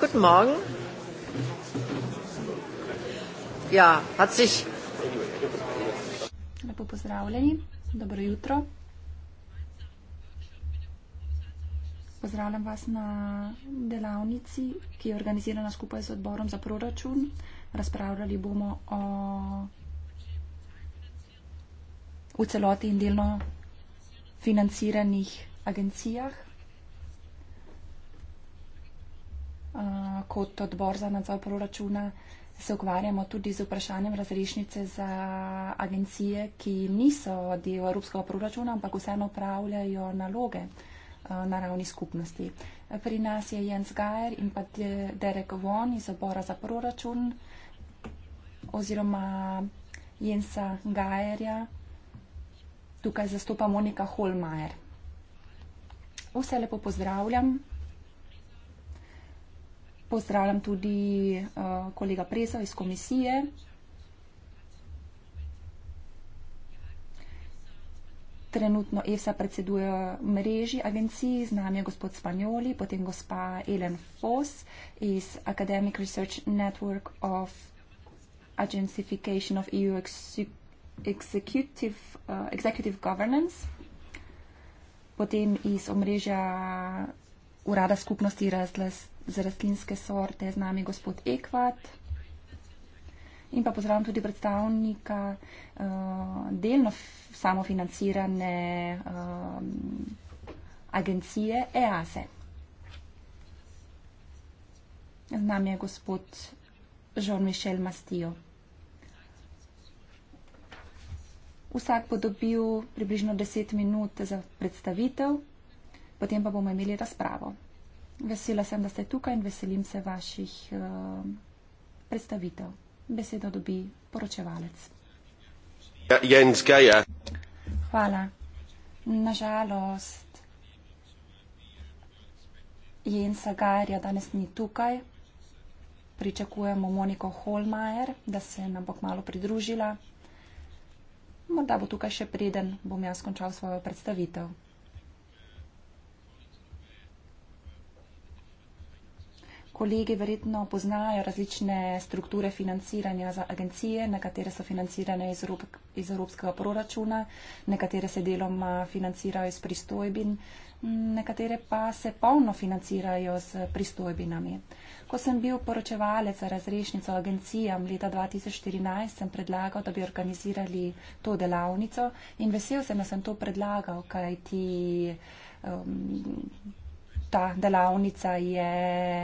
Guten Morgen. Ja, hat sich. Lepo pozdravljeni, dobro jutro. Pozdravljam vas na delavnici, ki je organizirana skupaj z odborom za proračun. Razpravljali bomo o v celoti in delno financiranih agencijah. kot odbor za nadzor proračuna se ukvarjamo tudi z vprašanjem razrešnice za agencije, ki niso del evropskega proračuna, ampak vseeno upravljajo naloge na ravni skupnosti. Pri nas je Jens Gajer in pa Derek Von iz obora za proračun oziroma Jensa Gajerja. Tukaj zastopa Monika Holmajer. Vse lepo pozdravljam. Pozdravljam tudi uh, kolega Presa iz komisije. Trenutno EFSA predseduje mreži agencij, z nami je gospod Spanjoli, potem gospa Ellen Foss iz Academic Research Network of Agencification of EU Executive, uh, Executive Governance, potem iz omrežja Urada skupnosti razglas za rastlinske sorte z nami gospod Ekvat. In pa pozdravljam tudi predstavnika uh, delno samofinancirane uh, agencije EASE. E. Z nami je gospod Jean-Michel Mastijo. Vsak bo dobil približno 10 minut za predstavitev potem pa bomo imeli razpravo. Vesela sem, da ste tukaj in veselim se vaših uh, predstavitev. Besedo dobi poročevalec. Ja, Jens Geja. Hvala. Nažalost, Jensa Gajerja danes ni tukaj. Pričakujemo Moniko Holmajer, da se nam bo kmalo pridružila. Morda bo tukaj še preden bom jaz končal svojo predstavitev. kolegi verjetno poznajo različne strukture financiranja za agencije, nekatere so financirane iz, Evrop, iz evropskega proračuna, nekatere se deloma financirajo iz pristojbin, nekatere pa se polno financirajo z pristojbinami. Ko sem bil poročevalec za razrešnico agencijam leta 2014, sem predlagal, da bi organizirali to delavnico in vesel sem, da sem to predlagal, kaj ti. Um, ta delavnica je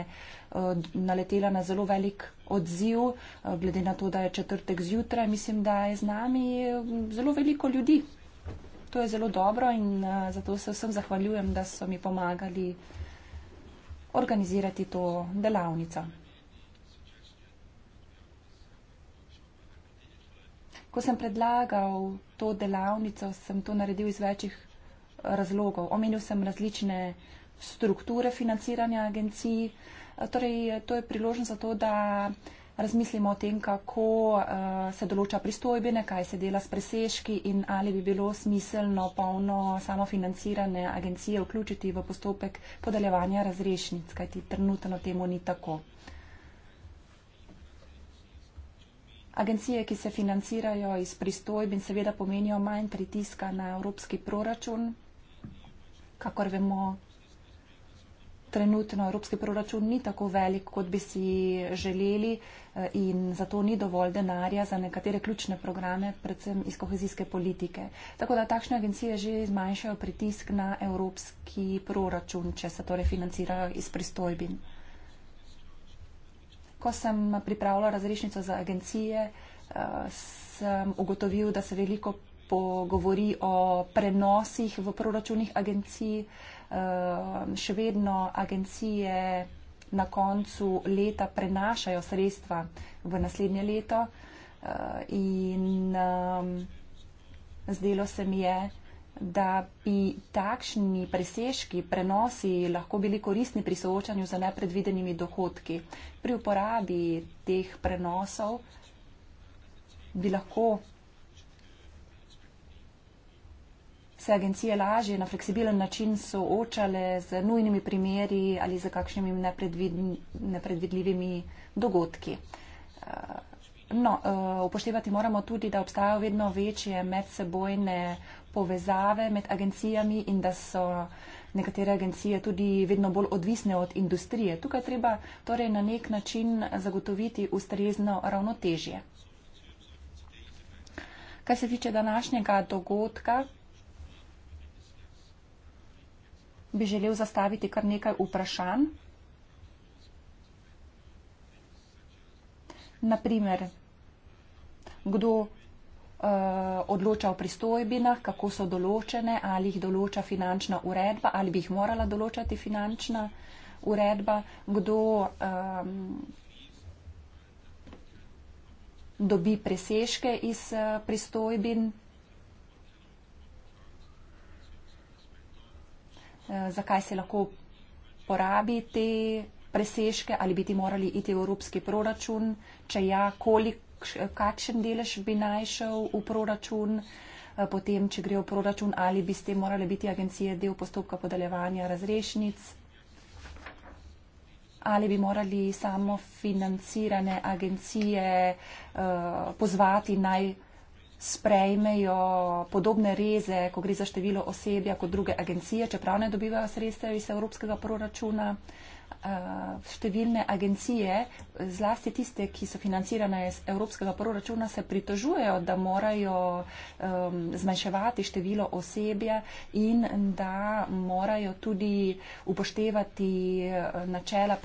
eh, naletela na zelo velik odziv, eh, glede na to, da je četrtek zjutraj, mislim, da je z nami eh, zelo veliko ljudi. To je zelo dobro in zato se vsem zahvaljujem, da so mi pomagali organizirati to delavnico. Ko sem predlagal to delavnico, sem to naredil iz večjih razlogov. Omenil sem različne uh, strukture financiranja agencij. Torej, to je priložnost za to, da razmislimo o tem, kako uh, se določa pristojbine, kaj se dela s presežki in ali bi bilo smiselno polno samofinancirane agencije vključiti v postopek podeljevanja razrešnic, kajti trenutno temu ni tako. Agencije, ki se financirajo iz pristojbin, seveda pomenijo manj pritiska na evropski proračun. Kakor vemo, trenutno evropski proračun ni tako velik, kot bi si želeli eh, in zato ni dovolj denarja za nekatere ključne programe, predvsem iz kohezijske politike. Tako da takšne agencije že zmanjšajo pritisk na evropski proračun, če se torej financirajo iz pristojbin. Ko sem pripravila razrešnico za agencije, eh, sem ugotovil, da se veliko govori o prenosih v proračunih agencij, Ehm, še vedno agencije na koncu leta prenašajo sredstva v naslednje leto ehm, in ehm, zdelo se mi je, da bi takšni presežki, prenosi lahko bili koristni pri soočanju z nepredvidenimi dohodki. Pri uporabi teh prenosov bi lahko se agencije lažje na fleksibilen način soočale z nujnimi primeri ali z kakšnimi nepredvidljivimi dogodki. Eh, no, eh, upoštevati moramo tudi, da obstajajo vedno večje medsebojne povezave med agencijami in da so nekatere agencije tudi vedno bolj odvisne od industrije. Tukaj treba torej na nek način zagotoviti ustrezno ravnotežje. Kar se tiče današnjega dogodka, bi želel zastaviti kar nekaj vprašanj. Naprimer, kdo uh, odloča o pristojbinah, kako so določene, ali jih določa finančna uredba, ali bi jih morala določati finančna uredba, kdo um, dobi presežke iz uh, pristojbin. Eh, zakaj se lahko porabi te presežke, ali bi ti morali iti v evropski proračun, če ja, kolik, kakšen delež bi naj šel v proračun, eh, potem, če gre v proračun, ali bi s tem morali biti agencije del postopka podaljevanja razrešnic, ali bi morali samo financirane agencije uh, pozvati naj sprejmejo podobne reze, ko gre za število osebja kot druge agencije, čeprav ne dobivajo sredstev iz evropskega proračuna. Eh, številne agencije zlasti tiste, ki so financirane iz evropskega proračuna, se pritožujejo, da morajo um, zmanjševati število osebja in da morajo tudi upoštevati eh, načela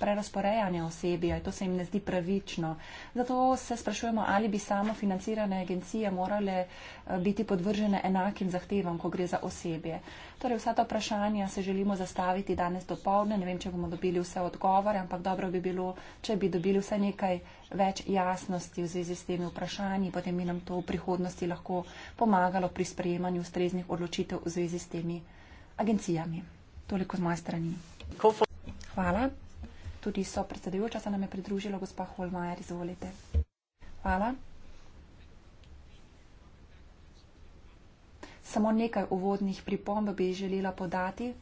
prerasporejanja osebja. To se jim ne zdi pravično. Zato se sprašujemo, ali bi samo financirane agencije morale eh, biti podvržene enakim zahtevam, ko gre za osebje. Torej, vsa ta vprašanja se želimo zastaviti danes do povdne. Ne vem, če bomo dobili vse odgovore, ampak dobro bi bilo če bi dobili vse nekaj več jasnosti v zvezi s temi vprašanji, potem bi nam to v prihodnosti lahko pomagalo pri sprejemanju ustreznih odločitev v zvezi s temi agencijami. Toliko z moje strani. Hvala. Tudi so predsedujoča se nam je pridružila, gospa Holmajer, izvolite. Hvala. Samo nekaj uvodnih pripomb bi želela podati.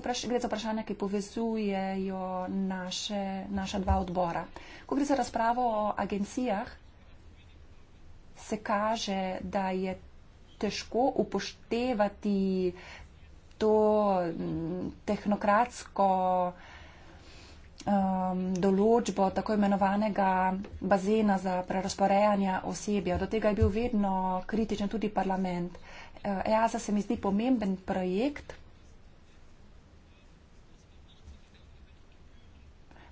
vpraš, gre za vprašanja, ki povezujejo naše, naša dva odbora. Ko gre za razpravo o agencijah, se kaže, da je težko upoštevati to tehnokratsko um, določbo tako imenovanega bazena za prerasporejanje osebja. Do tega je bil vedno kritičen tudi parlament. EASA e se mi zdi pomemben projekt,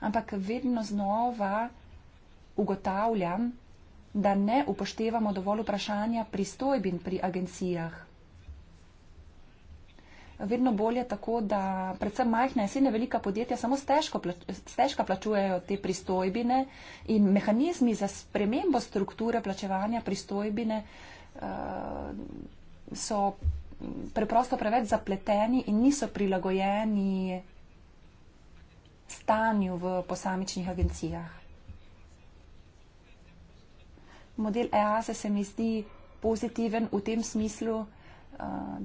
ampak vedno znova ugotavljam, da ne upoštevamo dovolj vprašanja pristojbin pri agencijah. Vedno bolje tako, da predvsem majhna in srednja velika podjetja samo stežka plačujejo te pristojbine in mehanizmi za spremembo strukture plačevanja pristojbine uh, so preprosto preveč zapleteni in niso prilagojeni stanju v posamičnih agencijah. Model EASE e se mi zdi pozitiven v tem smislu, eh,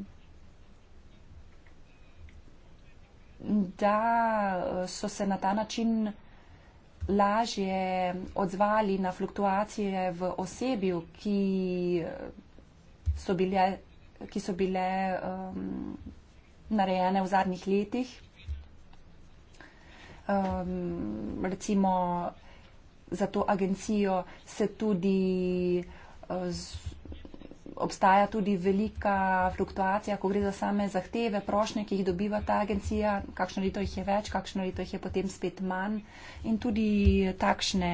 da eh, so se na ta način lažje odzvali na fluktuacije v osebju, ki eh, so bile, ki so bile um, narejene v zadnjih letih um, recimo za to agencijo se tudi eh, z, obstaja tudi velika fluktuacija, ko gre za same zahteve, prošnje, ki jih dobiva ta agencija, kakšno leto jih je več, kakšno leto jih je potem spet manj in tudi takšne,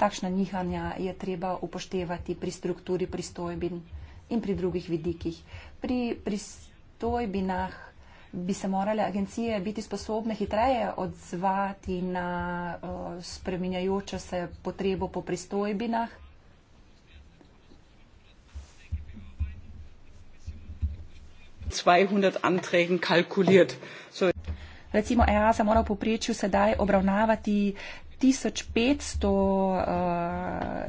takšna nihanja je treba upoštevati pri strukturi pristojbin in pri drugih vidikih. Pri pristojbinah bi se morale agencije biti sposobne hitreje odzvati na uh, spreminjajočo se potrebo po pristojbinah? So. Recimo EASA mora v poprečju sedaj obravnavati 1500 uh,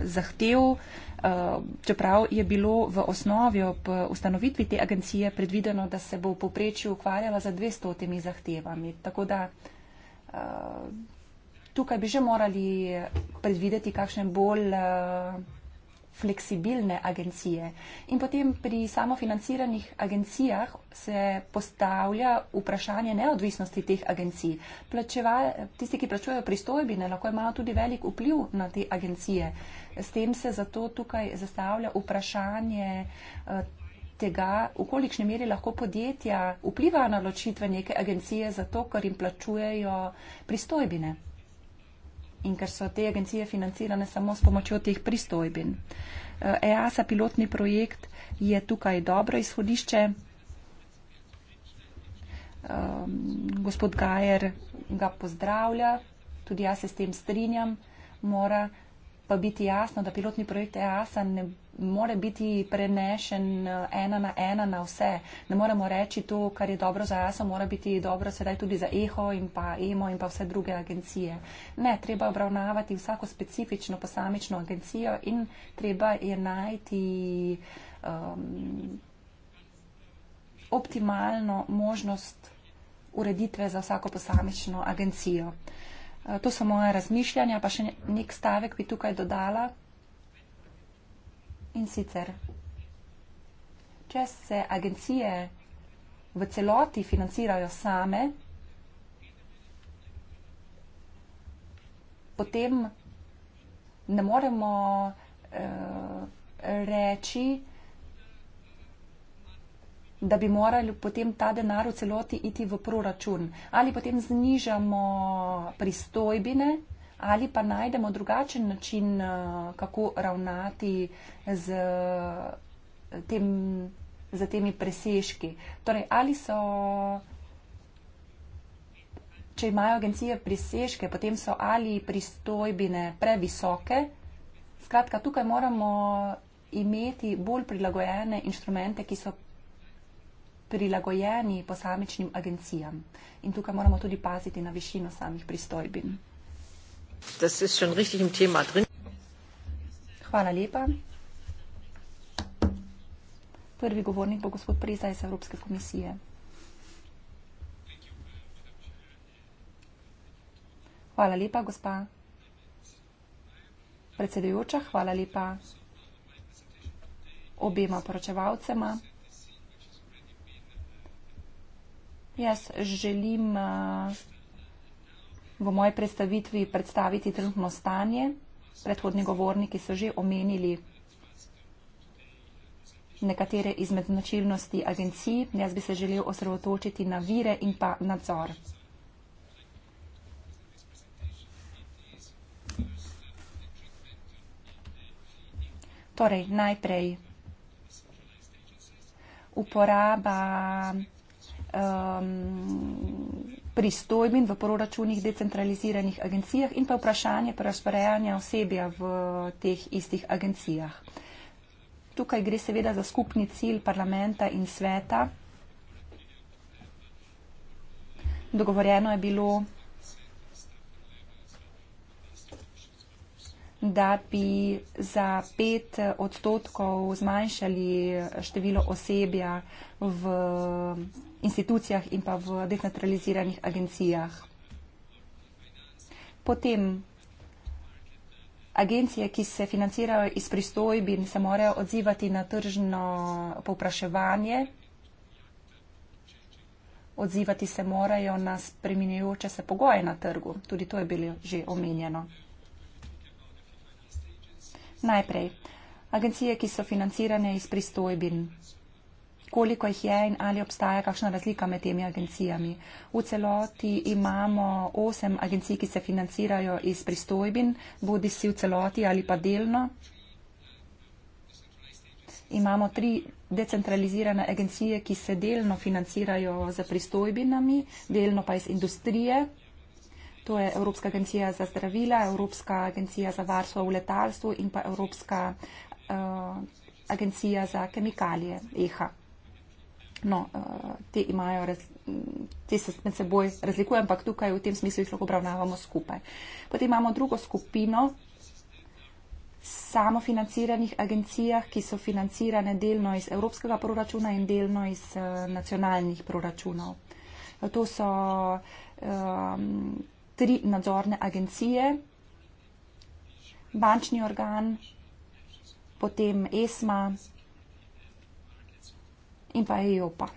zahtev. Eh, čeprav je bilo v osnovi ob ustanovitvi te agencije predvideno, da se bo v poprečju ukvarjala za 200 temi zahtevami. Tako da eh, tukaj bi že morali predvideti, kakšen bolj eh, fleksibilne agencije. In potem pri samofinanciranih agencijah se postavlja vprašanje neodvisnosti teh agencij. Plačeva, tisti, ki plačujejo pristojbine, lahko imajo tudi velik vpliv na te agencije. S tem se zato tukaj zastavlja vprašanje eh, tega, v kolikšni meri lahko podjetja vplivajo na ločitve neke agencije zato, ker jim plačujejo pristojbine in ker so te agencije financirane samo s pomočjo teh pristojbin. EASA eh, e pilotni projekt je tukaj dobro izhodišče. Ehm, gospod Gajer ga pozdravlja, tudi jaz se s tem strinjam. Mora pa biti jasno, da pilotni projekt EASA ne bo more biti prenešen eh, ena na ena na vse. Ne moremo reči to, kar je dobro za jaso, mora biti dobro sedaj tudi za EHO in pa EMO in pa vse druge agencije. Ne, treba obravnavati vsako specifično posamično agencijo in treba je najti um, optimalno možnost ureditve za vsako posamično agencijo. Eh, to so moje razmišljanja, pa še nek stavek bi tukaj dodala in sicer, če se agencije v celoti financirajo same, potem ne moremo uh, reči, da bi morali potem ta denar v celoti iti v proračun. Ali potem znižamo pristojbine ali pa najdemo drugačen način, eh, kako ravnati z, eh, tem, z temi presežki. Torej, ali so, če imajo agencije presežke, potem so ali pristojbine previsoke. Skratka, tukaj moramo imeti bolj prilagojene inštrumente, ki so prilagojeni posamičnim agencijam. In tukaj moramo tudi paziti na višino samih pristojbin. Das ist schon richtig im Thema drin. Hvala lepa. Prvi govornik bo gospod Preza iz Evropske komisije. Hvala lepa, gospa predsedujoča. Hvala lepa obema poročevalcema. Jaz želim. Uh, v moji predstavitvi predstaviti trenutno stanje. Predhodni govorniki so že omenili nekatere izmed značilnosti agencij. Jaz bi se želel osredotočiti na vire in pa nadzor. Torej, najprej uporaba um, pristojbin v proračunih decentraliziranih agencijah in pa vprašanje prerasporejanja osebja v teh istih agencijah. Tukaj gre seveda za skupni cilj parlamenta in sveta. Dogovorjeno je bilo da bi za pet odstotkov zmanjšali število osebja v institucijah in pa v decentraliziranih agencijah. Potem agencije, ki se financirajo iz pristojbin, se morajo odzivati na tržno povpraševanje, odzivati se morajo na spreminjajoče se pogoje na trgu. Tudi to je bilo že omenjeno. Najprej, agencije, ki so financirane iz pristojbin. Koliko jih je in ali obstaja kakšna razlika med temi agencijami? V celoti imamo osem agencij, ki se financirajo iz pristojbin, bodi si v celoti ali pa delno. Imamo tri decentralizirane agencije, ki se delno financirajo z pristojbinami, delno pa iz industrije. To je Evropska agencija za zdravila, Evropska agencija za varstvo v letalstvu in pa Evropska uh, agencija za kemikalije, EHA. No, eh, te, imajo, te se med seboj razlikujejo, ampak tukaj v tem smislu jih lahko obravnavamo skupaj. Potem imamo drugo skupino samofinanciranih agencijah, ki so financirane delno iz evropskega proračuna in delno iz eh, nacionalnih proračunov. To so um, tri nadzorne agencije, bančni organ, potem ESMA in pa EIOPA.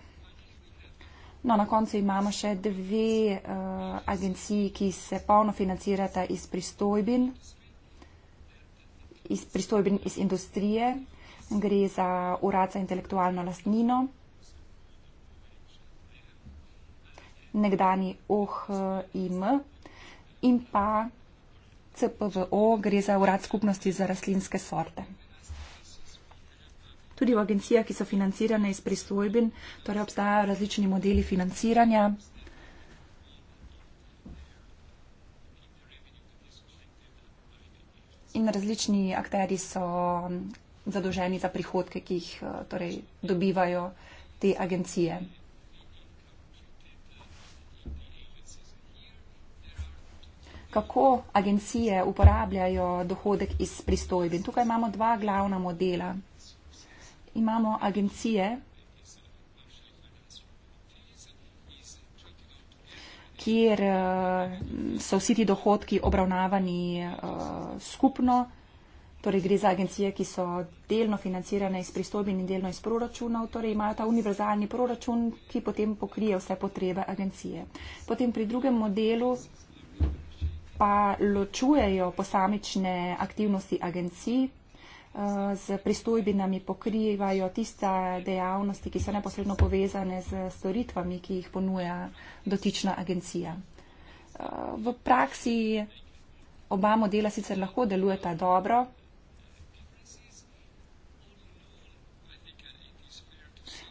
No, na koncu imamo še dve uh, agenciji, ki se polno financirata iz pristojbin, iz pristojbin iz industrije. Gre za urad za intelektualno lastnino, nekdani OHIM, in pa CPVO, gre za urad skupnosti za rastlinske sorte. Tudi v agencijah, ki so financirane iz pristojbin, torej obstajajo različni modeli financiranja. In različni akteri so zadoženi za prihodke, ki jih eh, torej, dobivajo te agencije. kako agencije uporabljajo dohodek iz pristojb. In tukaj imamo dva glavna modela. Imamo agencije, kjer eh, so vsi ti dohodki obravnavani eh, skupno. Torej gre za agencije, ki so delno financirane iz pristojbin in delno iz proračunov, torej imajo ta univerzalni proračun, ki potem pokrije vse potrebe agencije. Potem pri drugem modelu pa ločujejo posamične aktivnosti agencij, z eh, pristojbinami pokrivajo tiste dejavnosti, ki so neposredno povezane z storitvami, ki jih ponuja dotična agencija. Eh, v praksi oba modela sicer lahko delujeta dobro,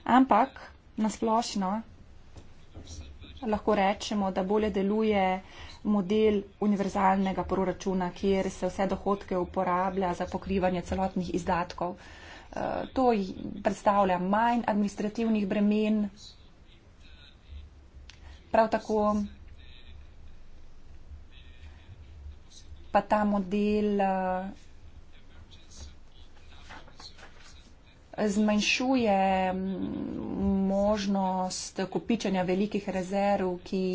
ampak nasplošno lahko rečemo, da bolje deluje uh, model univerzalnega proračuna, kjer se vse dohodke uporablja za pokrivanje celotnih izdatkov. Eh, to predstavlja manj administrativnih bremen, prav tako pa ta model eh, zmanjšuje mm, možnost kopičenja velikih rezerv, ki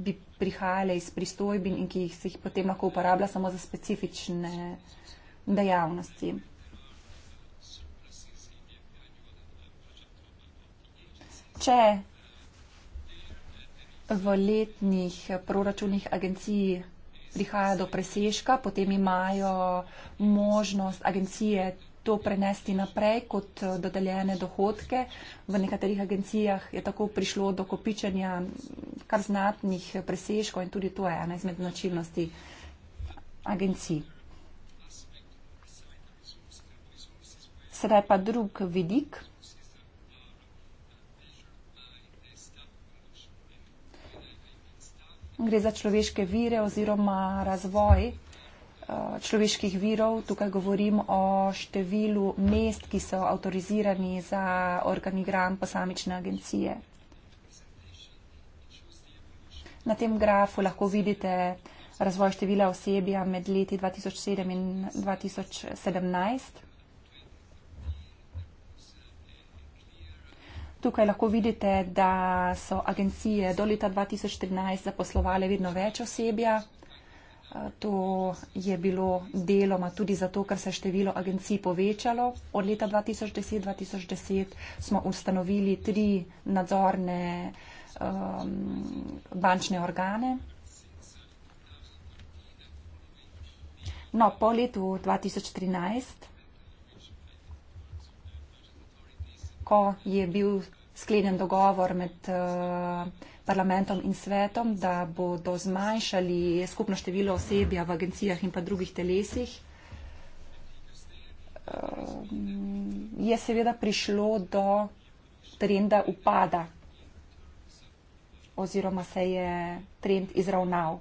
bi prihajale iz pristojbin in ki jih se jih potem lahko uporablja samo za specifične dejavnosti. Če v letnih proračunih agencij prihaja do preseška, potem imajo možnost agencije to prenesti naprej kot eh, dodeljene dohodke. V nekaterih agencijah je tako prišlo do kopičenja kar znatnih presežkov in tudi to je ena izmed načilnosti agencij. Sedaj pa drug vidik. Gre za človeške vire oziroma razvoj. Eh, človeških virov. Tukaj govorim o številu mest, ki so avtorizirani za organigram posamične agencije. Na tem grafu lahko vidite razvoj števila osebja med leti 2007 in 2017. Tukaj lahko vidite, da so agencije do leta 2013 zaposlovale vedno več osebja. To je bilo deloma tudi zato, ker se je število agencij povečalo. Od leta 2010-2010 smo ustanovili tri nadzorne um, bančne organe. No, po letu 2013, ko je bil sklenjen dogovor med uh, parlamentom in svetom, da bodo zmanjšali skupno število osebja v agencijah in pa drugih telesih. Ehm, je seveda prišlo do trenda upada oziroma se je trend izravnal.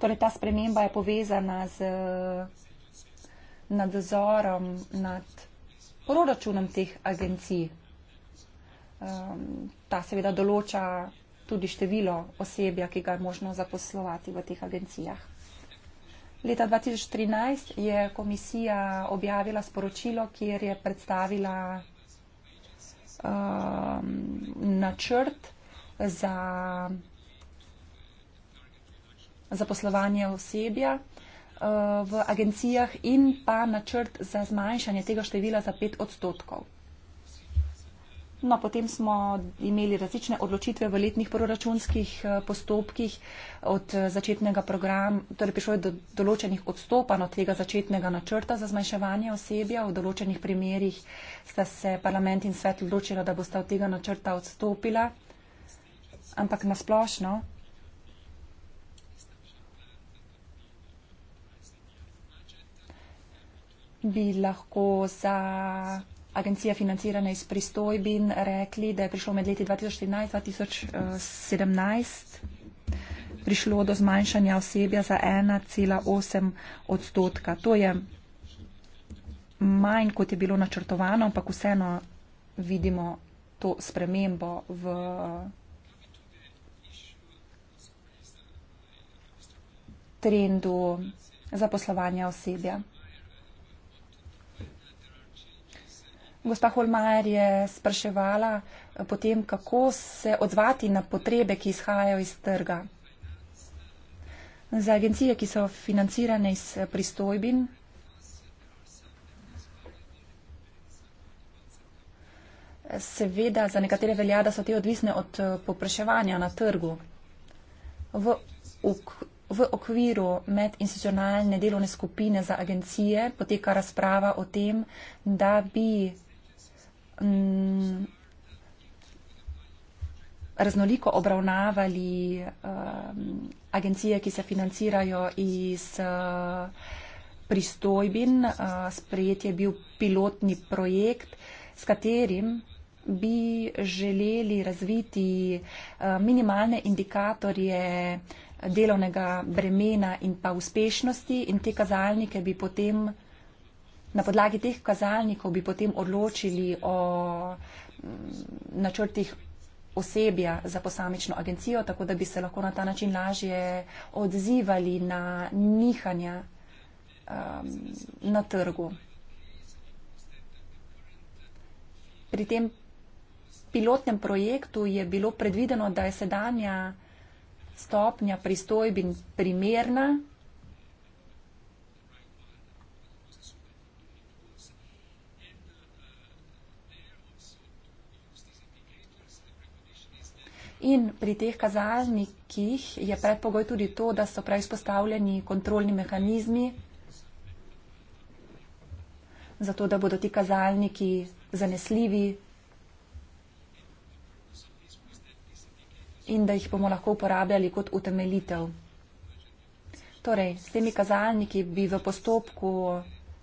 Torej, ta sprememba je povezana z nadzorom nad proračunom teh agencij. Um, ta seveda določa tudi število osebja, ki ga je možno zaposlovati v teh agencijah. Leta 2013 je komisija objavila sporočilo, kjer je predstavila um, načrt za zaposlovanje osebja. Uh, Eh, v agencijah in pa načrt za zmanjšanje tega števila za pet odstotkov. No, potem smo imeli različne odločitve v letnih proračunskih eh, postopkih od eh, začetnega programa, torej prišlo je do določenih odstopanj od tega začetnega načrta za zmanjševanje osebja. V določenih primerjih sta se parlament in svet odločila, da bosta od tega načrta odstopila, ampak nasplošno bi lahko za agencije financirane iz pristojbin rekli, da je prišlo med leti 2014-2017 prišlo do zmanjšanja osebja za 1,8 odstotka. To je manj, kot je bilo načrtovano, ampak vseeno vidimo to spremembo v. trendu zaposlovanja osebja. Gospa Holmar je spraševala eh, potem, kako se odzvati na potrebe, ki izhajajo iz trga. Za agencije, ki so financirane iz eh, pristojbin, seveda za nekatere velja, da so te odvisne od eh, popraševanja na trgu. V, ok, v okviru medinstitucionalne delovne skupine za agencije poteka razprava o tem, da bi Mm, raznoliko obravnavali um, agencije, ki se financirajo iz uh, pristojbin. Uh, sprejet je bil pilotni projekt, s katerim bi želeli razviti uh, minimalne indikatorje delovnega bremena in pa uspešnosti in te kazalnike bi potem na podlagi teh kazalnikov bi potem odločili o mm, načrtih osebja za posamično agencijo, tako da bi se lahko na ta način lažje odzivali na nihanja um, na trgu. Pri tem pilotnem projektu je bilo predvideno, da je sedanja stopnja pristojbin primerna In pri teh kazalnikih je predpogoj tudi to, da so prej vzpostavljeni kontrolni mehanizmi, zato da bodo ti kazalniki zanesljivi in da jih bomo lahko uporabljali kot utemeljitev. Torej, s temi kazalniki bi v postopku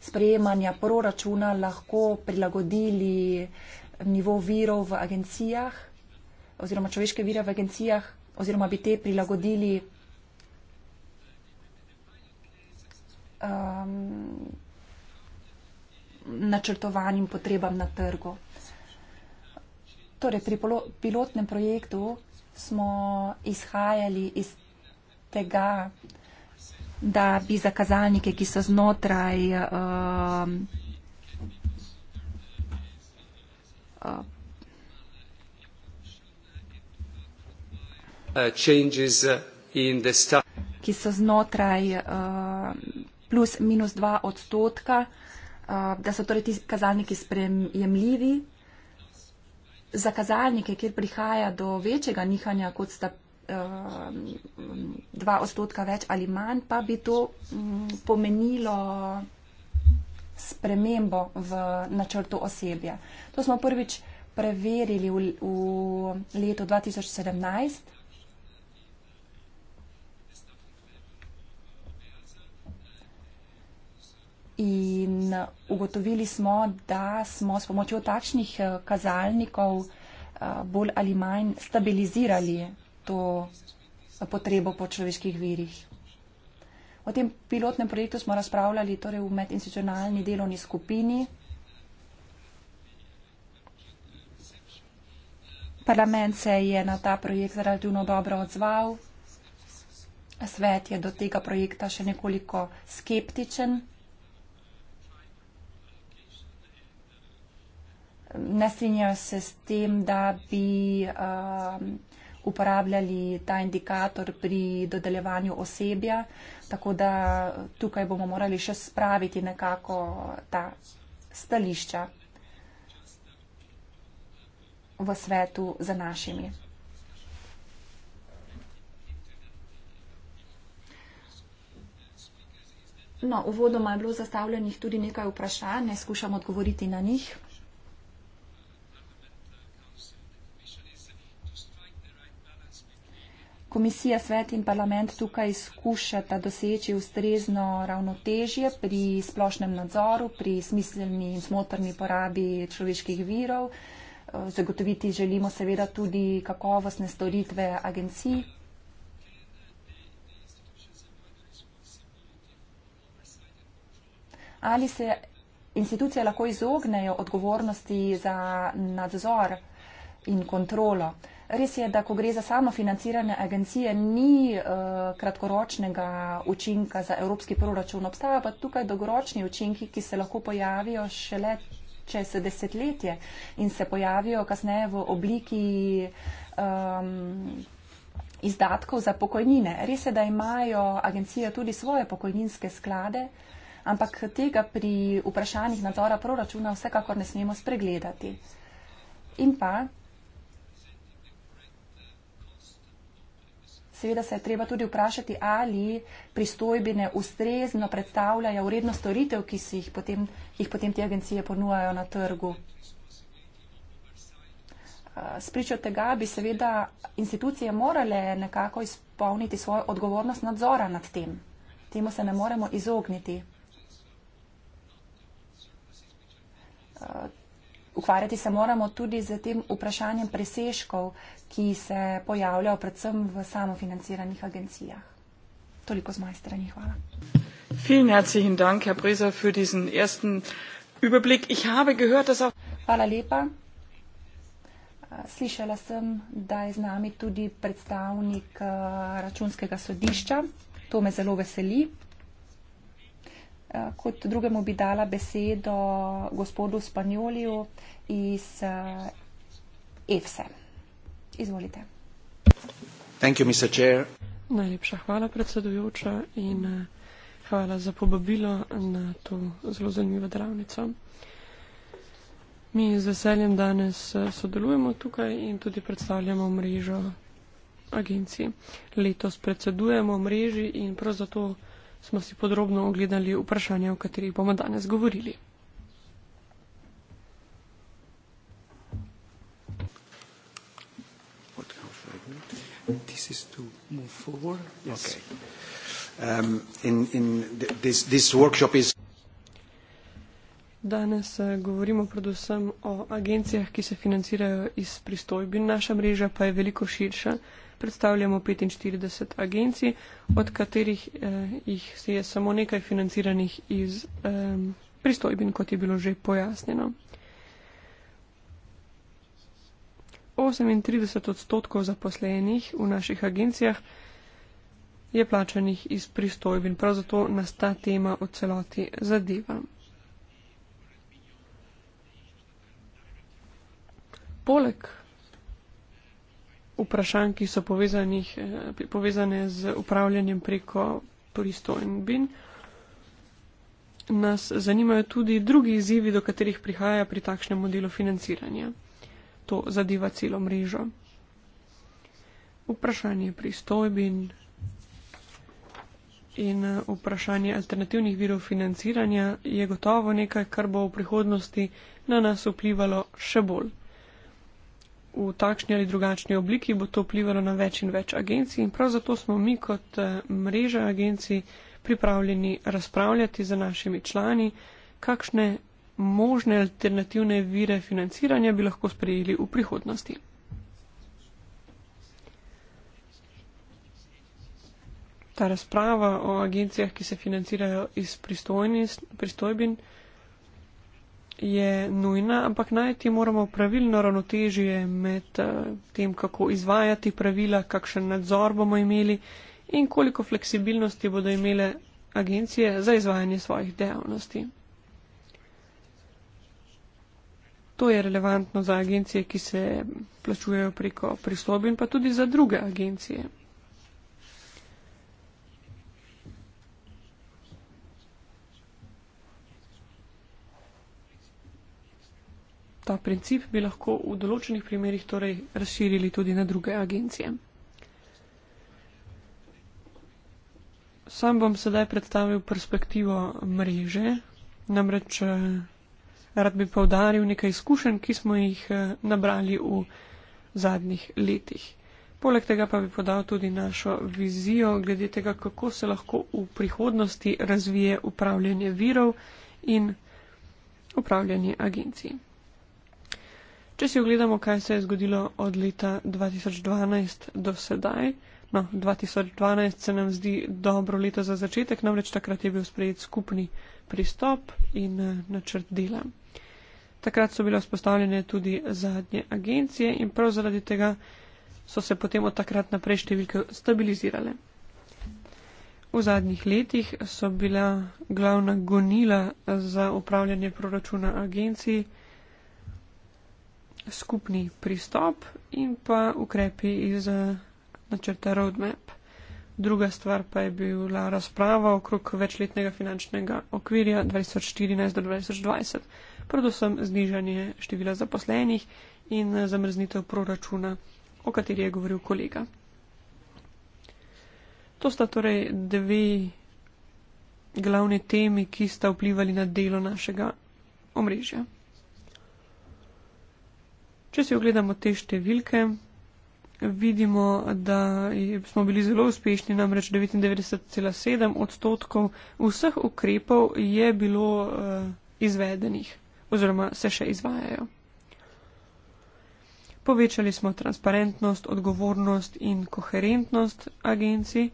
sprejemanja proračuna lahko prilagodili nivo virov v agencijah oziroma človeške vire v agencijah, oziroma bi te prilagodili um, načrtovanim potrebam na trgu. Torej, pri pilotnem projektu smo izhajali iz tega, da bi za kazalnike, ki so znotraj um, uh, Uh, changes uh, in the staff. ki so znotraj uh, plus minus dva odstotka, uh, da so torej ti kazalniki sprejemljivi. Za kazalnike, kjer prihaja do večjega nihanja, kot sta uh, dva odstotka več ali manj, pa bi to um, pomenilo spremembo v načrtu osebja. To smo prvič preverili v, v letu 2017. in ugotovili smo, da smo s pomočjo takšnih eh, kazalnikov eh, bolj ali manj stabilizirali to eh, potrebo po človeških virih. O tem pilotnem projektu smo razpravljali torej v medinstitucionalni delovni skupini. Parlament se je na ta projekt relativno dobro odzval. Svet je do tega projekta še nekoliko skeptičen. ne strinjajo se s tem, da bi um, uporabljali ta indikator pri dodeljevanju osebja, tako da tukaj bomo morali še spraviti nekako ta stališča v svetu za našimi. No, uvodoma je bilo zastavljenih tudi nekaj vprašanj, ne skušam odgovoriti na njih. Komisija, svet in parlament tukaj skušata doseči ustrezno ravnotežje pri splošnem nadzoru, pri smiselni in smotrni porabi človeških virov. Eh, zagotoviti želimo seveda tudi kakovostne storitve agencij. Ali se institucije lahko izognejo odgovornosti za nadzor in kontrolo? Res je, da ko gre za samo financiranje agencije, ni uh, kratkoročnega učinka za evropski proračun. Obstaja pa tukaj dolgoročni učinki, ki se lahko pojavijo šele čez desetletje in se pojavijo kasneje v obliki. Um, izdatkov za pokojnine. Res je, da imajo agencije tudi svoje pokojninske sklade, ampak tega pri vprašanjih nadzora proračuna vsekakor ne smemo spregledati. In pa, Seveda se je treba tudi vprašati, ali pristojbine ustrezno predstavljajo vrednost storitev, ki jih potem, jih potem te agencije ponujajo na trgu. Eh, spričo tega bi seveda institucije morale nekako izpolniti svojo odgovornost nadzora nad tem. Temu se ne moremo izogniti. Eh, Ukvarjati se moramo tudi z tem vprašanjem presežkov, ki se pojavljajo predvsem v samofinanciranih agencijah. Toliko z moje strani. Hvala. Hvala lepa. Slišala sem, da je z nami tudi predstavnik eh, računskega sodišča. To me zelo veseli. Eh, kot drugemu bi dala besedo gospodu Spanjoliju iz eh, EFSE. Izvolite. Thank you, Mr. Chair. Najlepša hvala, predsedujoča, in eh, hvala za pobabilo na to zelo zanimivo delavnico. Mi z veseljem danes sodelujemo tukaj in tudi predstavljamo mrežo agencij. Letos predsedujemo mreži in prav zato smo si podrobno ogledali vprašanje, o katerih bomo danes govorili. This is to move forward. Yes. Okay. Um, in in th this this workshop is. Danes eh, govorimo predvsem o agencijah, ki se financirajo iz pristojbi. Naša mreža pa je veliko širša. Predstavljamo 45 agencij, od katerih eh, jih se je samo nekaj financiranih iz eh, pristojbin, kot je bilo že pojasnjeno. 38 odstotkov zaposlenih v naših agencijah je plačanih iz pristojbin, prav zato nas ta tema v celoti zadeva. poleg vprašanj, ki so povezanih, eh, povezane z upravljanjem preko pristojbin, nas zanimajo tudi drugi izzivi, do katerih prihaja pri takšnem modelu financiranja. To zadeva celo mrežo. Vprašanje pristojbin in eh, vprašanje alternativnih virov financiranja je gotovo nekaj, kar bo v prihodnosti na nas vplivalo še bolj v takšni ali drugačni obliki, bo to vplivalo na več in več agencij in prav zato smo mi kot eh, mreža agencij pripravljeni razpravljati z našimi člani, kakšne možne alternativne vire financiranja bi lahko sprejeli v prihodnosti. Ta razprava o agencijah, ki se financirajo iz pristojbin, je nujna, ampak najti moramo pravilno ravnotežje med eh, tem, kako izvajati pravila, kakšen nadzor bomo imeli in koliko fleksibilnosti bodo imele agencije za izvajanje svojih dejavnosti. To je relevantno za agencije, ki se plačujejo preko pristobin, pa tudi za druge agencije, Ta princip bi lahko v določenih primerjih torej razširili tudi na druge agencije. Sam bom sedaj predstavil perspektivo mreže, namreč eh, rad bi povdaril nekaj izkušenj, ki smo jih eh, nabrali v zadnjih letih. Poleg tega pa bi podal tudi našo vizijo glede tega, kako se lahko v prihodnosti razvije upravljanje virov in upravljanje agencij. Če si ogledamo, kaj se je zgodilo od leta 2012 do sedaj, no, 2012 se nam zdi dobro leto za začetek, namreč takrat je bil sprejet skupni pristop in eh, načrt dela. Takrat so bile vzpostavljene tudi zadnje agencije in prav zaradi tega so se potem od takrat naprej številke stabilizirale. V zadnjih letih so bila glavna gonila za upravljanje proračuna agenciji skupni pristop in pa ukrepi iz eh, načrta roadmap. Druga stvar pa je bila razprava okrog večletnega finančnega okvirja 2014 do 2020, predvsem znižanje števila zaposlenih in eh, zamrznitev proračuna, o kateri je govoril kolega. To sta torej dve glavne temi, ki sta vplivali na delo našega omrežja. Če si ogledamo te številke, vidimo, da smo bili zelo uspešni, namreč 99,7 odstotkov vseh ukrepov je bilo eh, izvedenih oziroma se še izvajajo. Povečali smo transparentnost, odgovornost in koherentnost agencij.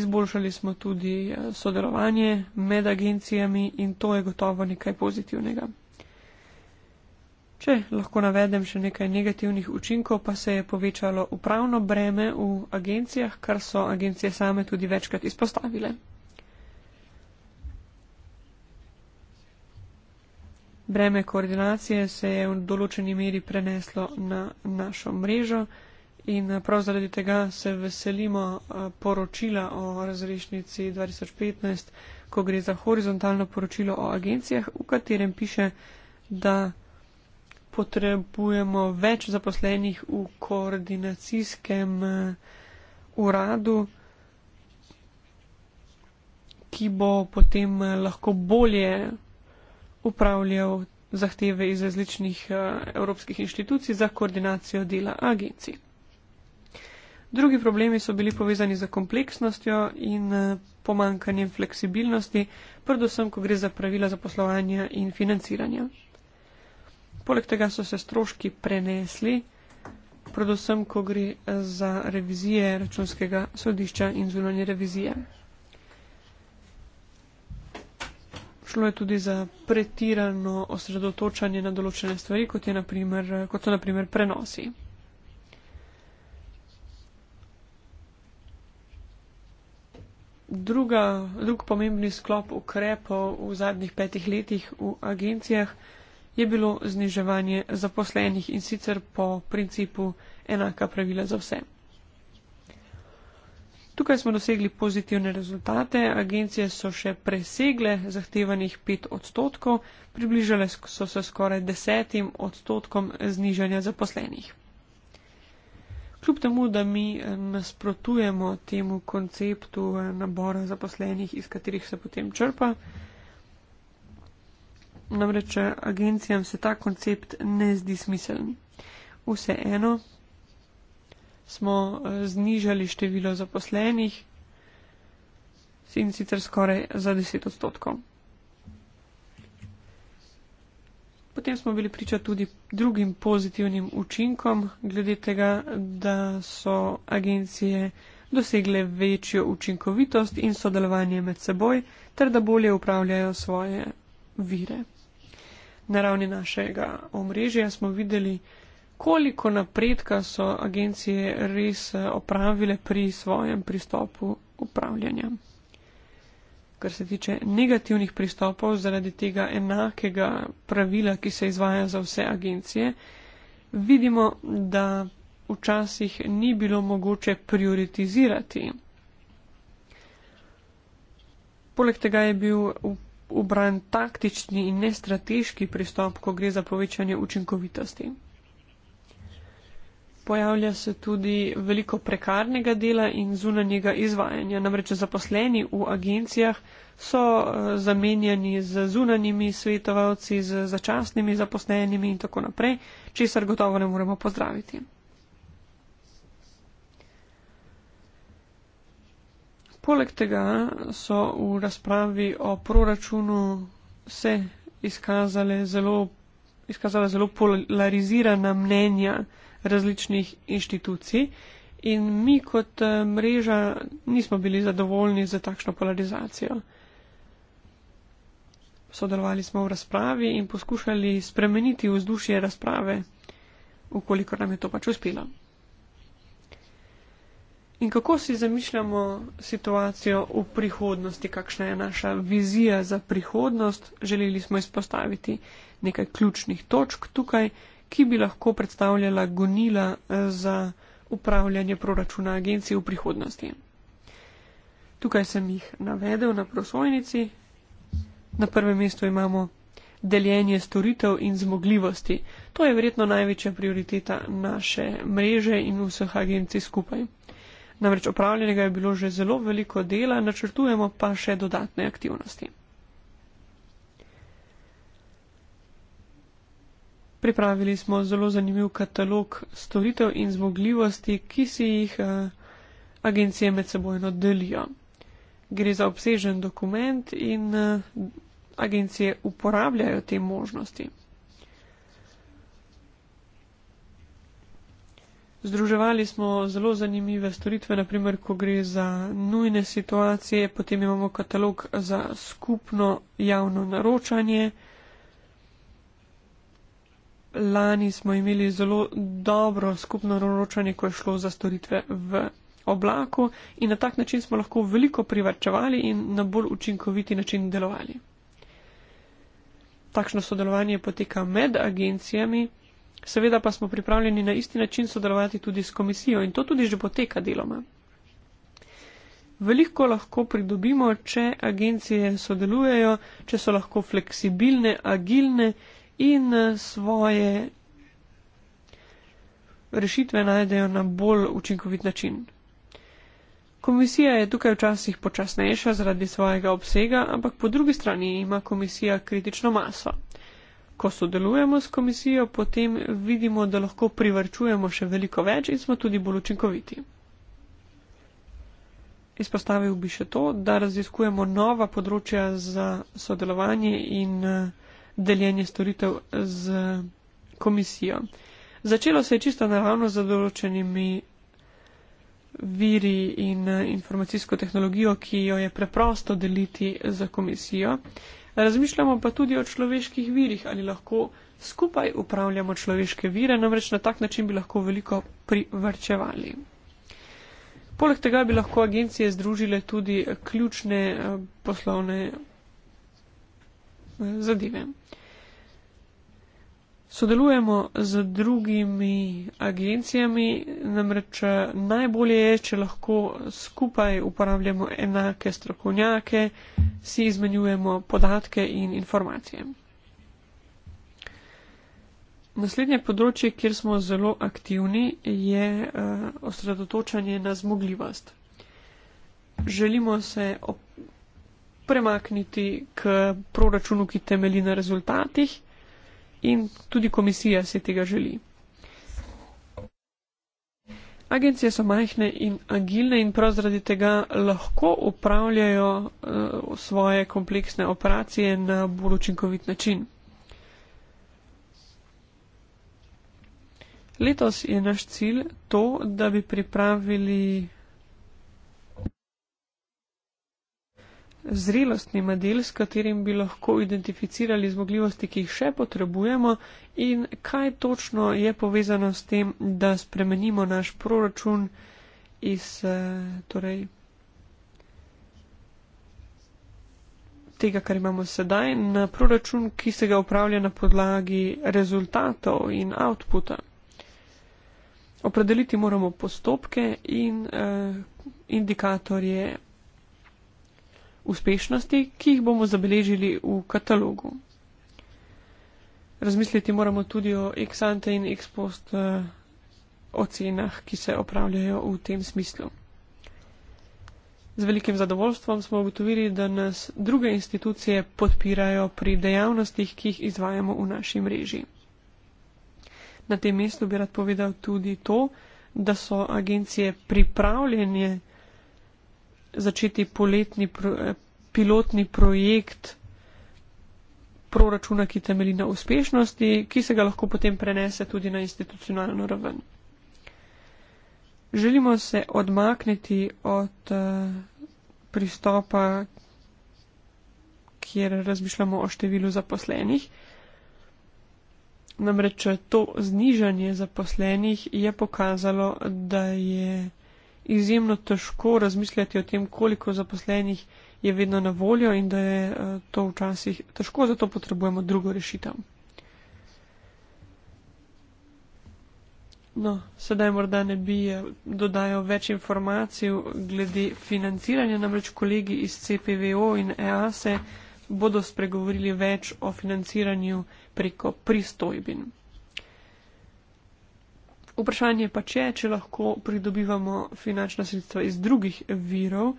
Izboljšali smo tudi eh, sodelovanje med agencijami in to je gotovo nekaj pozitivnega. Če lahko navedem še nekaj negativnih učinkov, pa se je povečalo upravno breme v agencijah, kar so agencije same tudi večkrat izpostavile. Breme koordinacije se je v določeni meri preneslo na našo mrežo in prav zaradi tega se veselimo poročila o razrešnici 2015, ko gre za horizontalno poročilo o agencijah, v katerem piše, da potrebujemo več zaposlenih v koordinacijskem eh, uradu, ki bo potem eh, lahko bolje upravljal zahteve iz različnih eh, evropskih inštitucij za koordinacijo dela agencij. Drugi problemi so bili povezani za kompleksnostjo in pomankanjem fleksibilnosti, predvsem, ko gre za pravila za poslovanje in financiranje. Poleg tega so se stroški prenesli, predvsem, ko gre za revizije računskega sodišča in zunanje revizije. Šlo je tudi za pretirano osredotočanje na določene stvari, kot, je naprimer, kot so naprimer prenosi. Druga, drug pomembni sklop ukrepov v zadnjih petih letih v agencijah je, je bilo zniževanje zaposlenih in sicer po principu enaka pravila za vse. Tukaj smo dosegli pozitivne rezultate, agencije so še presegle zahtevanih 5 odstotkov, približale so se skoraj desetim odstotkom znižanja zaposlenih. Kljub temu, da mi eh, nasprotujemo temu konceptu eh, nabora zaposlenih, iz katerih se potem črpa, namreč eh, agencijam se ta koncept ne zdi smiseln. Vseeno smo eh, znižali število zaposlenih in sicer skoraj za 10 odstotkov. Potem smo bili priča tudi drugim pozitivnim učinkom, glede tega, da so agencije dosegle večjo učinkovitost in sodelovanje med seboj, ter da bolje upravljajo svoje vire na ravni našega omrežja smo videli, koliko napredka so agencije res eh, opravile pri svojem pristopu upravljanja. Kar se tiče negativnih pristopov zaradi tega enakega pravila, ki se izvaja za vse agencije, vidimo, da včasih ni bilo mogoče prioritizirati. Poleg tega je bil v ubran taktični in ne strateški pristop, ko gre za povečanje učinkovitosti. Pojavlja se tudi veliko prekarnega dela in zunanjega izvajanja. Namreč zaposleni v agencijah so eh, zamenjani z zunanjimi svetovalci, z začasnimi zaposlenimi in tako naprej, česar gotovo ne moremo pozdraviti. Poleg tega so v razpravi o proračunu se izkazale zelo, izkazala zelo polarizirana mnenja različnih inštitucij in mi kot eh, mreža nismo bili zadovoljni z takšno polarizacijo. Sodelovali smo v razpravi in poskušali spremeniti vzdušje razprave, ukoliko nam je to pač uspelo. In kako si zamišljamo situacijo v prihodnosti, kakšna je naša vizija za prihodnost? Želeli smo izpostaviti nekaj ključnih točk tukaj, ki bi lahko predstavljala gonila eh, za upravljanje proračuna agencije v prihodnosti. Tukaj sem jih navedel na prosojnici. Na prvem mestu imamo deljenje storitev in zmogljivosti. To je verjetno največja prioriteta naše mreže in vseh agencij skupaj. Namreč opravljenega je bilo že zelo veliko dela, načrtujemo pa še dodatne aktivnosti. Pripravili smo zelo zanimiv katalog storitev in zmogljivosti, ki si jih eh, agencije med sebojno delijo. Gre za obsežen dokument in eh, agencije uporabljajo te možnosti. Združevali smo zelo zanimive storitve, naprimer, ko gre za nujne situacije, potem imamo katalog za skupno javno naročanje. Lani smo imeli zelo dobro skupno naročanje, ko je šlo za storitve v oblaku in na tak način smo lahko veliko privrčevali in na bolj učinkoviti način delovali. Takšno sodelovanje poteka med agencijami. Seveda pa smo pripravljeni na isti način sodelovati tudi s komisijo in to tudi že poteka deloma. Veliko lahko pridobimo, če agencije sodelujejo, če so lahko fleksibilne, agilne in eh, svoje rešitve najdejo na bolj učinkovit način. Komisija je tukaj včasih počasnejša zaradi svojega obsega, ampak po drugi strani ima komisija kritično maso ko sodelujemo s komisijo, potem vidimo, da lahko privrčujemo še veliko več in smo tudi bolj učinkoviti. Izpostavil bi še to, da raziskujemo nova področja za sodelovanje in eh, deljenje storitev z komisijo. Začelo se je čisto naravno z določenimi viri in eh, informacijsko tehnologijo, ki jo je preprosto deliti z komisijo. Razmišljamo pa tudi o človeških virih, ali lahko skupaj upravljamo človeške vire, namreč na tak način bi lahko veliko privrčevali. Poleg tega bi lahko agencije združile tudi ključne eh, poslovne eh, zadeve. Sodelujemo z drugimi agencijami, namreč eh, najbolje je, če lahko skupaj uporabljamo enake strokovnjake, si izmenjujemo podatke in informacije. Naslednje področje, kjer smo zelo aktivni, je eh, osredotočanje na zmogljivost. Želimo se premakniti k proračunu, ki temeli na rezultatih in tudi komisija se tega želi. Agencije so majhne in agilne in prav zaradi tega lahko upravljajo uh, svoje kompleksne operacije na bolj učinkovit način. Letos je naš cilj to, da bi pripravili zrelostni model, s katerim bi lahko identificirali zmogljivosti, ki jih še potrebujemo in kaj točno je povezano s tem, da spremenimo naš proračun iz eh, torej, tega, kar imamo sedaj, na proračun, ki se ga upravlja na podlagi rezultatov in outputa. Opredeliti moramo postopke in eh, indikatorje uspešnosti, ki jih bomo zabeležili v katalogu. Razmisliti moramo tudi o ex-ante in ex-post eh, ocenah, ki se opravljajo v tem smislu. Z velikim zadovoljstvom smo ugotovili, da nas druge institucije podpirajo pri dejavnostih, ki jih izvajamo v naši mreži. Na tem mestu bi rad povedal tudi to, da so agencije pripravljene začeti poletni pro, eh, pilotni projekt proračuna, ki temeli na uspešnosti, ki se ga lahko potem prenese tudi na institucionalno raven. Želimo se odmakniti od uh, pristopa, kjer razmišljamo o številu zaposlenih. Namreč to znižanje zaposlenih je pokazalo, da je izjemno težko razmišljati o tem, koliko zaposlenih je vedno na voljo in da je eh, to včasih težko, zato potrebujemo drugo rešitev. No, sedaj morda ne bi eh, dodajal več informacij glede financiranja, namreč kolegi iz CPVO in EASE e bodo spregovorili več o financiranju preko pristojbin. Vprašanje pa je, če lahko pridobivamo finančna sredstva iz drugih virov.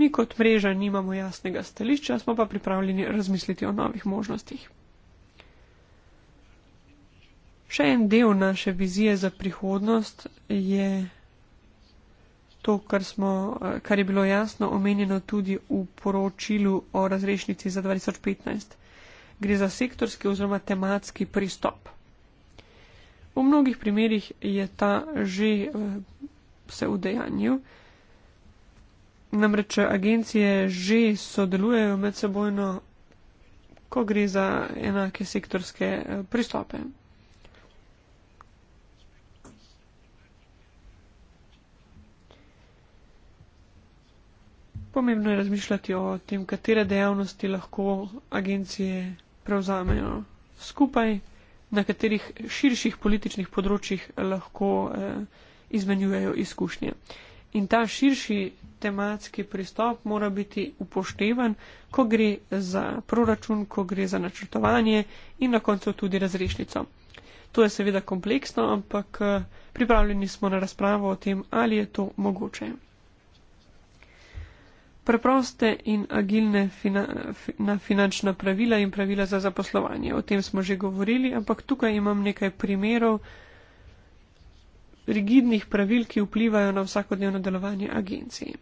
Mi kot mreža nimamo jasnega stališča, smo pa pripravljeni razmisliti o novih možnostih. Še en del naše vizije za prihodnost je to, kar, smo, kar je bilo jasno omenjeno tudi v poročilu o razrešnici za 2015. Gre za sektorski oziroma tematski pristop. V mnogih primerjih je ta že eh, se udejanju. Namreč eh, agencije že sodelujejo med sebojno, ko gre za enake sektorske eh, pristope. Pomembno je razmišljati o tem, katere dejavnosti lahko agencije prevzamejo skupaj na katerih širših političnih področjih lahko eh, izmenjujejo izkušnje. In ta širši tematski pristop mora biti upoštevan, ko gre za proračun, ko gre za načrtovanje in na koncu tudi razrešnico. To je seveda kompleksno, ampak eh, pripravljeni smo na razpravo o tem, ali je to mogoče preproste in agilne fina, fi, na finančna pravila in pravila za zaposlovanje. O tem smo že govorili, ampak tukaj imam nekaj primerov rigidnih pravil, ki vplivajo na vsakodnevno delovanje agencij.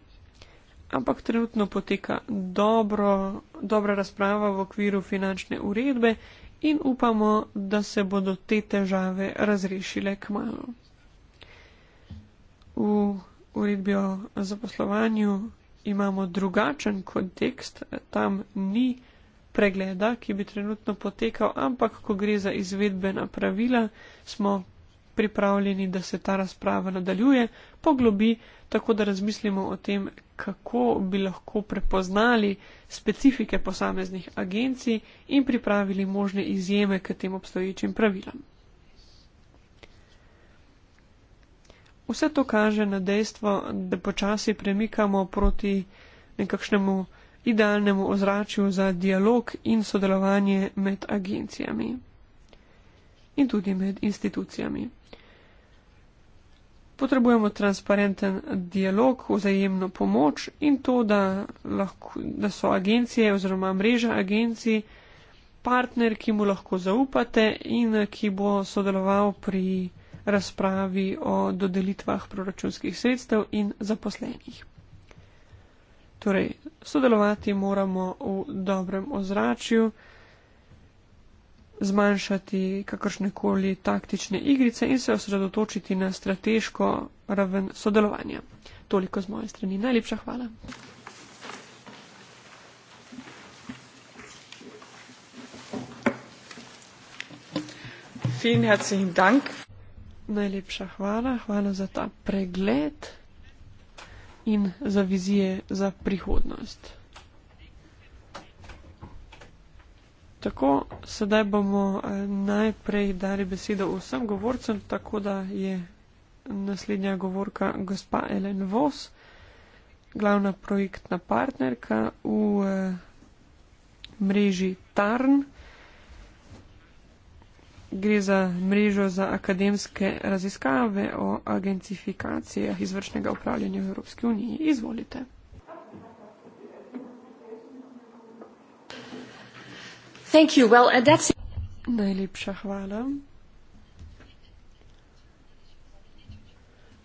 Ampak trenutno poteka dobro, dobra razprava v okviru finančne uredbe in upamo, da se bodo te težave razrešile k malu. V uredbi o zaposlovanju imamo drugačen kontekst, tam ni pregleda, ki bi trenutno potekal, ampak ko gre za izvedbena pravila, smo pripravljeni, da se ta razprava nadaljuje, poglobi, tako da razmislimo o tem, kako bi lahko prepoznali specifike posameznih agencij in pripravili možne izjeme k tem obstoječim pravilam. Vse to kaže na dejstvo, da počasi premikamo proti nekakšnemu idealnemu ozračju za dialog in sodelovanje med agencijami in tudi med institucijami. Potrebujemo transparenten dialog, vzajemno pomoč in to, da, lahko, da so agencije oziroma mreža agencij partner, ki mu lahko zaupate in ki bo sodeloval pri razpravi o dodelitvah proračunskih sredstev in zaposlenih. Torej, sodelovati moramo v dobrem ozračju, zmanjšati kakršnekoli taktične igrice in se osredotočiti na strateško raven sodelovanja. Toliko z moje strani. Najlepša hvala. Vielen herzlichen Dank. Najlepša hvala, hvala za ta pregled in za vizije za prihodnost. Tako, sedaj bomo eh, najprej dali besedo vsem govorcem, tako da je naslednja govorka gospa Ellen Vos, glavna projektna partnerka v eh, mreži Tarn gre za mrežo za akademske raziskave o agencifikacijah izvršnega upravljanja v Evropski uniji. Izvolite. Thank you. Well, uh, that's Najlepša hvala.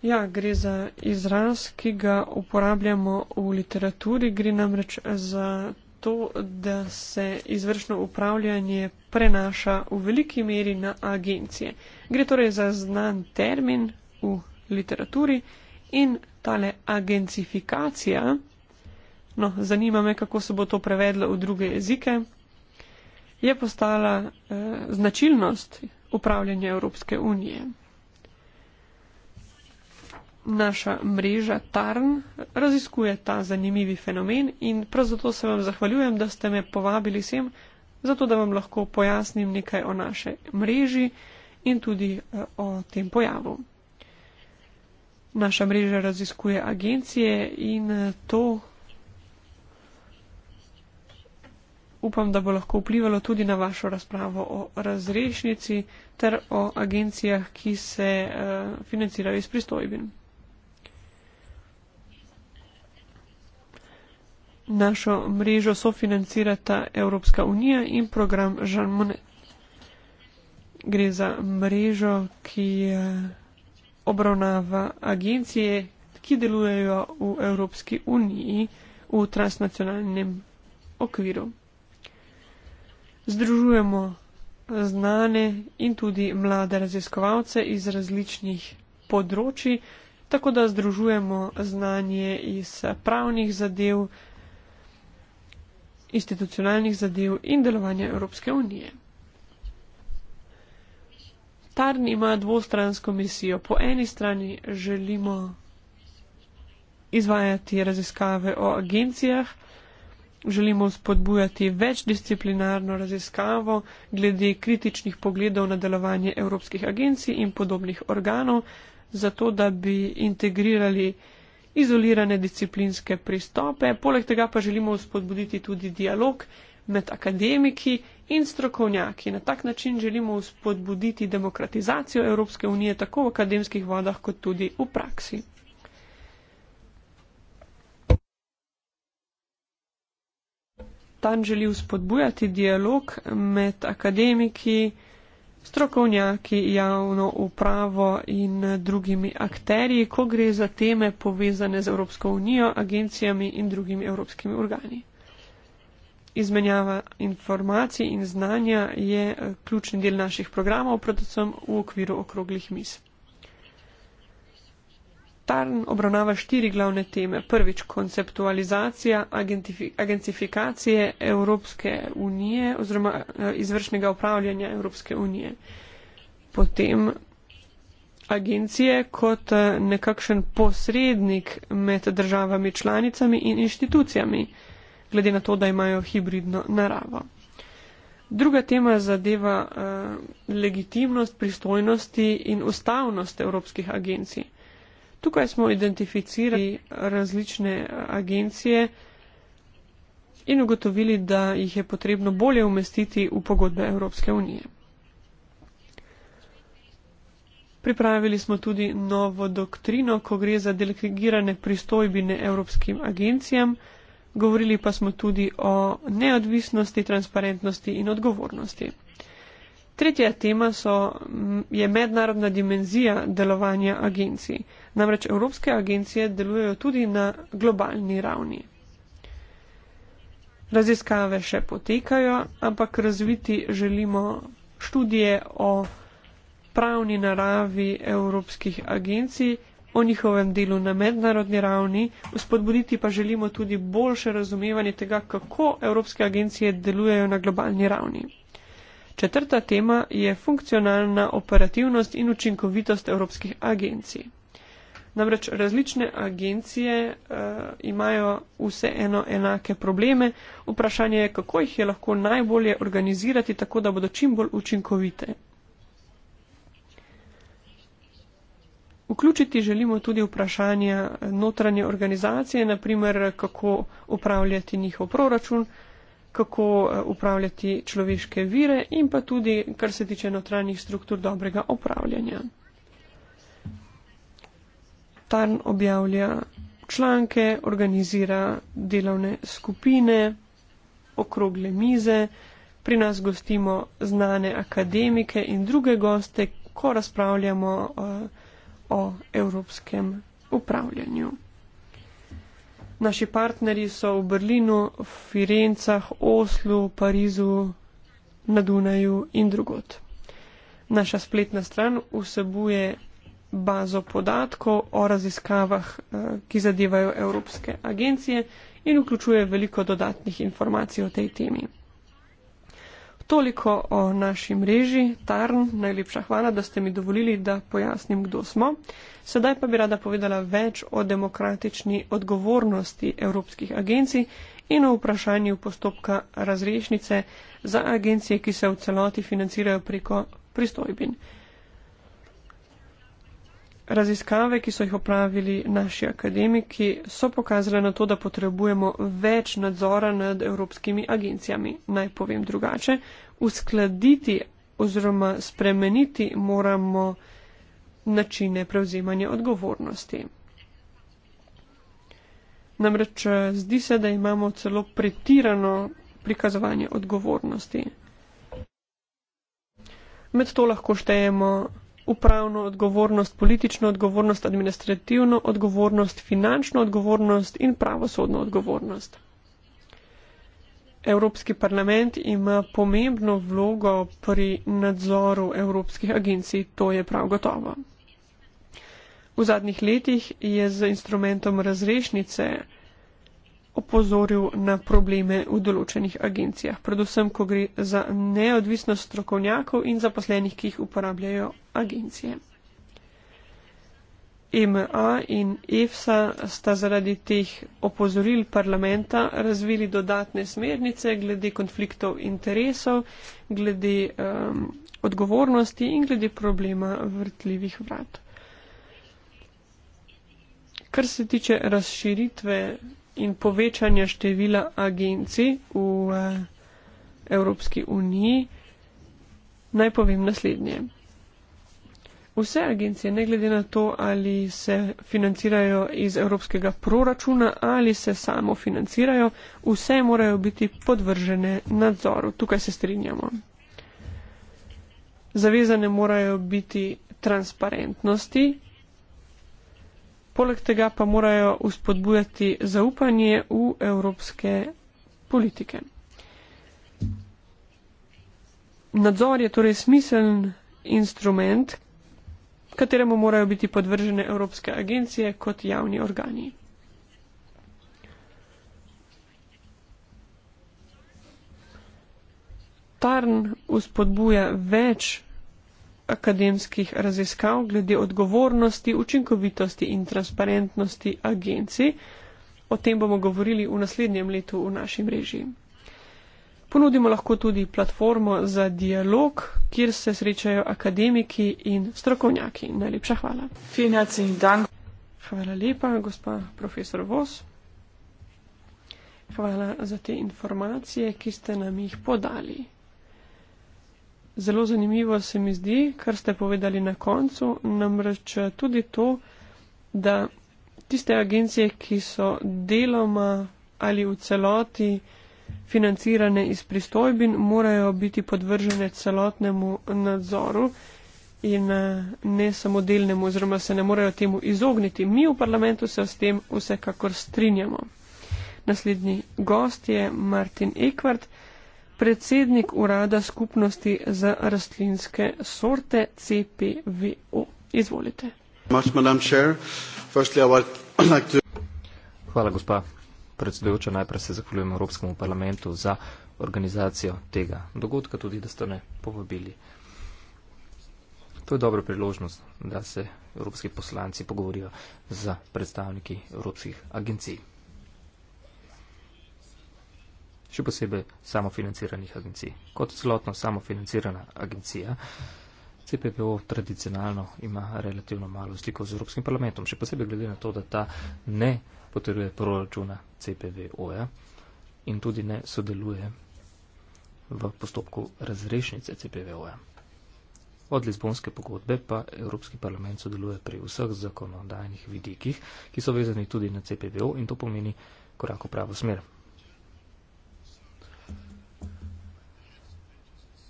Ja, gre za izraz, ki ga uporabljamo v literaturi, gre namreč za to, da se izvršno upravljanje prenaša v veliki meri na agencije. Gre torej za znan termin v literaturi in tale agencifikacija, no, zanima me, kako se bo to prevedlo v druge jezike, je postala eh, značilnost upravljanja Evropske unije naša mreža Tarn raziskuje ta zanimivi fenomen in prav zato se vam zahvaljujem, da ste me povabili sem, zato da vam lahko pojasnim nekaj o naše mreži in tudi eh, o tem pojavu. Naša mreža raziskuje agencije in eh, to upam, da bo lahko vplivalo tudi na vašo razpravo o razrešnici ter o agencijah, ki se eh, financirajo iz pristojbin. Našo mrežo sofinancirata Evropska unija in program Žan Monet. Gre za mrežo, ki obravnava agencije, ki delujejo v Evropski uniji v transnacionalnem okviru. Združujemo znane in tudi mlade raziskovalce iz različnih področji, tako da združujemo znanje iz pravnih zadev, institucionalnih zadev in delovanja Evropske unije. Tarn ima dvostransko misijo. Po eni strani želimo izvajati raziskave o agencijah, želimo spodbujati večdisciplinarno raziskavo glede kritičnih pogledov na delovanje evropskih agencij in podobnih organov, zato da bi integrirali izolirane disciplinske pristope, poleg tega pa želimo spodbuditi tudi dialog med akademiki in strokovnjaki. Na tak način želimo spodbuditi demokratizacijo Evropske unije tako v akademskih vodah kot tudi v praksi. Tam želi spodbujati dialog med akademiki in strokovnjaki strokovnjaki, javno upravo in drugimi akterji, ko gre za teme povezane z Evropsko unijo, agencijami in drugimi evropskimi organi. Izmenjava informacij in znanja je eh, ključni del naših programov, predvsem v okviru okroglih misli. Tarn obravnava štiri glavne teme. Prvič, konceptualizacija agencifikacije Evropske unije oziroma eh, izvršnega upravljanja Evropske unije. Potem agencije kot eh, nekakšen posrednik med državami članicami in inštitucijami, glede na to, da imajo hibridno naravo. Druga tema zadeva uh, legitimnost, pristojnosti in ustavnost evropskih agencij. Tukaj smo identificirali različne agencije in ugotovili, da jih je potrebno bolje umestiti v pogodbe Evropske unije. Pripravili smo tudi novo doktrino, ko gre za delegirane pristojbine evropskim agencijam, govorili pa smo tudi o neodvisnosti, transparentnosti in odgovornosti. Tretja tema so, je mednarodna dimenzija delovanja agencij. Namreč evropske agencije delujejo tudi na globalni ravni. Raziskave še potekajo, ampak razviti želimo študije o pravni naravi evropskih agencij, o njihovem delu na mednarodni ravni, uspodbuditi pa želimo tudi boljše razumevanje tega, kako evropske agencije delujejo na globalni ravni. Četrta tema je funkcionalna operativnost in učinkovitost evropskih agencij. Namreč različne agencije uh, imajo vseeno enake probleme, vprašanje je, kako jih je lahko najbolje organizirati tako, da bodo čim bolj učinkovite. Vključiti želimo tudi vprašanja notranje organizacije, naprimer kako upravljati njihov proračun, uh, kako eh, upravljati človeške vire in pa tudi, kar se tiče notranjih struktur dobrega upravljanja. Tarn objavlja članke, organizira delovne skupine, okrogle mize, pri nas gostimo znane akademike in druge goste, ko razpravljamo o, eh, o evropskem upravljanju. Naši partnerji so v Berlinu, Firencah, Oslu, Parizu, na Dunaju in drugot. Naša spletna stran vsebuje bazo podatkov o raziskavah, eh, ki zadevajo evropske agencije in vključuje veliko dodatnih informacij o tej temi. Toliko o naši mreži Tarn. Najlepša hvala, da ste mi dovolili, da pojasnim, kdo smo. Sedaj pa bi rada povedala več o demokratični odgovornosti evropskih agencij in o vprašanju postopka razrešnice za agencije, ki se v celoti financirajo preko pristojbin. Raziskave, ki so jih opravili naši akademiki, so pokazale na to, da potrebujemo več nadzora nad evropskimi agencijami. Naj povem drugače, uskladiti oziroma spremeniti moramo načine prevzemanja odgovornosti. Namreč eh, zdi se, da imamo celo pretirano prikazovanje odgovornosti. Med to lahko štejemo upravno odgovornost, politično odgovornost, administrativno odgovornost, finančno odgovornost in pravosodno odgovornost. Evropski parlament ima pomembno vlogo pri nadzoru evropskih agencij, to je prav gotovo. V zadnjih letih je z instrumentom razrešnice opozoril na probleme v določenih agencijah, predvsem, ko gre za neodvisnost strokovnjakov in zaposlenih, ki jih uporabljajo agencije. MA in EFSA sta zaradi teh opozoril parlamenta razvili dodatne smernice glede konfliktov interesov, glede um, odgovornosti in glede problema vrtljivih vrat. Kar se tiče razširitve in povečanje števila agencij v uh, Evropski uniji, naj povem naslednje. Vse agencije, ne glede na to, ali se financirajo iz evropskega proračuna ali se samo financirajo, vse morajo biti podvržene nadzoru. Tukaj se strinjamo. Zavezane morajo biti transparentnosti poleg tega pa morajo vzpodbujati zaupanje v evropske politike. Nadzor je torej smiseln instrument, kateremu morajo biti podvržene evropske agencije kot javni organi. Tarn vzpodbuja več akademskih raziskav glede odgovornosti, učinkovitosti in transparentnosti agencij. O tem bomo govorili v naslednjem letu v naši mreži. Ponudimo lahko tudi platformo za dialog, kjer se srečajo akademiki in strokovnjaki. Najlepša hvala. Hvala lepa, gospa profesor Vos. Hvala za te informacije, ki ste nam jih podali zelo zanimivo se mi zdi, kar ste povedali na koncu, namreč eh, tudi to, da tiste agencije, ki so deloma ali v celoti financirane iz pristojbin, morajo biti podvržene celotnemu nadzoru in eh, ne samo delnemu, oziroma se ne morejo temu izogniti. Mi v parlamentu se s tem vsekakor strinjamo. Naslednji gost je Martin Ekvart, predsednik urada skupnosti za rastlinske sorte CPVO. Izvolite. Hvala, gospa predsedujoča. Najprej se zahvaljujem Evropskemu parlamentu za organizacijo tega dogodka, tudi da ste me povabili. To je dobra priložnost, da se evropski poslanci pogovorijo z predstavniki evropskih agencij še posebej samofinanciranih agencij. Kot celotno samofinancirana agencija, CPPO tradicionalno ima relativno malo sliko z Evropskim parlamentom, še posebej glede na to, da ta ne potrjuje proračuna CPVO-ja in tudi ne sodeluje v postopku razrešnice CPVO-ja. Od Lizbonske pogodbe pa Evropski parlament sodeluje pri vseh zakonodajnih vidikih, ki so vezani tudi na CPVO in to pomeni korak v pravo smer.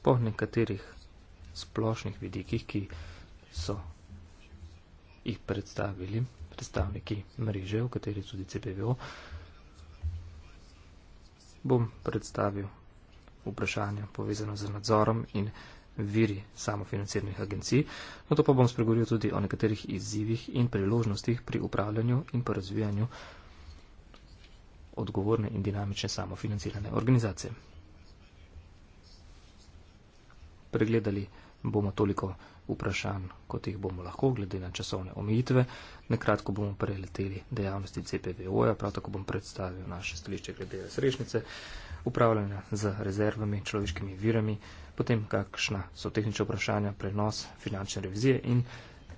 po nekaterih splošnih vidikih, ki so jih predstavili predstavniki mreže, v kateri tudi CPVO, bom predstavil vprašanje povezano z nadzorom in viri samofinanciranih agencij, no to pa bom spregovoril tudi o nekaterih izzivih in priložnostih pri upravljanju in pa razvijanju odgovorne in dinamične samofinancirane organizacije pregledali, bomo toliko vprašanj, kot jih bomo lahko, glede na časovne omejitve. Nekratko bomo preleteli dejavnosti CPVO-ja, prav tako bom predstavil naše stališče glede srečnice, upravljanja z rezervami, človeškimi virami, potem kakšna so tehnična vprašanja, prenos finančne revizije in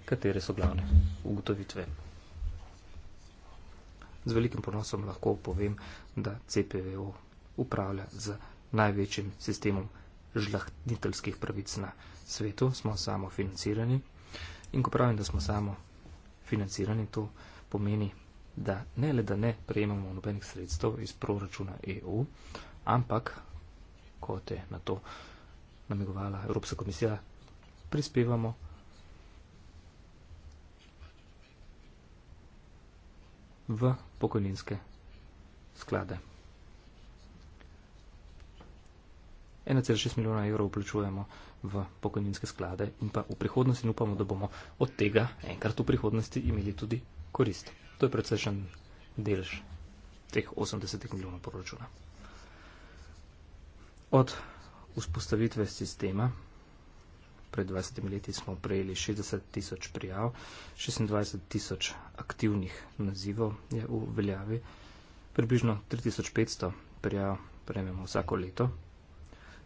katere so glavne ugotovitve. Z velikim ponosom lahko povem, da CPVO upravlja z največjim sistemom žlahtniteljskih pravic na svetu, smo samo financirani. In ko pravim, da smo samo financirani, to pomeni, da ne le, da ne prejemamo nobenih sredstev iz proračuna EU, ampak, kot je na to namigovala Evropska komisija, prispevamo v pokojninske sklade. 1,6 milijona evrov vplačujemo v pokojninske sklade in pa v prihodnosti in upamo, da bomo od tega enkrat v prihodnosti imeli tudi korist. To je predvsejšen delž teh 80 milijonov proračuna. Od vzpostavitve sistema pred 20 leti smo prejeli 60 tisoč prijav, 26 tisoč aktivnih nazivov je v veljavi, približno 3500 prijav prejmemo vsako leto,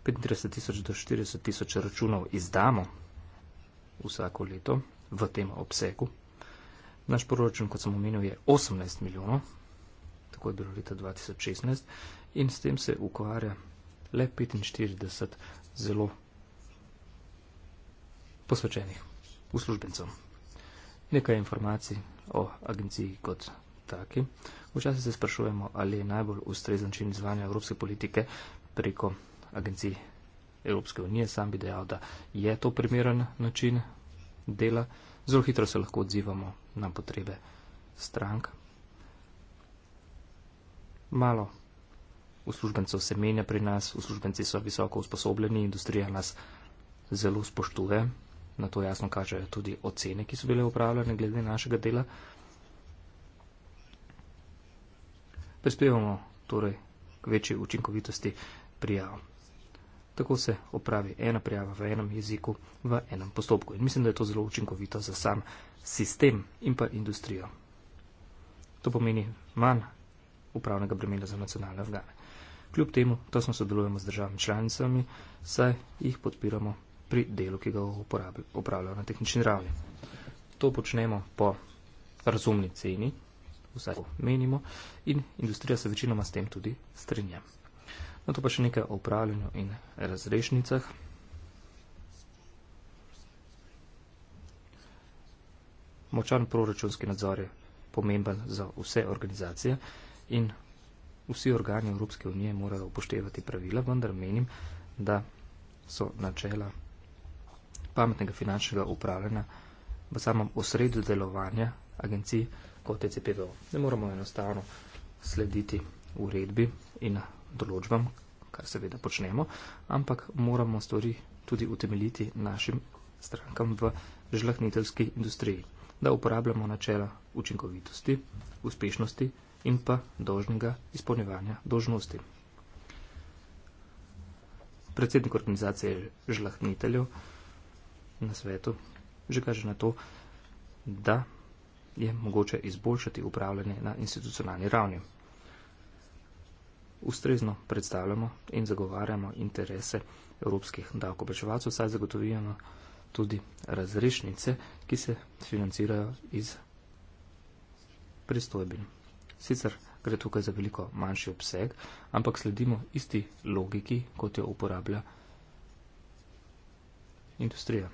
35 tisoč do 40 tisoč računov izdamo vsako leto v tem obsegu. Naš proračun, kot sem omenil, je 18 milijonov, tako je bilo leta 2016 in s tem se ukvarja le 45 zelo posvečenih uslužbencev. Nekaj informacij o agenciji kot taki. Včasih se sprašujemo, ali je najbolj ustrezen čin izvanja evropske politike preko agencij Evropske unije, sam bi dejal, da je to primeren način dela. Zelo hitro se lahko odzivamo na potrebe strank. Malo uslužbencev se menja pri nas, uslužbenci so visoko usposobljeni, industrija nas zelo spoštuje, na to jasno kažejo tudi ocene, ki so bile upravljene glede našega dela. Prispevamo torej k večji učinkovitosti prijav. Tako se opravi ena prijava v enem jeziku, v enem postopku. In mislim, da je to zelo učinkovito za sam sistem in pa industrijo. To pomeni manj upravnega bremena za nacionalne organe. Kljub temu, to smo sodelujemo z državami članicami, saj jih podpiramo pri delu, ki ga upravljajo na tehnični ravni. To počnemo po razumni ceni, vsaj menimo, in industrija se večinoma s tem tudi strinja. Na no, to pa še nekaj o upravljanju in razrešnicah. Močan proračunski nadzor je pomemben za vse organizacije in vsi organi Evropske unije morajo upoštevati pravila, vendar menim, da so načela pametnega finančnega upravljanja v samem osredu delovanja agencij kot ECPVO. Ne moramo enostavno slediti uredbi in določbam, kar seveda počnemo, ampak moramo stvari tudi utemeljiti našim strankam v žlahniteljski industriji, da uporabljamo načela učinkovitosti, uspešnosti in pa dožnega izpolnjevanja dožnosti. Predsednik organizacije žlahniteljev na svetu že kaže na to, da je mogoče izboljšati upravljanje na institucionalni ravni ustrezno predstavljamo in zagovarjamo interese evropskih davkoplačevalcev, saj zagotovimo tudi razrešnice, ki se financirajo iz pristojbin. Sicer gre tukaj za veliko manjši obseg, ampak sledimo isti logiki, kot jo uporablja industrija.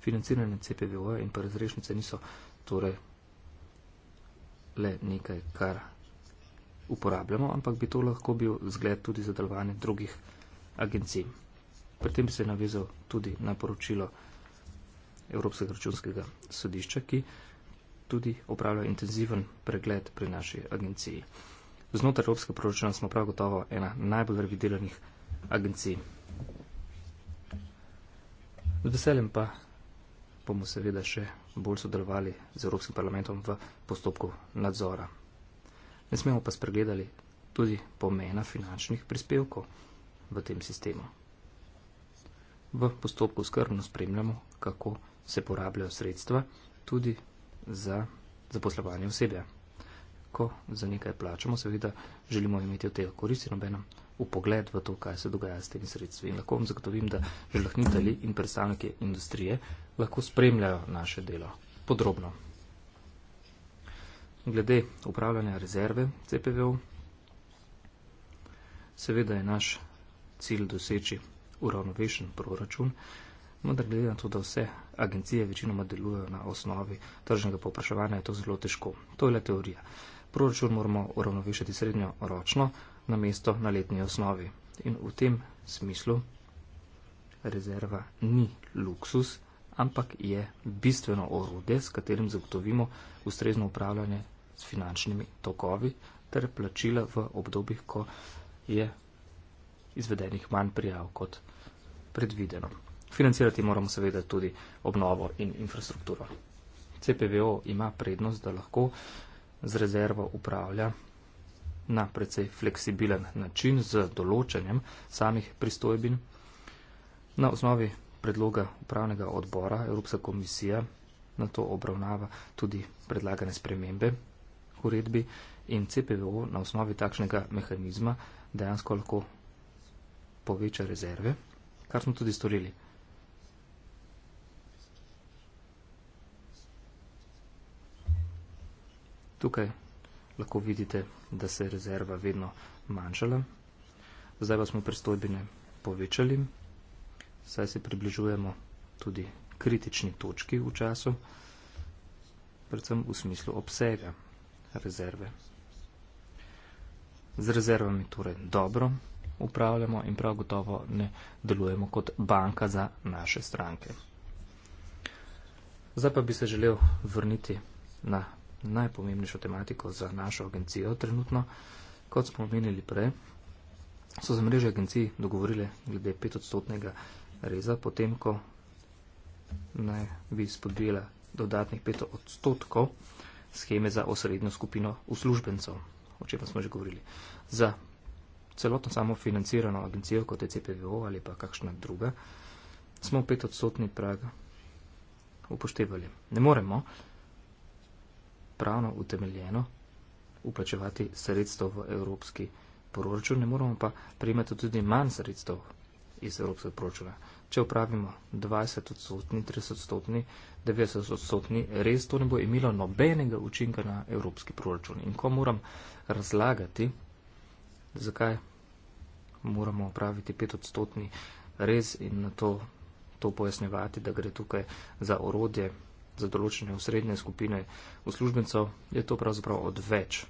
Financiranje CPVO in pa razrešnice niso torej le nekaj, kar uporabljamo, ampak bi to lahko bil zgled tudi za delovanje drugih agencij. Pri tem bi se navezal tudi na poročilo Evropskega računskega sodišča, ki tudi opravlja intenziven pregled pri naši agenciji. Znotraj Evropske proračuna smo prav gotovo ena najbolj revidiranih agencij. Z veseljem pa bomo seveda še bolj sodelovali z Evropskim parlamentom v postopku nadzora. Ne smemo pa spregledali tudi pomena finančnih prispevkov v tem sistemu. V postopku skrbno spremljamo, kako se porabljajo sredstva tudi za zaposlovanje osebja. Ko za nekaj plačamo, seveda želimo imeti od tega koristi, nobeno upogled v to, kaj se dogaja s temi sredstvi. In lahko vam zagotovim, da želahnitelji in predstavniki industrije lahko spremljajo naše delo podrobno. Glede upravljanja rezerve CPV-ov, seveda je naš cilj doseči uravnovešen proračun, vendar glede na to, da vse agencije večinoma delujejo na osnovi tržnega popraševanja, je to zelo težko. To je le teorija. Proračun moramo uravnovešiti srednjo ročno, na mesto na letni osnovi. In v tem smislu rezerva ni luksus, ampak je bistveno orodje, s katerim zagotovimo ustrezno upravljanje s finančnimi tokovi ter plačila v obdobjih, ko je izvedenih manj prijav kot predvideno. Financirati moramo seveda tudi obnovo in infrastrukturo. CPVO ima prednost, da lahko z rezervo upravlja na precej fleksibilen način z določanjem samih pristojbin. Na osnovi predloga upravnega odbora Evropska komisija na to obravnava tudi predlagane spremembe uredbi in CPVO na osnovi takšnega mehanizma dejansko lahko poveča rezerve, kar smo tudi storili. Tukaj lahko vidite, da se je rezerva vedno manjšala. Zdaj pa smo pristojbine povečali, saj se približujemo tudi kritični točki v času, predvsem v smislu obsega rezerve. Z rezervami torej dobro upravljamo in prav gotovo ne delujemo kot banka za naše stranke. Zdaj pa bi se želel vrniti na najpomembnejšo tematiko za našo agencijo trenutno. Kot smo omenili prej, so za mreže agencij dogovorile glede 5-odstotnega reza, potem ko naj bi spodbila dodatnih 5 odstotkov scheme za osrednjo skupino uslužbencev, o čem smo že govorili. Za celotno samofinancirano agencijo, kot je CPVO ali pa kakšna druga, smo 5 odstotni prag upoštevali. Ne moremo, pravno utemeljeno uplačevati sredstvo v evropski proračun, ne moramo pa prijemati tudi manj sredstev iz evropskega proračuna. Če upravimo 20 odstotni, 30 odstotni, 90 odstotni, res to ne bo imelo nobenega učinka na evropski proračun. In ko moram razlagati, zakaj moramo upraviti 5 odstotni rez in na to, to pojasnjevati, da gre tukaj za orodje za določene osrednje skupine uslužbencev, je to pravzaprav odveč.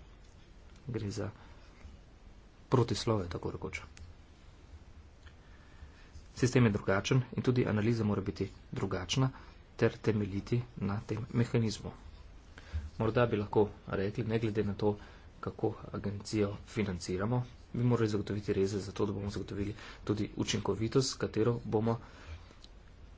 Gre za protislove, tako rekoče. Sistem je drugačen in tudi analiza mora biti drugačna ter temeljiti na tem mehanizmu. Morda bi lahko rekli, ne glede na to, kako agencijo financiramo, bi morali zagotoviti reze za to, da bomo zagotovili tudi učinkovitost, katero bomo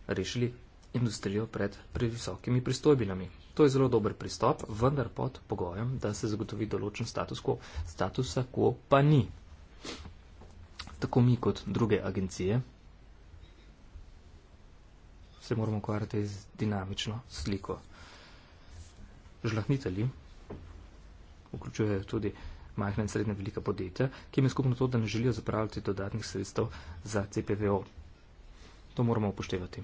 rešili industrijo pred previsokimi pristojbinami. To je zelo dober pristop, vendar pod pogojem, da se zagotovi določen status quo, statusa quo pa ni. Tako mi kot druge agencije se moramo ukvarjati z dinamično sliko. Žlahnitelji vključujejo tudi majhne in srednje velika podjetja, ki jim je skupno to, da ne želijo zapravljati dodatnih sredstev za CPVO. To moramo upoštevati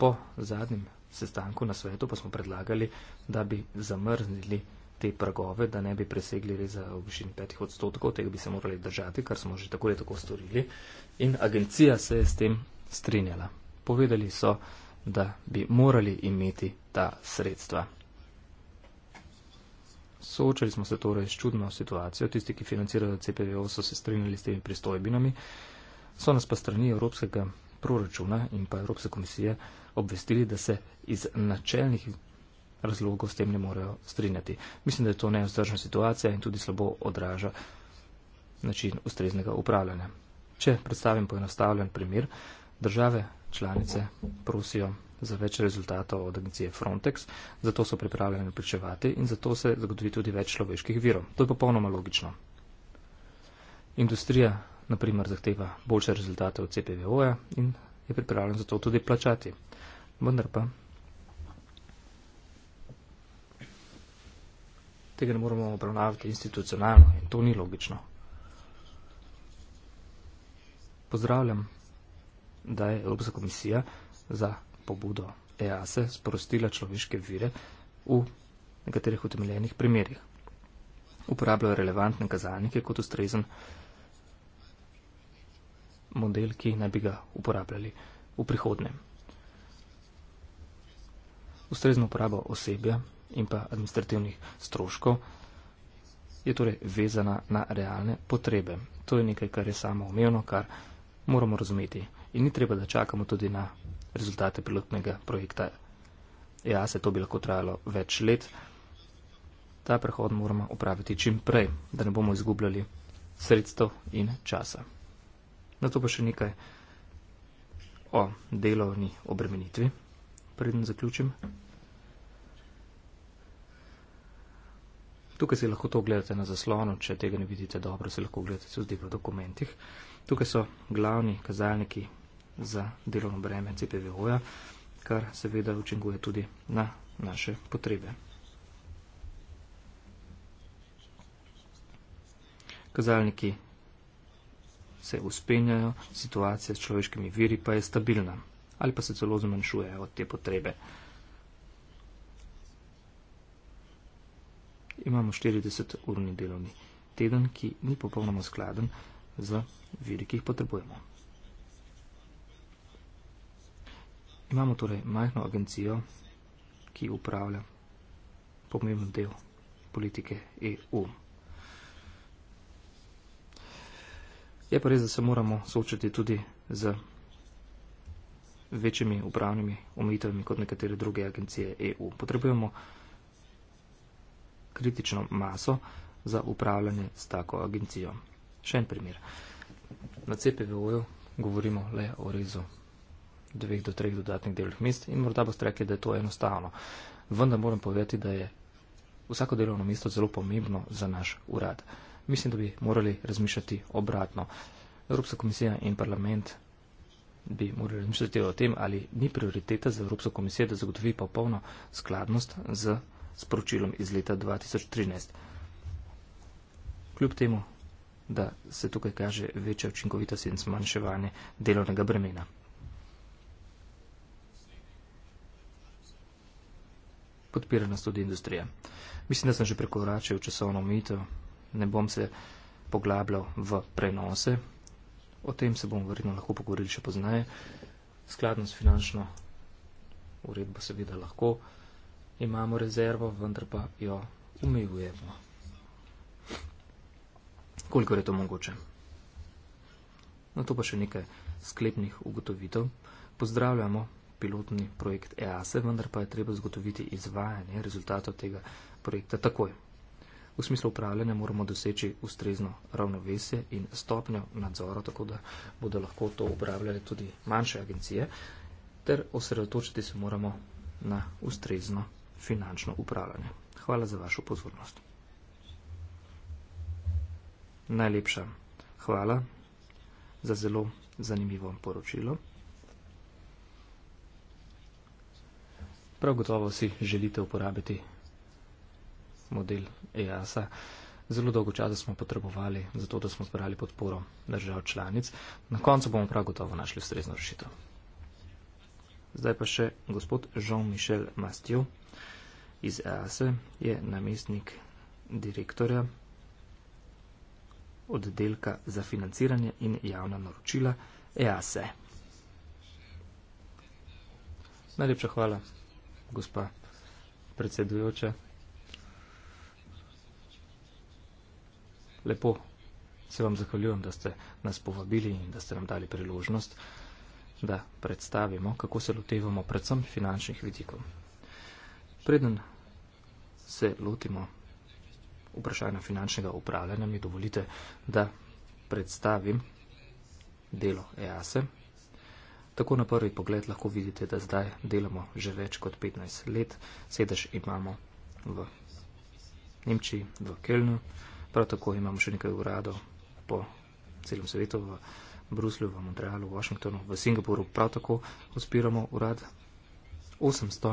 po zadnjem sestanku na svetu pa smo predlagali, da bi zamrznili te pragove, da ne bi presegli za višini petih odstotkov, tega bi se morali držati, kar smo že tako ali tako storili. In agencija se je s tem strinjala. Povedali so, da bi morali imeti ta sredstva. Soočali smo se torej s čudno situacijo, tisti, ki financirajo CPVO, so se strinjali s temi pristojbinami, so nas pa strani Evropskega proračuna in pa Evropske komisije obvestili, da se iz načelnih razlogov s tem ne morejo strinjati. Mislim, da je to neustrašna situacija in tudi slabo odraža način ustreznega upravljanja. Če predstavim poenostavljen primer, države članice prosijo za več rezultatov od agencije Frontex, zato so pripravljeni vplačevati in zato se zagotovi tudi več človeških virov. To je popolnoma logično. Industrija, naprimer, zahteva boljše rezultate od CPVO-ja in je pripravljen za to tudi plačati vendar pa. Tega ne moramo obravnavati institucionalno in to ni logično. Pozdravljam, da je Evropska komisija za pobudo EASE e sprostila človeške vire v nekaterih utemeljenih primerjih. Uporabljajo relevantne kazalnike kot ustrezen model, ki naj bi ga uporabljali v prihodnem ustrezno uporabo osebja in pa administrativnih stroškov, je torej vezana na realne potrebe. To je nekaj, kar je samo umevno, kar moramo razumeti. In ni treba, da čakamo tudi na rezultate pilotnega projekta. Ja, se to bi lahko trajalo več let. Ta prehod moramo upraviti čim prej, da ne bomo izgubljali sredstev in časa. Na to pa še nekaj o delovni obremenitvi preden zaključim. Tukaj si lahko to ogledate na zaslonu, če tega ne vidite dobro, se lahko ogledate tudi v dokumentih. Tukaj so glavni kazalniki za delovno breme CPVO-ja, kar seveda učinkuje tudi na naše potrebe. Kazalniki se uspenjajo, situacija s človeškimi viri pa je stabilna ali pa se celo zmanjšujejo te potrebe. Imamo 40-urni delovni teden, ki ni popolnoma skladen z viri, ki jih potrebujemo. Imamo torej majhno agencijo, ki upravlja pomemben del politike EU. Je pa res, da se moramo soočati tudi z večjimi upravnimi omejitvami kot nekatere druge agencije EU. Potrebujemo kritično maso za upravljanje s tako agencijo. Še en primer. Na CPVO-ju govorimo le o rezu dveh do treh dodatnih delovnih mest in morda boste rekli, da je to enostavno. Vendar moram povedati, da je vsako delovno mesto zelo pomembno za naš urad. Mislim, da bi morali razmišljati obratno. Evropska komisija in parlament bi morali razmišljati o tem, ali ni prioriteta za Evropsko komisijo, da zagotovi popolno skladnost z sporočilom iz leta 2013. Kljub temu, da se tukaj kaže večja učinkovitost in zmanjševanje delovnega bremena. Podpira nas tudi industrija. Mislim, da sem že prekoračil časovno omejitev, ne bom se poglabljal v prenose o tem se bomo verjetno lahko pogovorili še poznaje. Skladno s finančno uredbo seveda lahko imamo rezervo, vendar pa jo umejujemo. Koliko je to mogoče? Na to pa še nekaj sklepnih ugotovitev. Pozdravljamo pilotni projekt EASE, e, vendar pa je treba zgotoviti izvajanje rezultatov tega projekta takoj v smislu upravljanja moramo doseči ustrezno ravnovesje in stopnjo nadzora, tako da bodo lahko to upravljali tudi manjše agencije, ter osredotočiti se moramo na ustrezno finančno upravljanje. Hvala za vašo pozornost. Najlepša hvala za zelo zanimivo poročilo. Prav gotovo si želite uporabiti model EASA. Zelo dolgo časa smo potrebovali za to, da smo zbrali podporo držav članic. Na koncu bomo prav gotovo našli ustrezno rešitev. Zdaj pa še gospod Jean-Michel Mastio iz EASA je namestnik direktorja oddelka za financiranje in javna naročila EASE. Najlepša hvala, gospa predsedujoča. lepo. Se vam zahvaljujem, da ste nas povabili in da ste nam dali priložnost, da predstavimo, kako se lotevamo predvsem finančnih vidikov. Preden se lotimo vprašanja finančnega upravljanja, mi dovolite, da predstavim delo EASE. E. Tako na prvi pogled lahko vidite, da zdaj delamo že več kot 15 let. Sedež imamo v Nemčiji, v Kölnu. Prav tako imamo še nekaj uradov po celem svetu, v Bruslju, v Montrealu, v Washingtonu, v Singapuru. Prav tako odpiramo urad. 800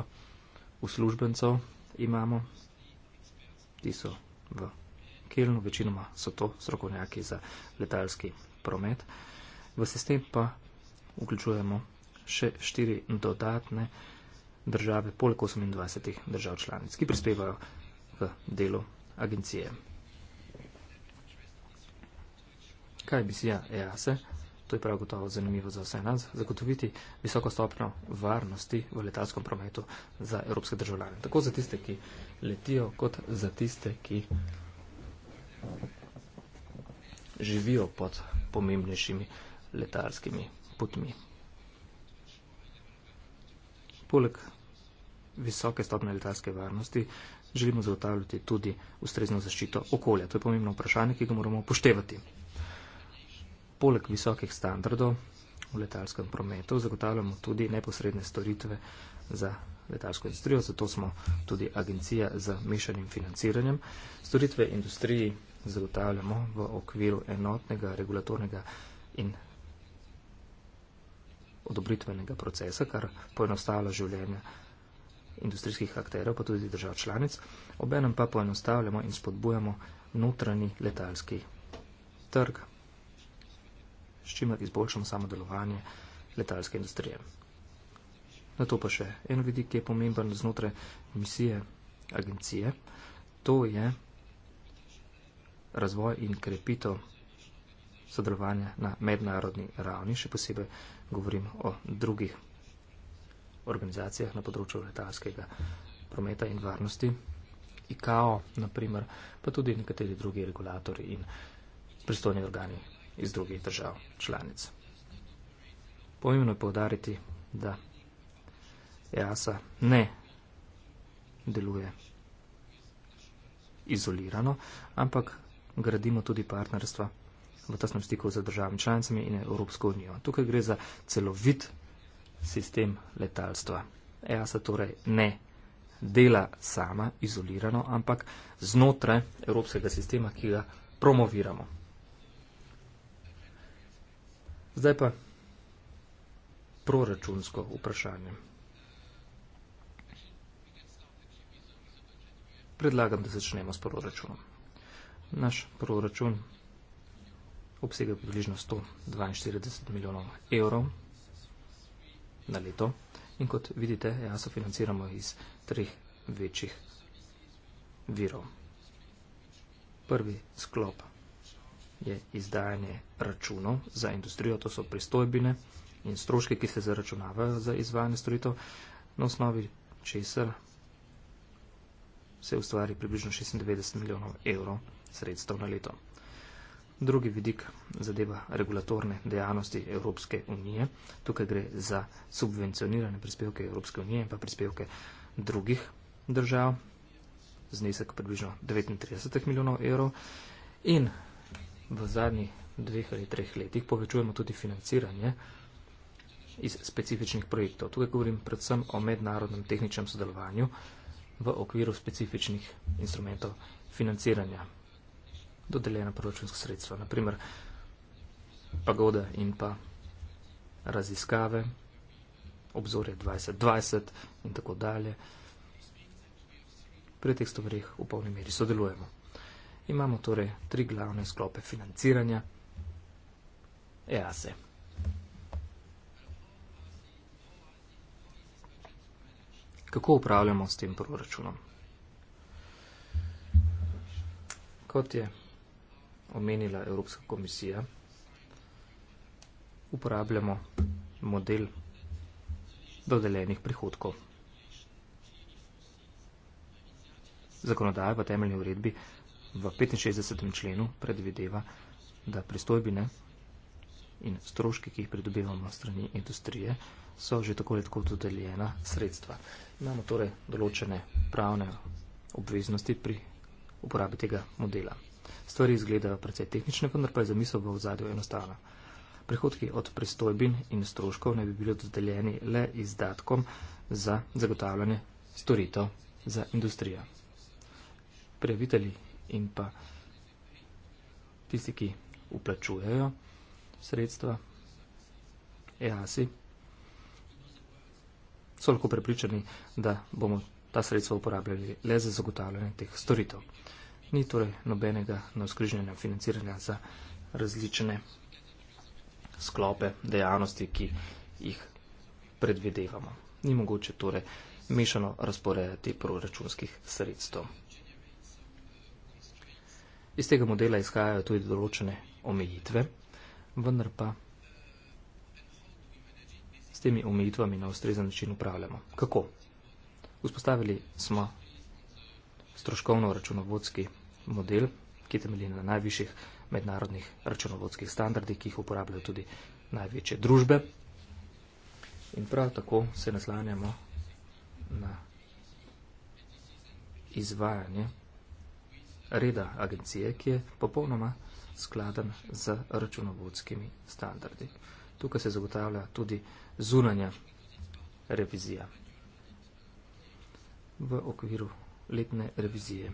uslužbencev imamo, ti so v Kelnu, večinoma so to strokovnjaki za letalski promet. V sistem pa vključujemo še štiri dodatne države, poleg 28 držav članic, ki prispevajo k delu agencije. kaj misija EASE, to je prav gotovo zanimivo za vse nas, zagotoviti visoko stopno varnosti v letalskem prometu za evropske državljane. Tako za tiste, ki letijo, kot za tiste, ki živijo pod pomembnejšimi letalskimi potmi. Poleg visoke stopne letalske varnosti želimo zagotavljati tudi ustrezno zaščito okolja. To je pomembno vprašanje, ki ga moramo upoštevati. Poleg visokih standardov v letalskem prometu zagotavljamo tudi neposredne storitve za letalsko industrijo, zato smo tudi agencija z mešanim financiranjem. Storitve industriji zagotavljamo v okviru enotnega regulatornega in odobritvenega procesa, kar poenostavlja življenje industrijskih akterjev, pa tudi držav članic. Obenem pa poenostavljamo in spodbujamo notranji letalski trg s čimer izboljšamo samo delovanje letalske industrije. Na to pa še en vidik, ki je pomemben znotraj misije agencije, to je razvoj in krepito sodelovanja na mednarodni ravni, še posebej govorim o drugih organizacijah na področju letalskega prometa in varnosti, ICAO, naprimer, pa tudi nekateri drugi regulatori in pristojni organi iz drugih držav članic. Pomembno je povdariti, da EASA ne deluje izolirano, ampak gradimo tudi partnerstva v tesnem stiku z državami članicami in Evropsko unijo. Tukaj gre za celovit sistem letalstva. EASA torej ne dela sama, izolirano, ampak znotraj evropskega sistema, ki ga promoviramo. Zdaj pa proračunsko vprašanje. Predlagam, da začnemo s proračunom. Naš proračun obsega približno 142 milijonov evrov na leto in kot vidite, jaso financiramo iz treh večjih virov. Prvi sklop je izdajanje računov za industrijo, to so pristojbine in stroške, ki se zaračunavajo za izvajanje storitev, na osnovi česar se ustvari približno 96 milijonov evrov sredstev na leto. Drugi vidik zadeva regulatorne dejavnosti Evropske unije. Tukaj gre za subvencionirane prispevke Evropske unije in pa prispevke drugih držav, znesek približno 39 milijonov evrov. In v zadnjih dveh ali treh letih povečujemo tudi financiranje iz specifičnih projektov. Tukaj govorim predvsem o mednarodnem tehničnem sodelovanju v okviru specifičnih instrumentov financiranja. Dodeljena proračunska sredstva, naprimer pagoda in pa raziskave, obzorje 2020 in tako dalje. Pri teh stvarih v polni meri sodelujemo. Imamo torej tri glavne sklope financiranja. Ja, e se. Kako upravljamo s tem proračunom? Kot je omenila Evropska komisija, uporabljamo model dodeljenih prihodkov. Zakonodaja v temeljni uredbi v 65. členu predvideva, da pristojbine in stroški, ki jih pridobivamo strani industrije, so že tako ali tako dodeljena sredstva. Imamo torej določene pravne obveznosti pri uporabi tega modela. Stvari izgledajo precej tehnične, vendar pa je zamisel v ozadju enostavna. Prihodki od pristojbin in stroškov naj bi bili dodeljeni le izdatkom za zagotavljanje storitev za industrijo. Prijavitelji in pa tisti, ki uplačujejo sredstva, EASI, so lahko prepričani, da bomo ta sredstva uporabljali le za zagotavljanje teh storitev. Ni torej nobenega navskrižnjenja financiranja za različne sklope dejavnosti, ki jih predvidevamo. Ni mogoče torej mešano razporejati proračunskih sredstev. Iz tega modela izhajajo tudi določene omejitve, vendar pa s temi omejitvami na ustrezen način upravljamo. Kako? Vzpostavili smo stroškovno računovodski model, ki temelji na najvišjih mednarodnih računovodskih standardih, ki jih uporabljajo tudi največje družbe. In prav tako se naslanjamo na izvajanje reda agencije, ki je popolnoma skladen z računovodskimi standardi. Tukaj se zagotavlja tudi zunanja revizija v okviru letne revizije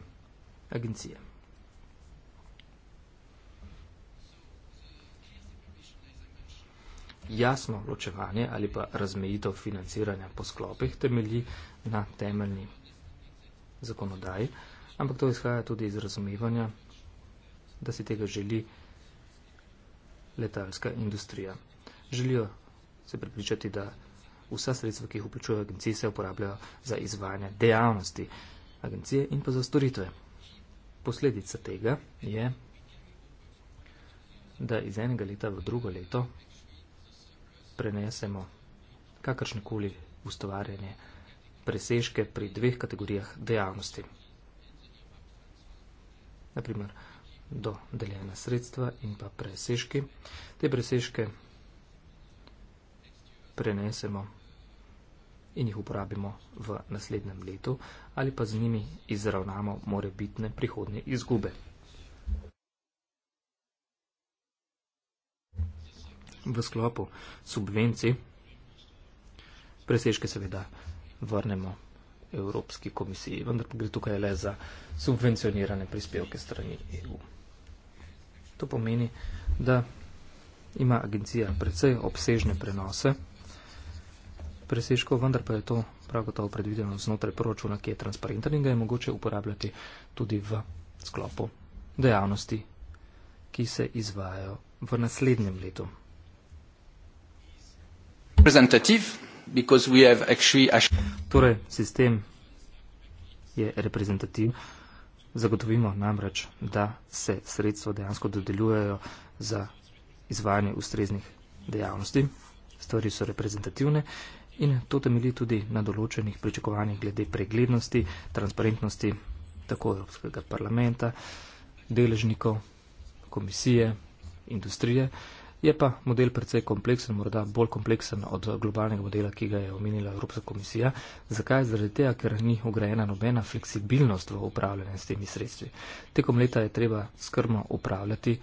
agencije. Jasno ločevanje ali pa razmejitev financiranja po sklopih temelji na temeljni zakonodaji, Ampak to izhaja tudi iz razumevanja, da si tega želi letalska industrija. Želijo se prepričati, da vsa sredstva, ki jih vplačujejo agencije, se uporabljajo za izvajanje dejavnosti agencije in pa za storitve. Posledica tega je, da iz enega leta v drugo leto prenesemo kakršnekoli ustvarjanje presežke pri dveh kategorijah dejavnosti naprimer do deljena sredstva in pa presežki. Te presežke prenesemo in jih uporabimo v naslednjem letu ali pa z njimi izravnamo morebitne prihodne izgube. V sklopu subvencij presežke seveda vrnemo Evropski komisiji, vendar gre tukaj le za subvencionirane prispevke strani EU. To pomeni, da ima agencija precej obsežne prenose presežkov, vendar pa je to prav gotovo predvideno znotraj proračuna, ki je transparenten in ga je mogoče uporabljati tudi v sklopu dejavnosti, ki se izvajajo v naslednjem letu. Reprezentativ. Torej, sistem je reprezentativ. Zagotovimo namreč, da se sredstvo dejansko dodeljujejo za izvajanje ustreznih dejavnosti. Stvari so reprezentativne in to temelji tudi na določenih pričakovanjih glede preglednosti, transparentnosti tako Evropskega parlamenta, deležnikov, komisije, industrije. Je pa model precej kompleksen, morda bolj kompleksen od eh, globalnega modela, ki ga je omenila Evropska komisija. Zakaj? Zaradi tega, ker ni ugrajena nobena fleksibilnost v upravljanju s temi sredstvi. Tekom leta je treba skrbno upravljati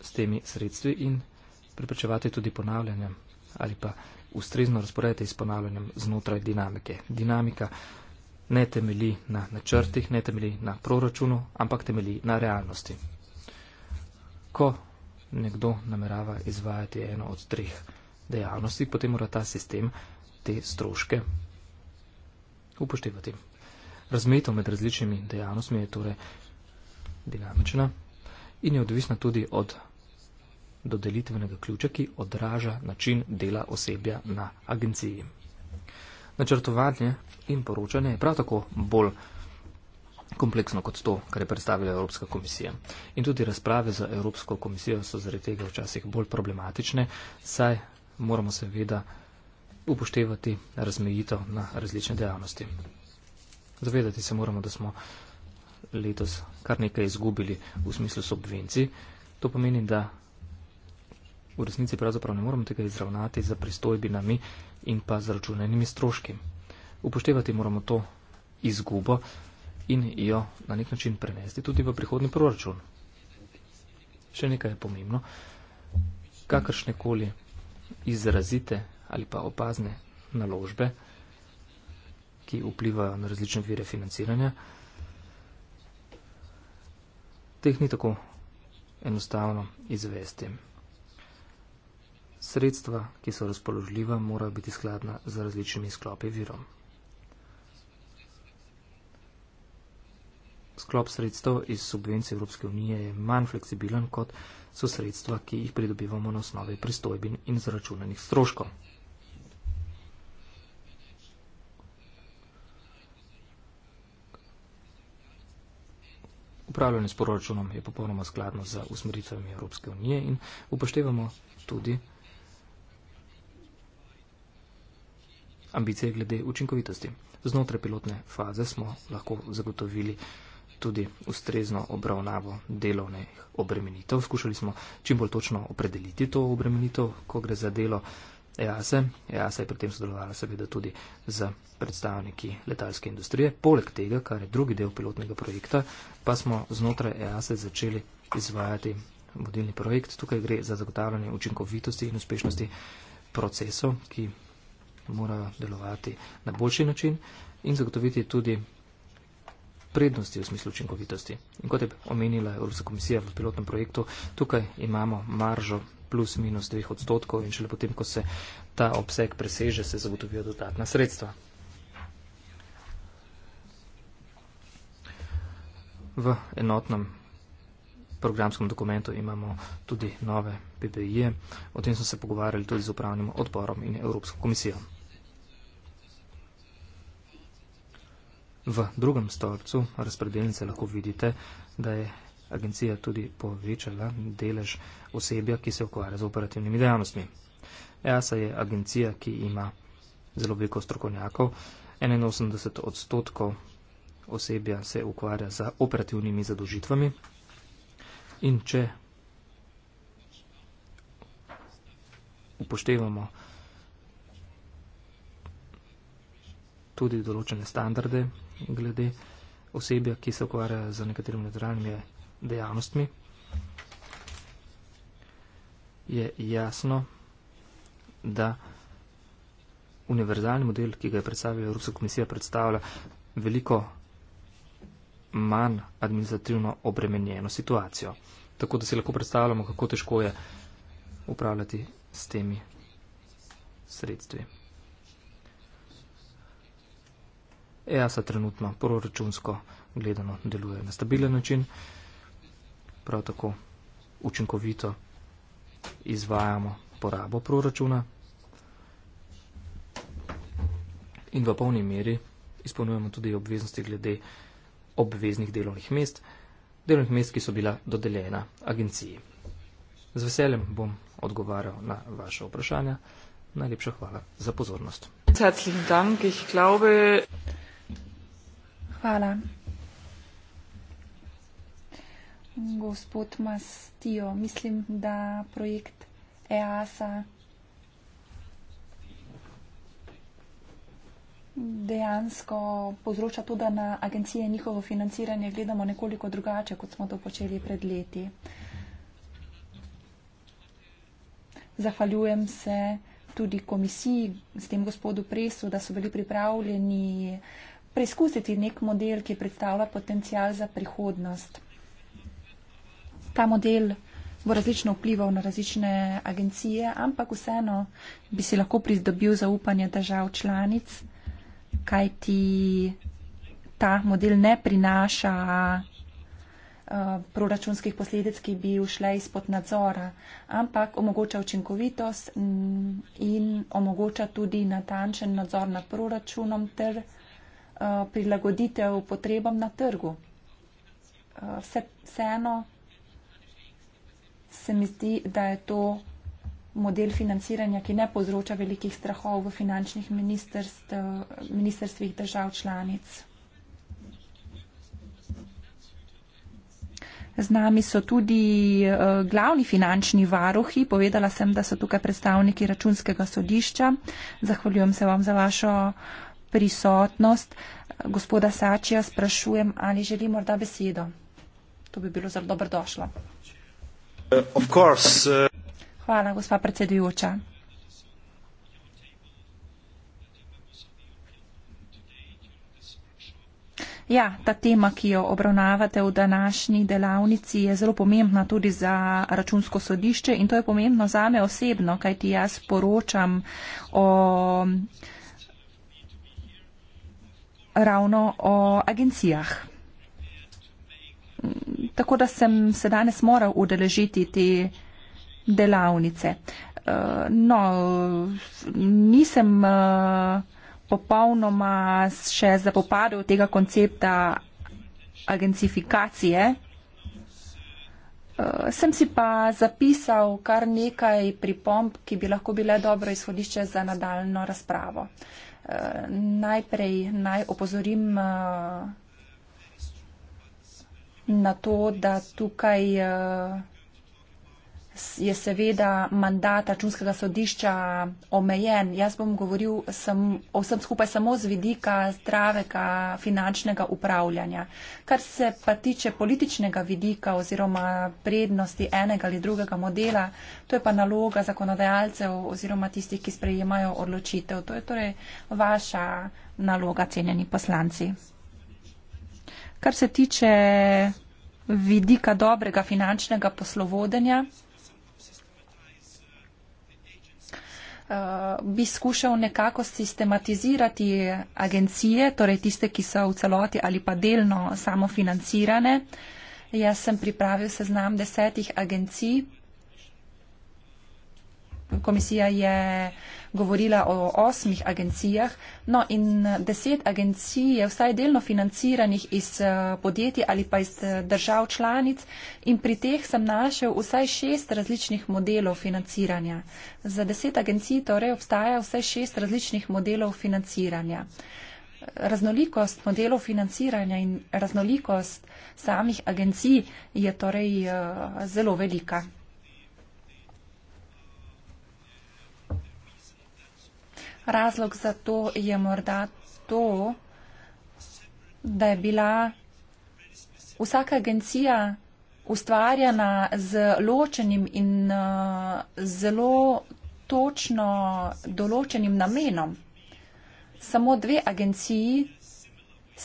s temi sredstvi in preprečevati tudi ponavljanje ali pa ustrezno razporediti s ponavljanjem znotraj dinamike. Dinamika ne temeli na načrtih, ne temeli na proračunu, ampak temeli na realnosti. Ko nekdo namerava izvajati eno od treh dejavnosti, potem mora ta sistem te stroške upoštevati. Razmeto med različnimi dejavnostmi je torej dinamična in je odvisna tudi od dodelitvenega ključa, ki odraža način dela osebja na agenciji. Načrtovanje in poročanje je prav tako bolj kompleksno kot to, kar je predstavila Evropska komisija. In tudi razprave za Evropsko komisijo so zaradi tega včasih bolj problematične, saj moramo seveda upoštevati razmejitev na različne dejavnosti. Zavedati se moramo, da smo letos kar nekaj izgubili v smislu subvencij. To pomeni, da v resnici pravzaprav ne moramo tega izravnati za pristojbinami in pa z računanimi stroški. Upoštevati moramo to izgubo, in jo na nek način prenesti tudi v prihodni proračun. Še nekaj je pomembno. Kakršne koli izrazite ali pa opazne naložbe, ki vplivajo na različne vire financiranja, teh ni tako enostavno izvesti. Sredstva, ki so razpoložljiva, morajo biti skladna z različnimi sklopi virom. sklop sredstev iz subvencij Evropske unije je manj fleksibilen kot so sredstva, ki jih pridobivamo na osnovi pristojbin in zračunanih stroškov. Upravljanje s poročunom je popolnoma skladno z usmeritvami Evropske unije in upoštevamo tudi ambicije glede učinkovitosti. Znotraj pilotne faze smo lahko zagotovili tudi ustrezno obravnavo delovnih obremenitev. Skušali smo čim bolj točno opredeliti to obremenitev, ko gre za delo EASE. EASE je pri tem sodelovala seveda tudi z predstavniki letalske industrije. Poleg tega, kar je drugi del pilotnega projekta, pa smo znotraj EASE e začeli izvajati vodilni projekt. Tukaj gre za zagotavljanje učinkovitosti in uspešnosti procesov, ki morajo delovati na boljši način in zagotoviti tudi prednosti v smislu učinkovitosti. In kot je omenila Evropska komisija v pilotnem projektu, tukaj imamo maržo plus minus dveh odstotkov in šele potem, ko se ta obseg preseže, se zagotovijo dodatna sredstva. V enotnem programskem dokumentu imamo tudi nove PBI-je. O tem smo se pogovarjali tudi z upravnim odborom in Evropsko komisijo. V drugem stolpcu razpredelnice lahko vidite, da je agencija tudi povečala delež osebja, ki se ukvarja z operativnimi dejavnostmi. EASA je agencija, ki ima zelo veliko strokovnjakov. 81 odstotkov osebja se ukvarja z operativnimi zadožitvami. In če upoštevamo tudi določene standarde, glede osebja, ki se ukvarja z nekaterimi naturalnimi dejavnostmi, je jasno, da univerzalni model, ki ga je predstavila Evropska komisija, predstavlja veliko manj administrativno obremenjeno situacijo. Tako da si lahko predstavljamo, kako težko je upravljati s temi sredstvi. EASA trenutno proračunsko gledano deluje na stabilen način, prav tako učinkovito izvajamo porabo proračuna in v polni meri izpolnjujemo tudi obveznosti glede obveznih delovnih mest, delovnih mest, ki so bila dodeljena agenciji. Z veseljem bom odgovarjal na vaše vprašanja. Najlepša hvala za pozornost. Herzlichen Dank. Ich glaube. Hvala. Gospod Mastijo, mislim, da projekt EASA dejansko povzroča to, da na agencije njihovo financiranje gledamo nekoliko drugače, kot smo to počeli pred leti. Zahvaljujem se tudi komisiji s tem gospodu Presu, da so bili pripravljeni preizkusiti nek model, ki predstavlja potencial za prihodnost. Ta model bo različno vplival na različne agencije, ampak vseeno bi si lahko pridobil zaupanje držav članic, kaj ti ta model ne prinaša eh, proračunskih posledic, ki bi ušle izpod nadzora, ampak omogoča učinkovitost mm, in omogoča tudi natančen nadzor nad proračunom ter Eh, prilagoditev potrebam na trgu. Eh, vse, vseeno se mi zdi, da je to model financiranja, ki ne povzroča velikih strahov v finančnih ministerstv, ministerstvih držav članic. Z nami so tudi eh, glavni finančni varuhi. Povedala sem, da so tukaj predstavniki računskega sodišča. Zahvaljujem se vam za vašo prisotnost. Gospoda Sačija sprašujem, ali želi morda besedo. To bi bilo zelo dobro došlo. Uh, uh, Hvala, gospa predsedujoča. Ja, ta tema, ki jo obravnavate v današnji delavnici, je zelo pomembna tudi za računsko sodišče in to je pomembno zame osebno, kajti jaz poročam o ravno o agencijah. Tako da sem se danes moral udeležiti te delavnice. Eh, no, nisem eh, popolnoma še zapopadel tega koncepta agencifikacije. Eh, sem si pa zapisal kar nekaj pripomb, ki bi lahko bile dobro izhodišče za nadaljno razpravo najprej naj opozorim eh, na to, da tukaj eh, je seveda mandat računskega sodišča omejen. Jaz bom govoril sem, o vsem skupaj samo z vidika zdravega finančnega upravljanja. Kar se pa tiče političnega vidika oziroma prednosti enega ali drugega modela, to je pa naloga zakonodajalcev oziroma tistih, ki sprejemajo odločitev. To je torej vaša naloga, cenjeni poslanci. Kar se tiče vidika dobrega finančnega poslovodenja, uh, bi skušal nekako sistematizirati agencije, torej tiste, ki so v celoti ali pa delno samofinancirane. Jaz sem pripravil seznam desetih agencij. Komisija je uh, govorila o osmih agencijah. No in eh, deset agencij je vsaj delno financiranih iz eh, podjetij ali pa iz eh, držav članic in pri teh sem našel vsaj šest različnih modelov financiranja. Za deset agencij torej obstaja vsaj šest različnih modelov financiranja. Raznolikost modelov financiranja in raznolikost samih agencij je torej zelo velika. Razlog za to je morda to, da je bila vsaka agencija ustvarjena z ločenim in uh, zelo točno določenim namenom. Samo dve agenciji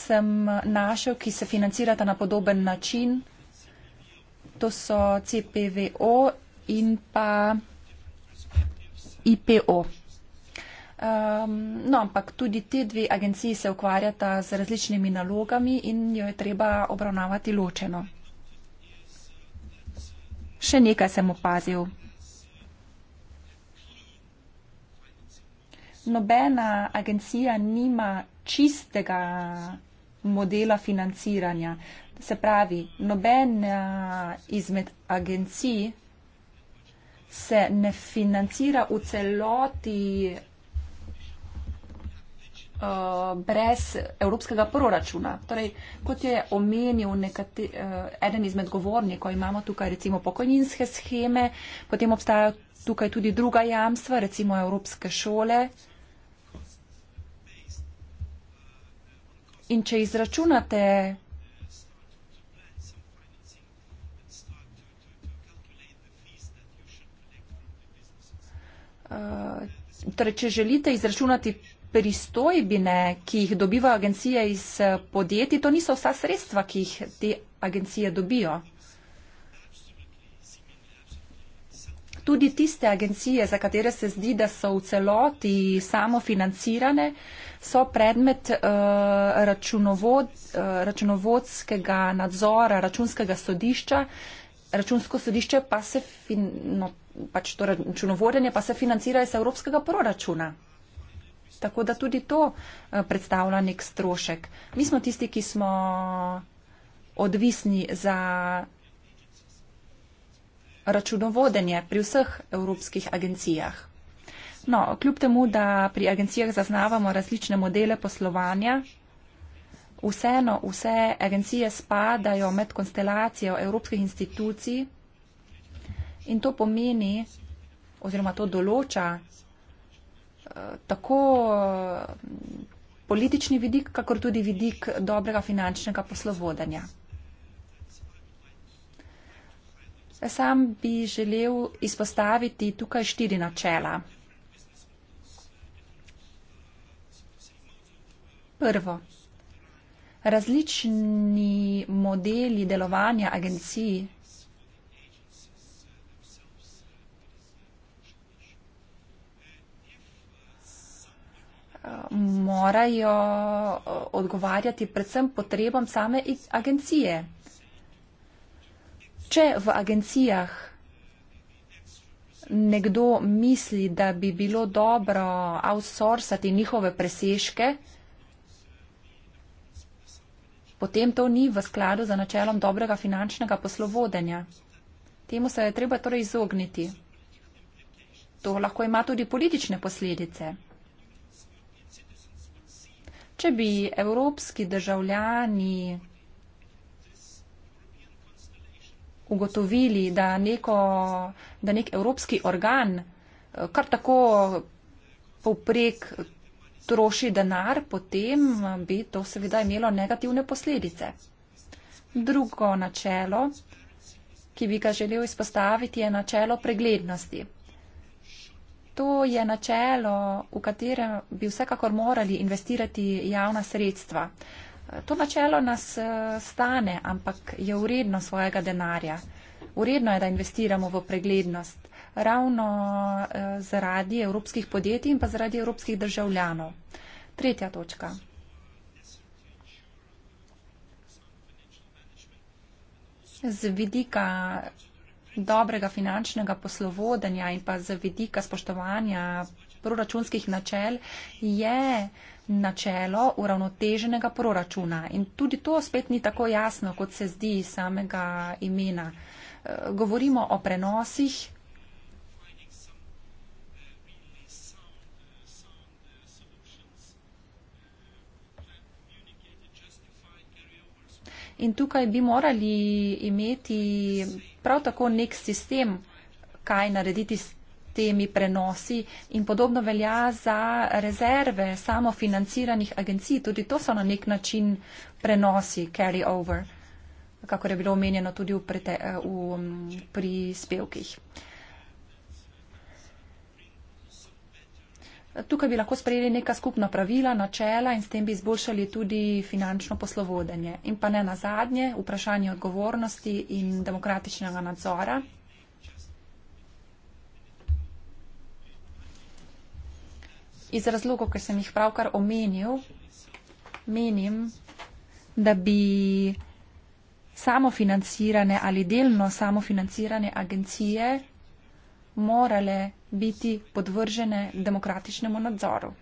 sem našel, ki se financirata na podoben način. To so CPVO in pa IPO. Um, no, ampak tudi ti dve agenciji se ukvarjata z različnimi nalogami in jo je treba obravnavati ločeno. Še nekaj sem opazil. Nobena agencija nima čistega modela financiranja. Se pravi, nobena izmed agencij se ne financira v celoti uh, brez evropskega proračuna. Torej, kot je omenil nekate, uh, eden izmed govornikov, imamo tukaj recimo pokojninske scheme, potem obstajajo tukaj tudi druga jamstva, recimo evropske šole. In če izračunate. Uh, torej, če želite izračunati pristojbine, ki jih dobivajo agencije iz eh, podjetij, to niso vsa sredstva, ki jih te agencije dobijo. Tudi tiste agencije, za katere se zdi, da so v celoti samofinancirane, so predmet uh, računovod, uh, računovodskega nadzora računskega sodišča. Računsko sodišče pa se, fin, no, pač to računovodenje pa se financira iz evropskega proračuna. Tako da tudi to eh, predstavlja nek strošek. Mi smo tisti, ki smo odvisni za računovodenje pri vseh evropskih agencijah. No, kljub temu, da pri agencijah zaznavamo različne modele poslovanja, vseeno vse agencije spadajo med konstelacijo evropskih institucij in to pomeni, oziroma to določa tako eh, politični vidik, kakor tudi vidik dobrega finančnega poslovodanja. Sam bi želel izpostaviti tukaj štiri načela. Prvo. Različni modeli delovanja agencij morajo eh, odgovarjati predvsem potrebam same agencije. Če v agencijah nekdo misli, da bi bilo dobro outsourcati njihove presežke, potem to ni v skladu za načelom dobrega finančnega poslovodenja. Temu se je treba torej izogniti. To lahko ima tudi politične posledice. Če bi evropski državljani ugotovili, da, neko, da nek evropski organ eh, kar tako povprek troši denar, potem eh, bi to seveda imelo negativne posledice. Drugo načelo, ki bi ga želel izpostaviti, je načelo preglednosti to je načelo, v katerem bi vsekakor morali investirati javna sredstva. To načelo nas eh, stane, ampak je uredno svojega denarja. Uredno je, da investiramo v preglednost ravno eh, zaradi evropskih podjetij in pa zaradi evropskih državljanov. Tretja točka. Z vidika dobrega finančnega poslovodanja in pa z vidika spoštovanja proračunskih načel je načelo uravnoteženega proračuna. In tudi to spet ni tako jasno, kot se zdi iz samega imena. Eh, govorimo o prenosih. In tukaj bi morali imeti prav tako nek sistem, kaj narediti s temi prenosi in podobno velja za rezerve samofinanciranih agencij. Tudi to so na nek način prenosi, carry over, kako je bilo omenjeno tudi v, prete, v prispevkih. Tukaj bi lahko sprejeli neka skupna pravila, načela in s tem bi izboljšali tudi finančno poslovodenje. In pa ne na zadnje, vprašanje odgovornosti in demokratičnega nadzora. Iz razlogov, ker sem jih pravkar omenil, menim, da bi samofinancirane ali delno samofinancirane agencije morale biti podvržene demokratičnemu nadzoru.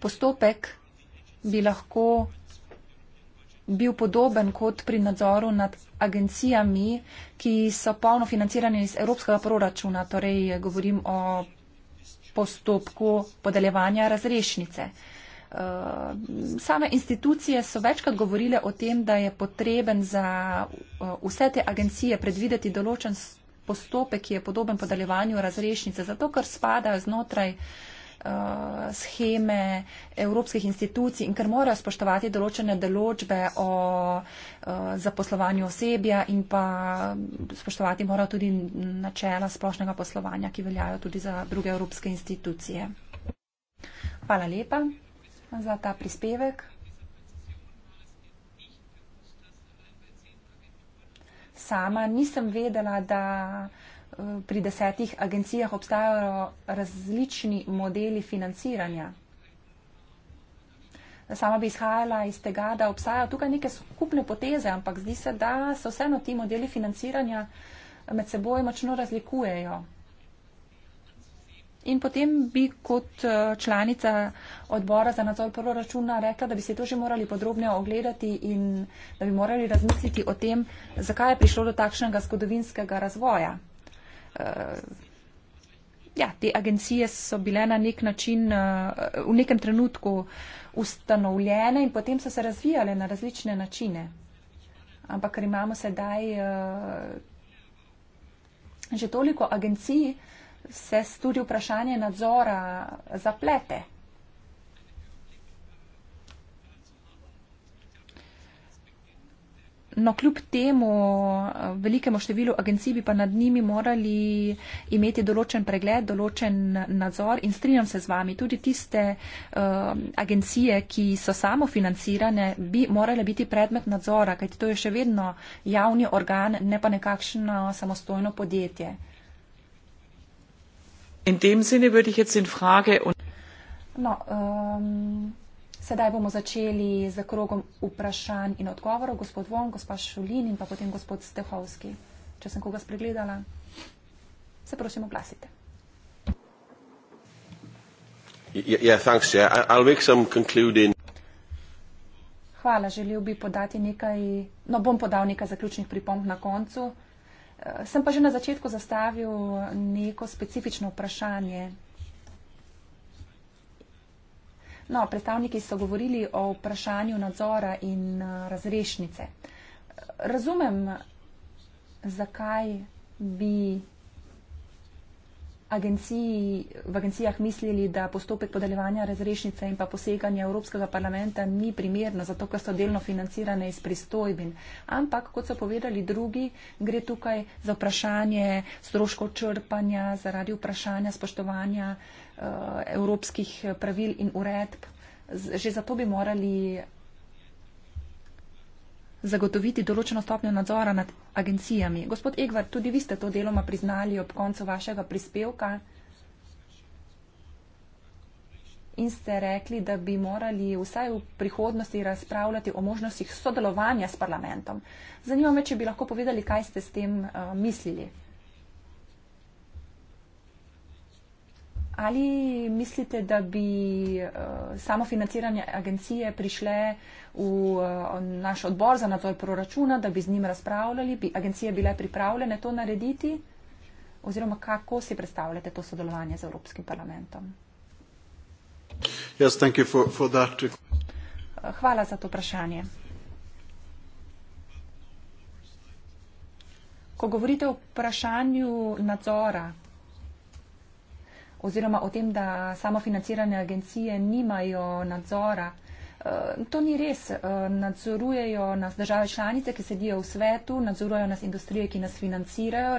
Postopek bi lahko bil podoben kot pri nadzoru nad agencijami, ki so polno financirane iz evropskega proračuna, torej govorim o postopku podeljevanja razrešnice. Eh, same institucije so večkrat govorile o tem, da je potreben za eh, vse te agencije predvideti določen postopek, ki je podoben podaljevanju razrešnice, zato ker spada znotraj eh, scheme evropskih institucij in ker morajo spoštovati določene določbe o zaposlovanju osebja in pa spoštovati morajo tudi načela splošnega poslovanja, ki veljajo tudi za druge evropske institucije. Hvala lepa za ta prispevek. Sama nisem vedela, da eh, pri desetih agencijah obstajajo različni modeli financiranja. Sama bi izhajala iz tega, da obstajajo tukaj neke skupne poteze, ampak zdi se, da se vseeno ti modeli financiranja med seboj močno razlikujejo. In potem bi kot eh, članica odbora za nadzor proračuna rekla, da bi se to že morali podrobno ogledati in da bi morali razmisliti o tem, zakaj je prišlo do takšnega zgodovinskega razvoja. Eh, ja, te agencije so bile na nek način eh, v nekem trenutku ustanovljene in potem so se razvijale na različne načine. Ampak ker imamo sedaj že toliko agencij, se tudi vprašanje nadzora zaplete. No, kljub temu eh, velikemu številu agencij bi pa nad njimi morali imeti določen pregled, določen nadzor in strinjam se z vami, tudi tiste uh, agencije, ki so samo financirane, bi morale biti predmet nadzora, kajti to je še vedno javni organ, ne pa nekakšno samostojno podjetje. In dem sinne würde ich jetzt in Frage und. No, um Sedaj bomo začeli z krogom vprašanj in odgovorov. Gospod Von, gospa Šulin in pa potem gospod Stehovski. Če sem koga spregledala, se prosim oglasite. Yeah, ja, ja, yeah, Hvala, želel bi podati nekaj, no bom podal nekaj zaključnih pripomb na koncu. Uh, Sem pa že na začetku zastavil neko specifično vprašanje. No, predstavniki so govorili o vprašanju nadzora in eh, razrešnice. Razumem, zakaj bi agenciji, v agencijah mislili, da postopek podeljevanja razrešnice in pa poseganje Evropskega parlamenta ni primerno, zato ker so delno financirane iz pristojbin. Ampak, kot so povedali drugi, gre tukaj za vprašanje stroškov črpanja, zaradi vprašanja spoštovanja uh, evropskih pravil in uredb. Že zato bi morali zagotoviti določeno stopnjo nadzora nad agencijami. Gospod Egvar, tudi vi ste to deloma priznali ob koncu vašega prispevka in ste rekli, da bi morali vsaj v prihodnosti razpravljati o možnostih sodelovanja s parlamentom. Zanima me, če bi lahko povedali, kaj ste s tem uh, mislili. ali mislite, da bi uh, eh, samo financiranje agencije prišle v uh, naš odbor za nadzor proračuna, da bi z njim razpravljali, bi agencije bile pripravljene to narediti? Oziroma, kako si predstavljate to sodelovanje z Evropskim parlamentom? Yes, for, for eh, Hvala za to vprašanje. Ko govorite o vprašanju nadzora, oziroma o tem, da samofinancirane agencije nimajo nadzora. Eh, to ni res. Eh, nadzorujejo nas države članice, ki sedijo v svetu, nadzorujejo nas industrije, ki nas financirajo,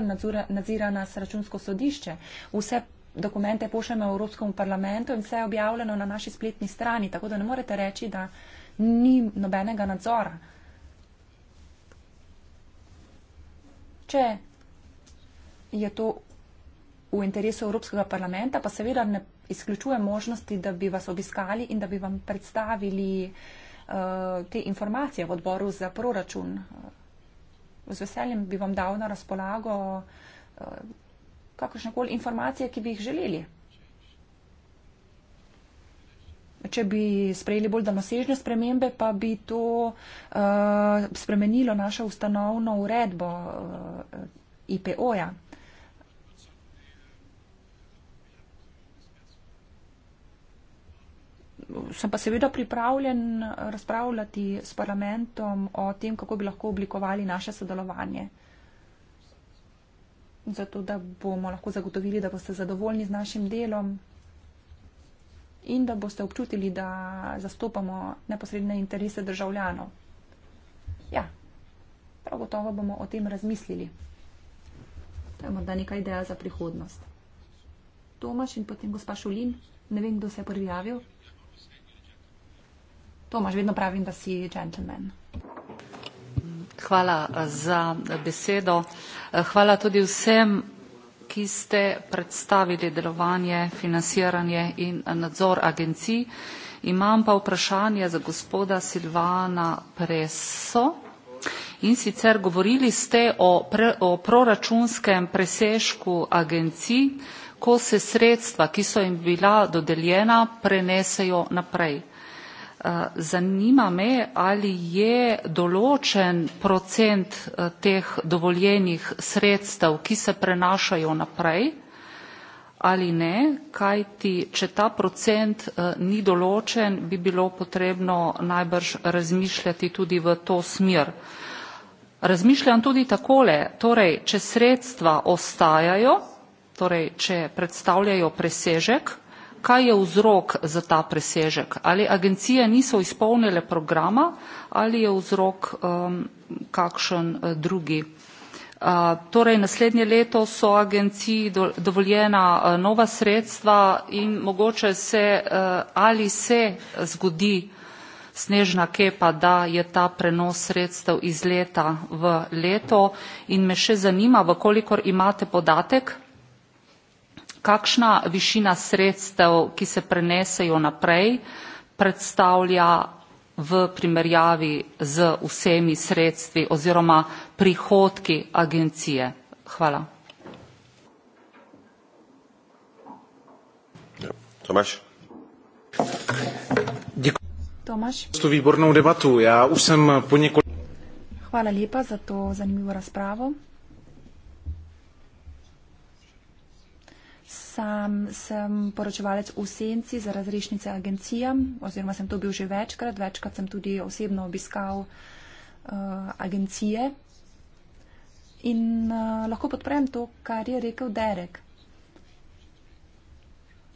nadzira nas računsko sodišče. Vse dokumente pošljemo Evropskemu parlamentu in vse je objavljeno na naši spletni strani, tako da ne morete reči, da ni nobenega nadzora. Če je to v interesu Evropskega parlamenta, pa seveda ne izključuje možnosti, da bi vas obiskali in da bi vam predstavili uh, te informacije v odboru za proračun. Z veseljem bi vam dal na razpolago uh, kakršnekoli informacije, ki bi jih želeli. Če bi sprejeli bolj danosežne spremembe, pa bi to uh, spremenilo našo ustanovno uredbo uh, IPO-ja. sem pa seveda pripravljen razpravljati s parlamentom o tem, kako bi lahko oblikovali naše sodelovanje. Zato, da bomo lahko zagotovili, da boste zadovoljni z našim delom in da boste občutili, da zastopamo neposredne interese državljanov. Ja, prav gotovo bomo o tem razmislili. To je morda neka ideja za prihodnost. Tomaš in potem gospa Šulin. Ne vem, kdo se je prijavil. Tomaš, vedno pravim, da si džentlmen. Hvala eh, za besedo. Eh, hvala tudi vsem, ki ste predstavili delovanje, financiranje in eh, nadzor agencij. Imam pa vprašanje za gospoda Silvana Preso. In sicer govorili ste o, pre, o proračunskem presežku agencij, ko se sredstva, ki so jim bila dodeljena, prenesejo naprej. Eh, zanima me, ali je določen procent eh, teh dovoljenih sredstev, ki se prenašajo naprej ali ne, kajti če ta procent eh, ni določen, bi bilo potrebno najbrž razmišljati tudi v to smer. Razmišljam tudi takole, torej, če sredstva ostajajo, torej, če predstavljajo presežek, kaj je vzrok za ta presežek? Ali agencije niso izpolnile programa ali je vzrok um, kakšen uh, drugi? Uh, torej, naslednje leto so agenciji do, dovoljena uh, nova sredstva in mogoče se uh, ali se zgodi snežna kepa, da je ta prenos sredstev iz leta v leto. In me še zanima, vkolikor imate podatek, kakšna višina sredstev, ki se prenesejo naprej, predstavlja v primerjavi z vsemi sredstvi oziroma prihodki agencije? Hvala. Tomáš. Tomáš. To výbornou debatu. Já už jsem po poněkol... Hvala lepa za to zanimivo razpravo. sam sem poročevalec v senci za razrešnice agencijam, oziroma sem to bil že večkrat, večkrat sem tudi osebno obiskal uh, agencije. In uh, lahko podprem to, kar je rekel Derek.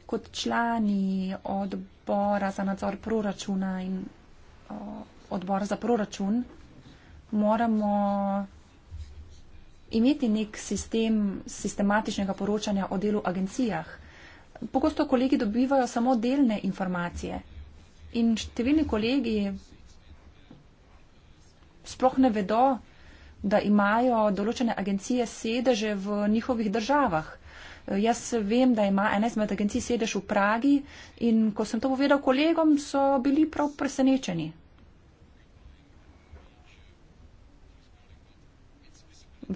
Kot člani odbora za nadzor proračuna in uh, odbora za proračun moramo imeti nek sistem sistematičnega poročanja o delu agencijah. Pogosto kolegi dobivajo samo delne informacije in številni kolegi sploh ne vedo, da imajo določene agencije sedeže v njihovih državah. Jaz vem, da ima ena izmed agencij sedež v Pragi in ko sem to povedal kolegom, so bili prav presenečeni.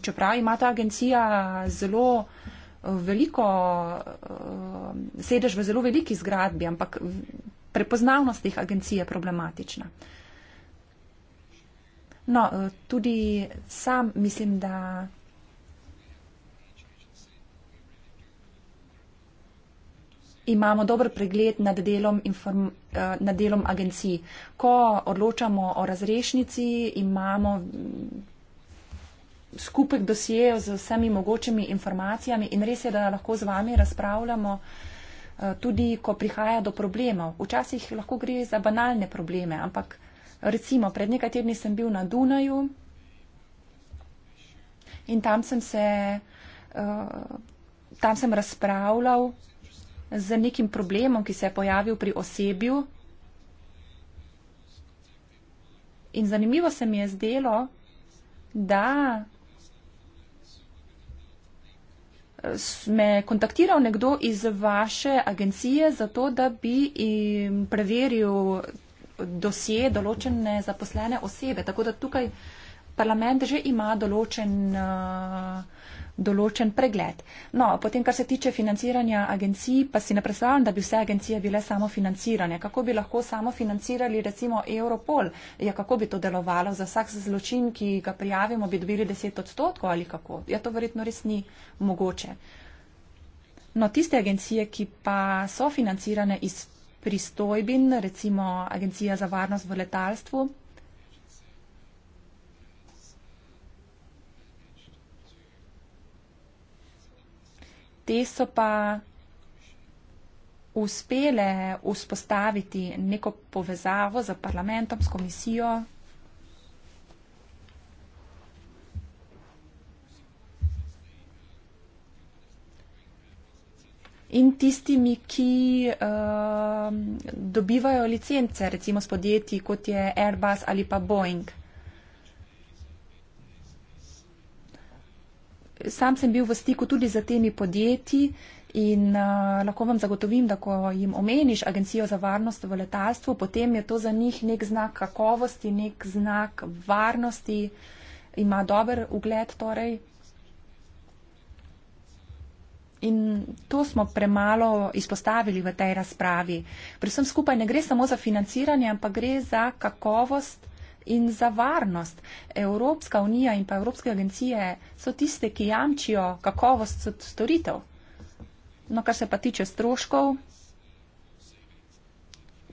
čeprav ima ta agencija zelo eh, veliko, eh, sedež v zelo veliki zgradbi, ampak prepoznavnost teh agencij je problematična. No, eh, tudi sam mislim, da. Imamo dober pregled nad delom, inform, nad delom agencij. Ko odločamo o razrešnici, imamo skupek dosijejev z vsemi mogočimi informacijami in res je, da lahko z vami razpravljamo eh, tudi, ko prihaja do problemov. Včasih lahko gre za banalne probleme, ampak recimo pred nekaj tedni sem bil na Dunaju in tam sem se. Eh, tam sem razpravljal z nekim problemom, ki se je pojavil pri osebju. In zanimivo se mi je zdelo, da me kontaktiral nekdo iz vaše agencije za to, da bi jim preveril dosje določene zaposlene osebe. Tako da tukaj parlament že ima določen uh, določen pregled. No, potem, kar se tiče financiranja agencij, pa si ne predstavljam, da bi vse agencije bile samofinancirane. Kako bi lahko samofinancirali recimo Europol? Ja, kako bi to delovalo? Za vsak zločin, ki ga prijavimo, bi dobili 10 odstotkov ali kako? Ja, to verjetno res ni mogoče. No, tiste agencije, ki pa so financirane iz pristojbin, recimo Agencija za varnost v letalstvu, te so pa uspele vzpostaviti neko povezavo za parlamentom, s komisijo. In tistimi, ki uh, dobivajo licence, recimo s podjetji kot je Airbus ali pa Boeing. sam sem bil v stiku tudi z temi podjetji in uh, lahko vam zagotovim, da ko jim omeniš Agencijo za varnost v letalstvu, potem je to za njih nek znak kakovosti, nek znak varnosti, ima dober ugled torej. In to smo premalo izpostavili v tej razpravi. Pri vsem skupaj ne gre samo za financiranje, ampak gre za kakovost in za varnost. Evropska unija in pa Evropske agencije so tiste, ki jamčijo kakovost storitev. No, kar se pa tiče stroškov,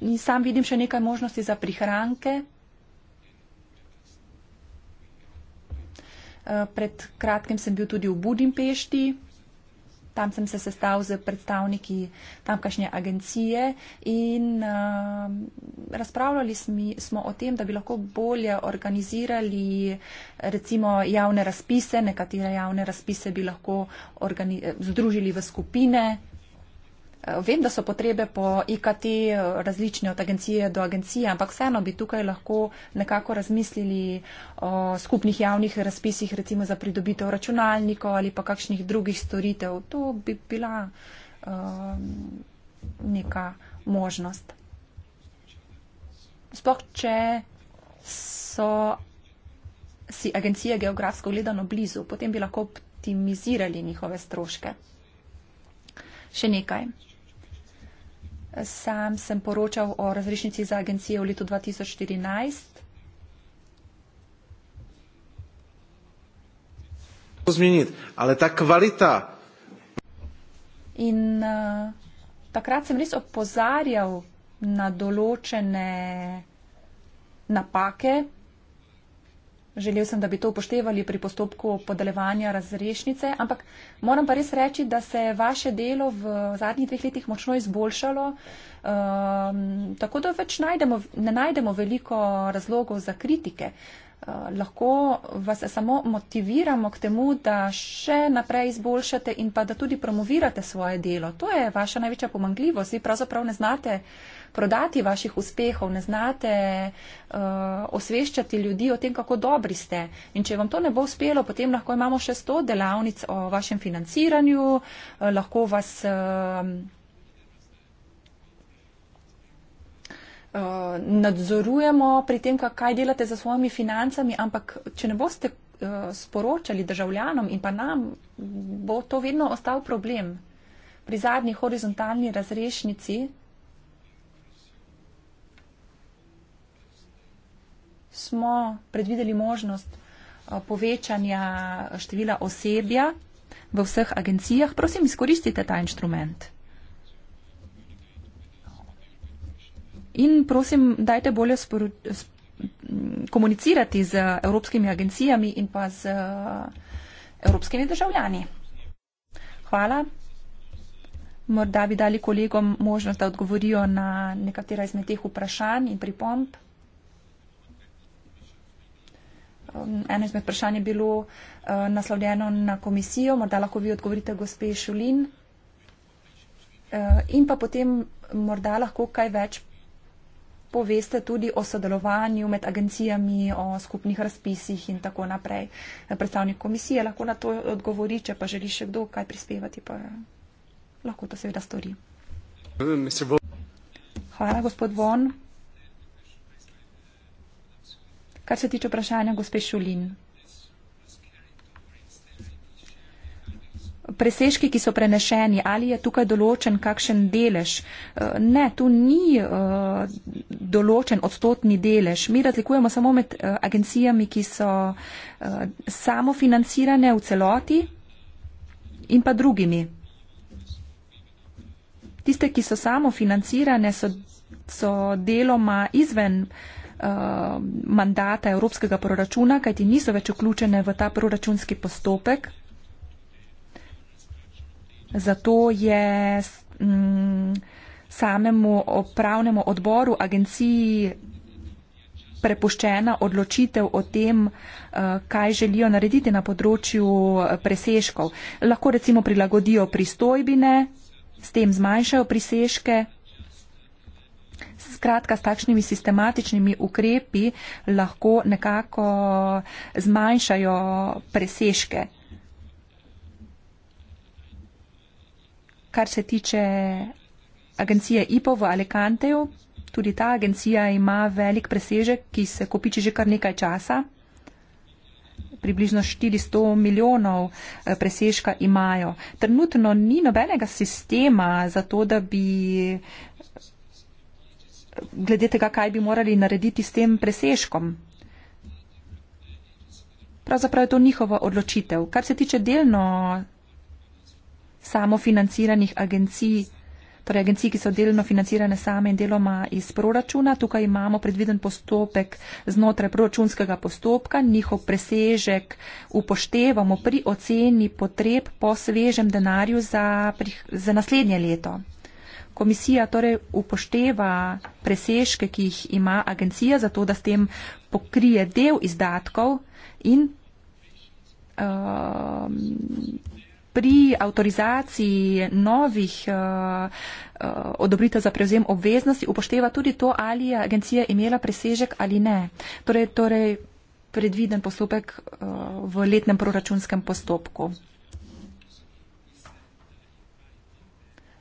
in sam vidim še nekaj možnosti za prihranke. Eh, pred kratkim sem bil tudi v Budimpešti. Tam sem se sestavil z predstavniki tamkajšnje agencije in uh, razpravljali smi, smo o tem, da bi lahko bolje organizirali recimo javne razpise. Nekatere javne razpise bi lahko združili v skupine, Vem, da so potrebe po IKT različne od agencije do agencije, ampak vseeno bi tukaj lahko nekako razmislili o skupnih javnih razpisih, recimo za pridobitev računalnikov ali pa kakšnih drugih storitev. To bi bila um, neka možnost. Sploh, če so si agencije geografsko gledano blizu, potem bi lahko optimizirali njihove stroške. Še nekaj. Sam sem poročal o razrešnici za agencije v letu 2014. Zmeniti, ali ta kvalita. In uh, takrat sem res opozarjal na določene napake, Želel sem, da bi to upoštevali pri postopku podelevanja razrešnice, ampak moram pa res reči, da se je vaše delo v zadnjih dveh letih močno izboljšalo, um, tako da več najdemo, ne najdemo veliko razlogov za kritike. Uh, lahko vas samo motiviramo k temu, da še naprej izboljšate in pa da tudi promovirate svoje delo. To je vaša največja pomangljivost. Vi pravzaprav ne znate uh, prodati vaših uspehov, ne znate uh, osveščati ljudi o tem, kako dobri ste. In če vam to ne bo uspelo, potem lahko imamo še 100 delavnic o vašem financiranju, uh, lahko vas. Uh, nadzorujemo pri tem, kaj delate za svojimi financami, ampak če ne boste sporočali državljanom in pa nam, bo to vedno ostal problem. Pri zadnji horizontalni razrešnici smo predvideli možnost povečanja števila osebja v vseh agencijah. Prosim, izkoristite ta inštrument. In prosim, dajte bolje komunicirati z evropskimi agencijami in pa z evropskimi državljani. Hvala. Morda bi dali kolegom možnost, da odgovorijo na nekatera izmed teh vprašanj in pripomp. Um, eno izmed vprašanj je bilo uh, naslovljeno na komisijo, morda lahko vi odgovorite gospe Šulin. Uh, in pa potem morda lahko kaj več poveste tudi o sodelovanju med agencijami, o skupnih razpisih in tako naprej. Predstavnik komisije lahko na to odgovori, če pa želi še kdo kaj prispevati, pa lahko to seveda stori. Hvala, gospod Von. Kar se tiče vprašanja gospe Šulin. Presežki, ki so prenešeni, ali je tukaj določen kakšen delež? Eh, ne, tu ni eh, določen odstotni delež. Mi razlikujemo samo med eh, agencijami, ki so samofinancirane v celoti in pa drugimi. Tiste, ki so samofinancirane, so, so deloma izven uh, Eh, mandata evropskega proračuna, kajti niso več vključene v ta proračunski postopek. Zato je mm, samemu pravnemu odboru agenciji prepuščena odločitev o tem, eh, kaj želijo narediti na področju eh, preseškov. Lahko recimo prilagodijo pristojbine, s tem zmanjšajo priseške skratka, s takšnimi sistematičnimi ukrepi lahko nekako zmanjšajo presežke. Kar se tiče agencije IPO v Alicanteju, tudi ta agencija ima velik presežek, ki se kopiči že kar nekaj časa. Približno 400 milijonov eh, presežka imajo. Trenutno ni nobenega sistema za to, da bi glede tega, kaj bi morali narediti s tem presežkom. Pravzaprav je to njihova odločitev. Kar se tiče delno samofinanciranih agencij, torej agencij, ki so delno financirane same in deloma iz proračuna, tukaj imamo predviden postopek znotraj proračunskega postopka, njihov presežek upoštevamo pri oceni potreb po svežem denarju za, za naslednje leto. Komisija torej upošteva presežke, ki jih ima agencija, zato da s tem pokrije del izdatkov in um, pri avtorizaciji novih uh, uh, odobritev za prevzem obveznosti upošteva tudi to, ali je agencija imela presežek ali ne. Torej, torej predviden postopek uh, v letnem proračunskem postopku.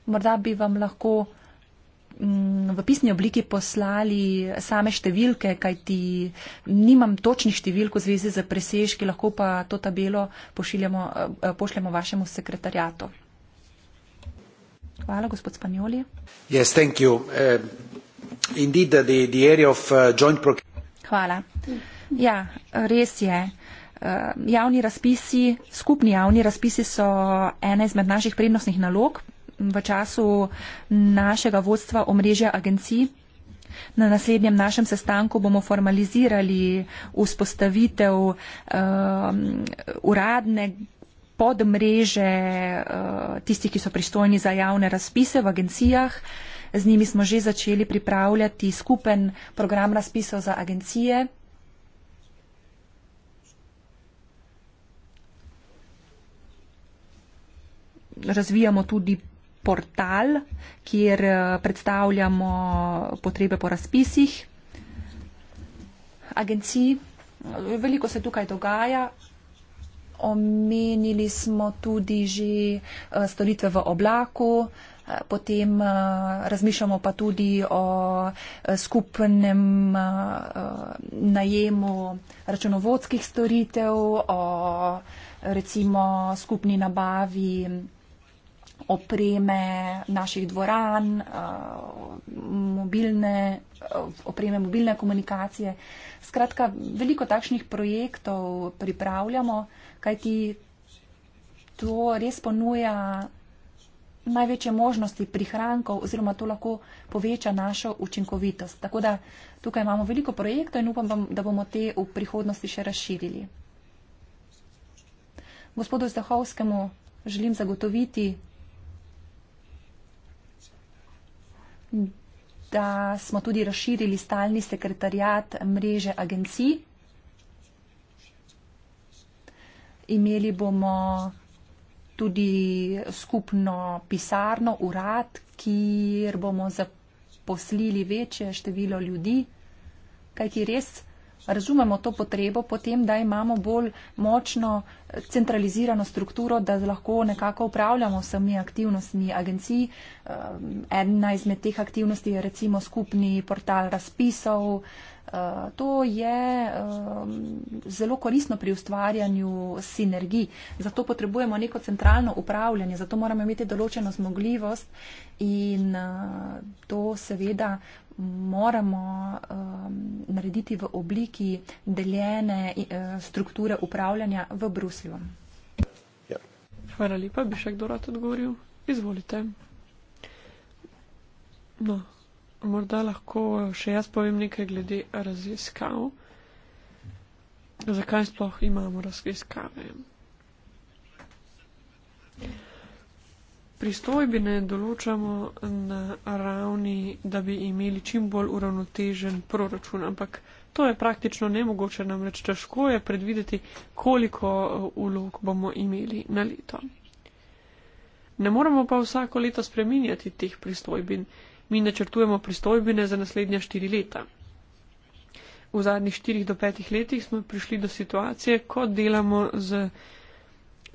morda bi vam lahko mm, v pisni obliki poslali same številke, kajti nimam točnih številk v zvezi z presežki, lahko pa to tabelo eh, pošljemo vašemu sekretarjatu. Hvala, gospod Spanjoli. Yes, thank you. Uh, indeed, the, the area of uh, joint procurement. Hvala. Ja, res je. Javni razpisi, skupni javni razpisi so ena izmed naših prednostnih nalog v času našega vodstva omrežja agencij. Na naslednjem našem sestanku bomo formalizirali vzpostavitev uh, uradne podmreže uh, tistih, ki so pristojni za javne razpise v agencijah. Z njimi smo že začeli pripravljati skupen program razpisov za agencije. Razvijamo tudi portal, kjer eh, predstavljamo potrebe po razpisih agencij. Veliko se tukaj dogaja. Omenili smo tudi že eh, storitve v oblaku, eh, potem razmišljamo pa tudi o skupnem najemu računovodskih storitev, o recimo skupni nabavi opreme naših dvoran, eh, mobilne, eh, opreme mobilne komunikacije. Skratka, veliko takšnih projektov pripravljamo, kajti to res ponuja največje možnosti prihrankov oziroma to lahko poveča našo učinkovitost. Tako da tukaj imamo veliko projektov in upam, da bomo te v prihodnosti še razširili. Gospodu Zahovskemu želim zagotoviti da smo tudi razširili stalni sekretarjat mreže agencij. Imeli bomo tudi skupno pisarno, urad, kjer bomo zaposlili večje število ljudi, kajti res razumemo to potrebo potem, da imamo bolj močno eh, centralizirano strukturo, da lahko nekako upravljamo vsemi aktivnostmi agencij. Eh, ena izmed teh aktivnosti je recimo skupni portal razpisov, Eh, to je ehm, zelo koristno pri ustvarjanju sinergij. Zato potrebujemo neko centralno upravljanje, zato moramo imeti določeno zmogljivost in eh, to seveda moramo ehm, narediti v obliki deljene eh, strukture upravljanja v Bruslju. Ja. Hvala lepa, bi še kdo rad odgovoril? Izvolite. No, Morda lahko eh, še jaz povem nekaj glede raziskav. Zakaj sploh imamo raziskave? Pristojbine določamo na ravni, da bi imeli čim bolj uravnotežen proračun, ampak to je praktično nemogoče, namreč težko je predvideti, koliko ulog eh, bomo imeli na leto. Ne moramo pa vsako leto spreminjati teh pristojbin mi načrtujemo pristojbine za naslednja štiri leta. V zadnjih štirih do petih letih smo prišli do situacije, ko delamo z uh,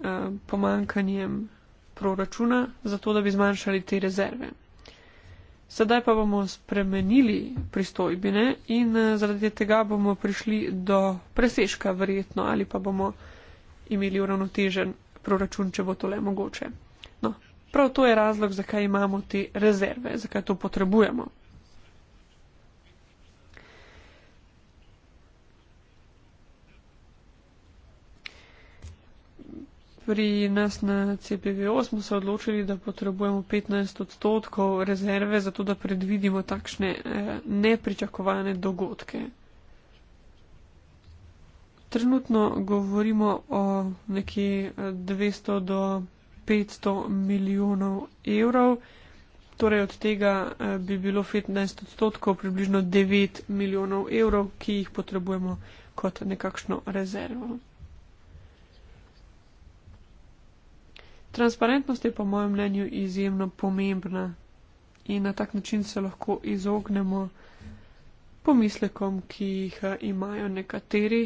eh, pomankanjem proračuna, zato da bi zmanjšali te rezerve. Sedaj pa bomo spremenili pristojbine in eh, zaradi tega bomo prišli do presežka verjetno ali pa bomo imeli uravnotežen proračun, če bo tole mogoče. No, Prav to je razlog, zakaj imamo te rezerve, zakaj to potrebujemo. Pri nas na CPVO smo se odločili, da potrebujemo 15 odstotkov rezerve, zato da predvidimo takšne eh, nepričakovane dogodke. Trenutno govorimo o neki 200 eh, do 200. 500 milijonov evrov, torej od tega eh, bi bilo 15 odstotkov približno 9 milijonov evrov, ki jih potrebujemo kot nekakšno rezervo. Transparentnost je po mojem mnenju izjemno pomembna in na tak način se lahko izognemo pomislekom, ki jih eh, imajo nekateri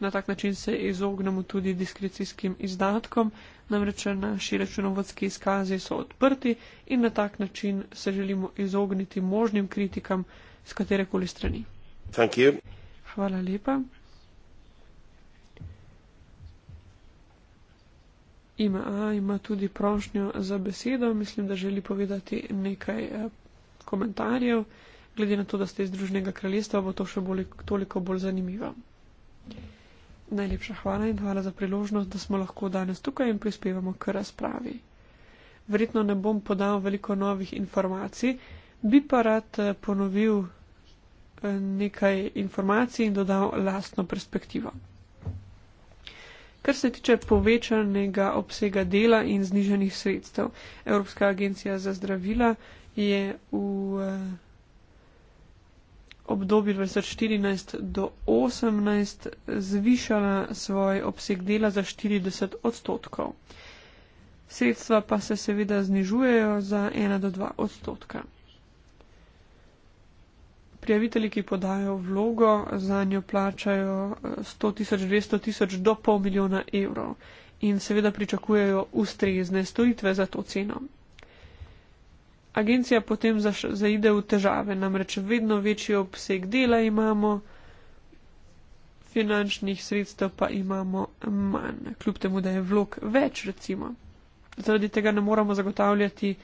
Na tak način se izognemo tudi diskrecijskim izdatkom, namreč naši računovodski izkazi so odprti in na tak način se želimo izogniti možnim kritikam z katerekoli strani. Hvala lepa. Ima A, ima tudi prošnjo za besedo, mislim, da želi povedati nekaj eh, komentarjev. Glede na to, da ste iz Združenega kraljestva, bo to še bolj, toliko bolj zanimivo. Yeah. Najlepša hvala in hvala za priložnost, da smo lahko danes tukaj in prispevamo k razpravi. Verjetno ne bom podal veliko novih informacij, bi pa rad eh, ponovil eh, nekaj informacij in dodal lastno perspektivo. Kar se tiče povečanega obsega dela in zniženih sredstev, Evropska agencija za zdravila je v. Eh, obdobju 2014 do 2018 zvišala svoj obseg dela za 40 odstotkov. Sredstva pa se seveda znižujejo za 1 do 2 odstotka. Prijavitelji, ki podajo vlogo, za njo plačajo 100 eh, tisoč, 200 tisoč do pol milijona evrov in seveda pričakujejo ustrezne storitve za to ceno agencija potem zaide v težave, namreč vedno večji obseg dela imamo, finančnih sredstev pa imamo manj, kljub temu, da je vlog več, recimo. Zaradi tega ne moramo zagotavljati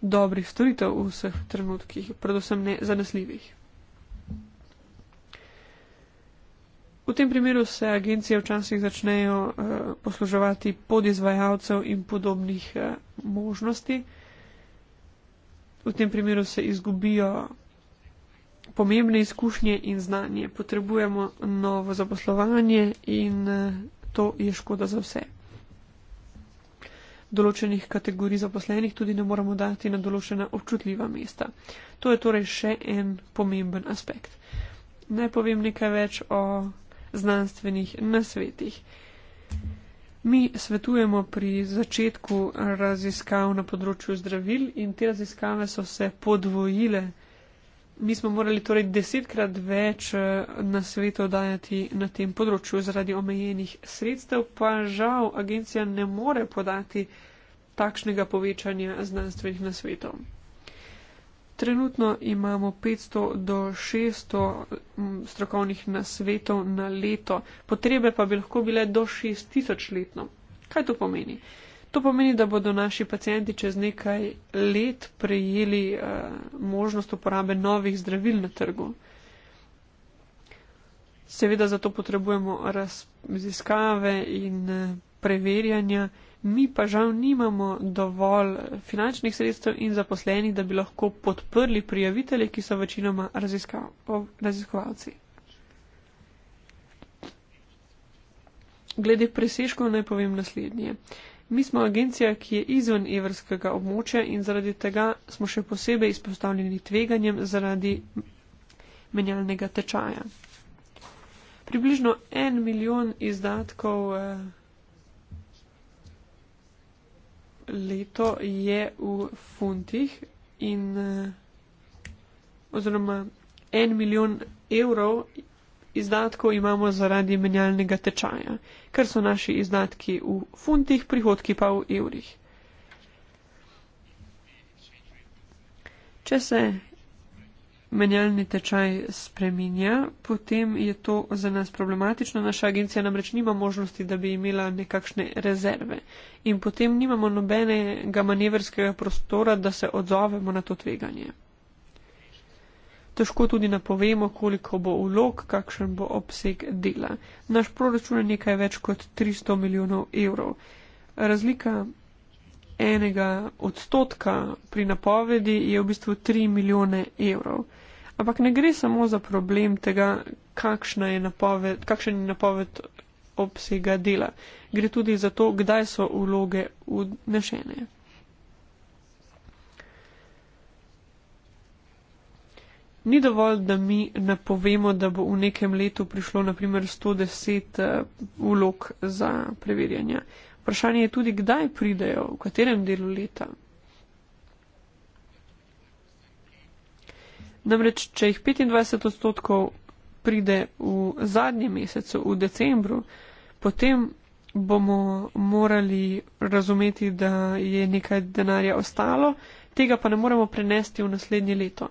dobrih storitev v vseh trenutkih, predvsem ne zanesljivih. V tem primeru se agencije včasih začnejo uh, posluževati podizvajalcev in podobnih uh, možnosti v tem primeru se izgubijo pomembne izkušnje in znanje. Potrebujemo novo zaposlovanje in eh, to je škoda za vse. Določenih kategorij zaposlenih tudi ne moramo dati na določena občutljiva mesta. To je torej še en pomemben aspekt. Naj povem nekaj več o znanstvenih nasvetih. Mi svetujemo pri začetku raziskav na področju zdravil in te raziskave so se podvojile. Mi smo morali torej desetkrat več eh, na svetu dajati na tem področju zaradi omejenih sredstev, pa žal agencija ne more podati takšnega povečanja znanstvenih nasvetov. Trenutno imamo 500 do 600 mm, strokovnih nasvetov na leto, potrebe pa bi lahko bile do 6000 letno. Kaj to pomeni? To pomeni, da bodo naši pacijenti čez nekaj let prejeli uh, možnost uporabe novih zdravil na trgu. Seveda zato potrebujemo raziskave in uh, preverjanja mi pa žal nimamo dovolj finančnih sredstev in zaposlenih, da bi lahko podprli prijavitelje, ki so večinoma raziskovalci. Glede presežkov naj povem naslednje. Mi smo agencija, ki je izven evrskega območja in zaradi tega smo še posebej izpostavljeni tveganjem zaradi menjalnega tečaja. Približno en milijon izdatkov. Eh, leto je v funtih in eh, oziroma en milijon evrov izdatkov imamo zaradi menjalnega tečaja, ker so naši izdatki v funtih, prihodki pa v evrih. Če se menjalni tečaj spreminja, potem je to za nas problematično. Naša agencija namreč nima možnosti, da bi imela nekakšne rezerve. In potem nimamo nobenega manevrskega prostora, da se odzovemo na to tveganje. Težko tudi napovemo, koliko bo vlog, kakšen bo obseg dela. Naš proračun je nekaj več kot 300 milijonov evrov. Razlika enega odstotka pri napovedi je v bistvu 3 milijone evrov. Ampak ne gre samo za problem tega, je napoved, kakšen je napoved obsega dela. Gre tudi za to, kdaj so vloge vnešene. Ni dovolj, da mi napovemo, da bo v nekem letu prišlo naprimer 110 eh, vlog za preverjanja. Vprašanje je tudi, kdaj pridejo, v katerem delu leta. Namreč, če jih 25 odstotkov pride v zadnjem mesecu, v decembru, potem bomo morali razumeti, da je nekaj denarja ostalo, tega pa ne moremo prenesti v naslednje leto.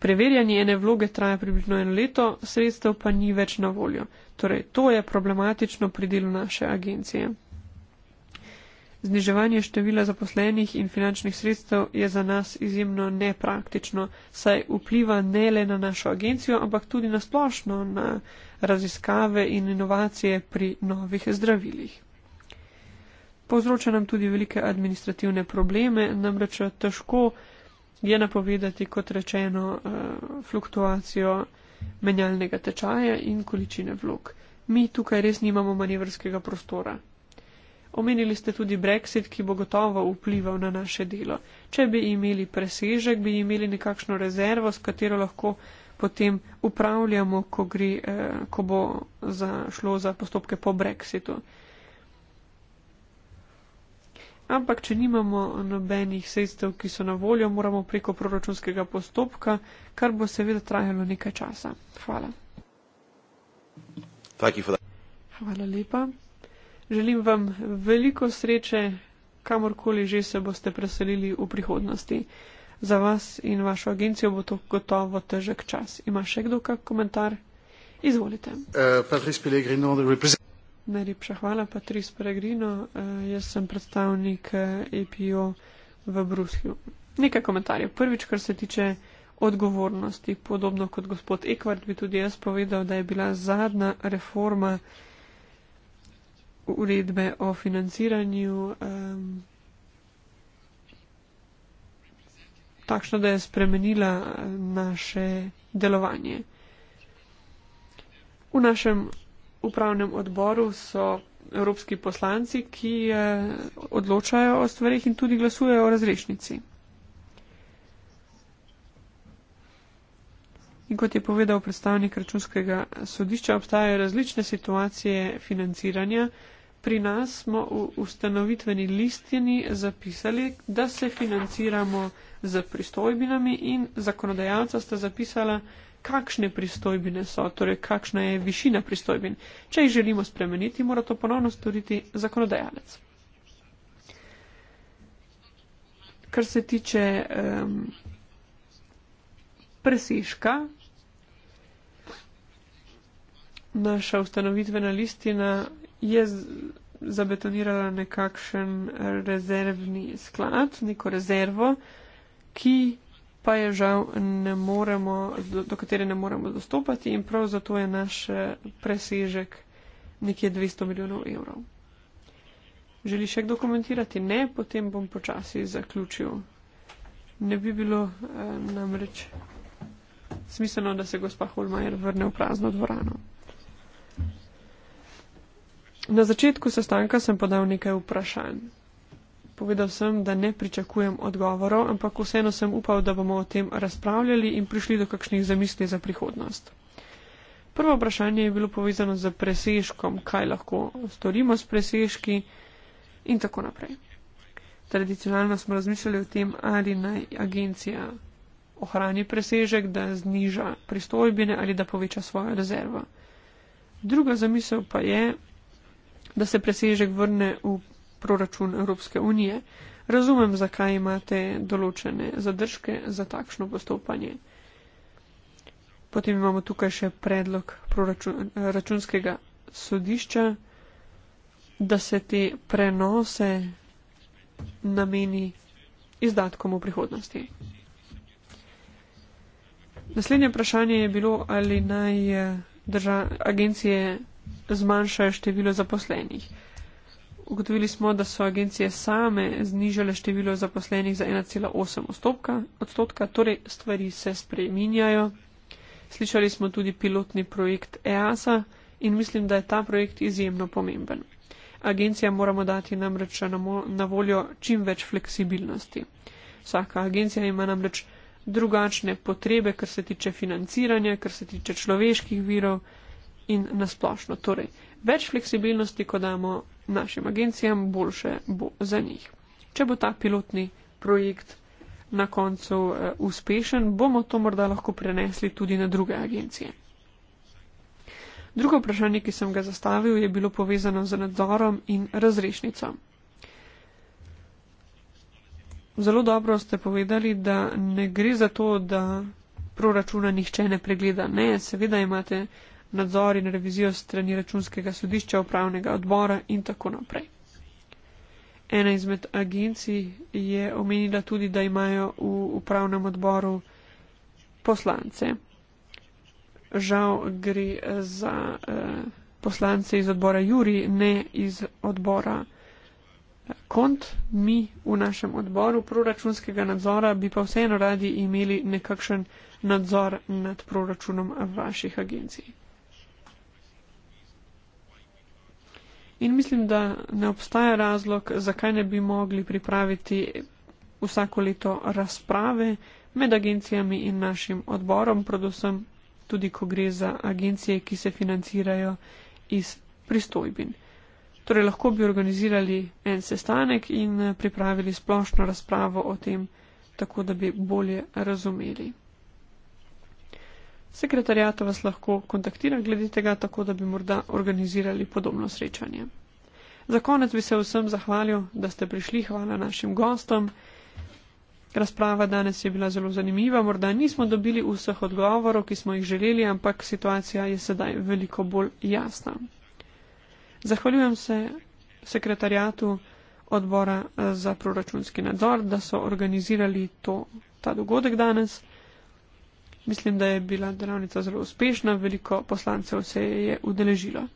Preverjanje ene vloge traja približno eno leto, sredstev pa ni več na voljo. Torej, to je problematično pri delu naše agencije. Zniževanje števila zaposlenih in finančnih sredstev je za nas izjemno nepraktično, saj vpliva ne le na našo agencijo, ampak tudi na splošno na raziskave in inovacije pri novih zdravilih. Povzroča nam tudi velike administrativne probleme, namreč težko je napovedati, kot rečeno, eh, fluktuacijo menjalnega tečaja in količine vlog. Mi tukaj res nimamo manevrskega prostora. Omenili ste tudi brexit, ki bo gotovo vplival na naše delo. Če bi imeli presežek, bi imeli nekakšno rezervo, s katero lahko potem upravljamo, ko, gre, eh, ko bo za, šlo za postopke po brexitu. Ampak, če nimamo nobenih sredstev, ki so na voljo, moramo preko proračunskega postopka, kar bo seveda trajalo nekaj časa. Hvala. Hvala lepa. Želim vam veliko sreče, kamorkoli že se boste preselili v prihodnosti. Za vas in vašo agencijo bo to gotovo težek čas. Ima še kdo kak komentar? Izvolite. Eh, Najlepša hvala, Patrice Peregrino. Eh, jaz sem predstavnik EPO eh, e v Bruslju. Nekaj komentarjev. Prvič, kar se tiče odgovornosti. Podobno kot gospod Ekvard bi tudi jaz povedal, da je bila zadnja reforma uredbe o financiranju um, takšna, da je spremenila eh, naše delovanje. V našem upravnem odboru so evropski poslanci, ki eh, odločajo o stvarih in tudi glasujejo o razrešnici. In kot je povedal predstavnik računskega sodišča, obstajajo različne situacije financiranja, Pri nas smo v ustanovitveni listini zapisali, da se financiramo z pristojbinami in zakonodajalca sta zapisala, kakšne pristojbine so, torej kakšna je višina pristojbin. Če jih želimo spremeniti, mora to ponovno storiti zakonodajalec. Kar se tiče um, presežka, naša ustanovitvena listina je zabetonirala nekakšen rezervni sklad, neko rezervo, ki pa je žal ne moremo, do, do katere ne moremo dostopati in prav zato je naš eh, presežek nekje 200 milijonov evrov. Želi še kdo komentirati? Ne, potem bom počasi zaključil. Ne bi bilo eh, namreč smiselno, da se gospa Holmajer vrne v prazno dvorano. Na začetku sestanka sem podal nekaj vprašanj. Povedal sem, da ne pričakujem odgovorov, ampak vseeno sem upal, da bomo o tem razpravljali in prišli do kakšnih zamisli za prihodnost. Prvo vprašanje je bilo povezano z presežkom, kaj lahko storimo s presežki in tako naprej. Tradicionalno smo razmišljali o tem, ali naj agencija ohrani presežek, da zniža pristojbine ali da poveča svojo rezervo. Druga zamisel pa je, da se presežek vrne v proračun Evropske unije. Razumem, zakaj imate določene zadržke za takšno postopanje. Potem imamo tukaj še predlog računskega sodišča, da se te prenose nameni izdatkom v prihodnosti. Naslednje vprašanje je bilo, ali naj eh, agencije zmanjšajo število zaposlenih. Ugotovili smo, da so agencije same znižale število zaposlenih za 1,8 odstotka, torej stvari se spreminjajo. Slišali smo tudi pilotni projekt EASA in mislim, da je ta projekt izjemno pomemben. Agencija moramo dati namreč na voljo čim več fleksibilnosti. Vsaka agencija ima namreč drugačne potrebe, kar se tiče financiranja, kar se tiče človeških virov, in nasplošno. Torej, več fleksibilnosti, ko damo našim agencijam, boljše bo za njih. Če bo ta pilotni projekt na koncu uh, uspešen, bomo to morda lahko prenesli tudi na druge agencije. Drugo vprašanje, ki sem ga zastavil, je bilo povezano z nadzorom in razrešnico. Zelo dobro ste povedali, da ne gre za to, da proračuna nihče ne pregleda. Ne, seveda imate nadzor in revizijo strani računskega sodišča, upravnega odbora in tako naprej. Ena izmed agencij je omenila tudi, da imajo v upravnem odboru poslance. Žal gre za eh, poslance iz odbora Juri, ne iz odbora eh, Kont. Mi v našem odboru proračunskega nadzora bi pa vseeno radi imeli nekakšen nadzor nad proračunom vaših agencij. In mislim, da ne obstaja razlog, zakaj ne bi mogli pripraviti vsako leto razprave med agencijami in našim odborom, predvsem tudi, ko gre za agencije, ki se financirajo iz pristojbin. Torej, lahko bi organizirali en sestanek in eh, pripravili splošno razpravo o tem, tako da bi bolje razumeli. Sekretarijata vas lahko kontaktira glede tega, tako da bi morda organizirali podobno srečanje. Za konec bi se vsem zahvalil, da ste prišli, hvala našim gostom. Razprava danes je bila zelo zanimiva, morda nismo dobili vseh odgovorov, ki smo jih želeli, ampak situacija je sedaj veliko bolj jasna. Zahvaljujem se sekretarijatu odbora eh, za proračunski nadzor, da so organizirali to, ta dogodek danes. Mislim, da je bila delavnica zelo uspešna, veliko poslancev se je udeležilo.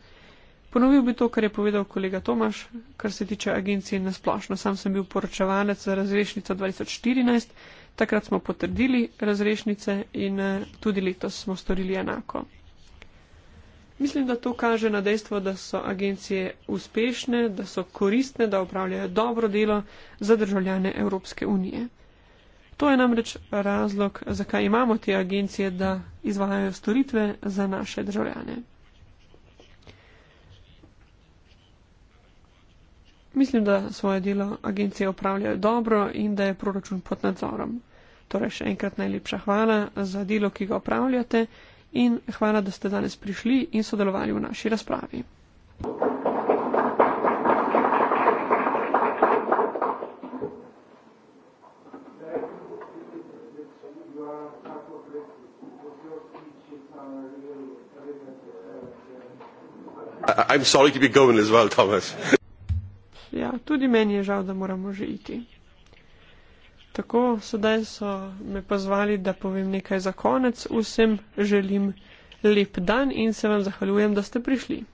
Ponovil bi to, kar je povedal kolega Tomaš, kar se tiče agencije na splošno. Sam sem bil poročevalec za razrešnico 2014, takrat smo potrdili razrešnice in eh, tudi letos smo storili enako. Mislim, da to kaže na dejstvo, da so agencije uspešne, da so koristne, da upravljajo dobro delo za državljane Evropske unije. To je namreč razlog, zakaj imamo te agencije, da izvajajo storitve za naše državljane. Mislim, da svoje delo agencije opravljajo dobro in da je proračun pod nadzorom. Torej še enkrat najlepša hvala za delo, ki ga opravljate in hvala, da ste danes prišli in sodelovali v naši razpravi. Thank you. I'm sorry to be going as well, Thomas. ja, tudi meni je žal, da moramo že iti. Tako, sedaj so me pozvali, da povem nekaj za konec. Vsem želim lep dan in se vam zahvaljujem, da ste prišli.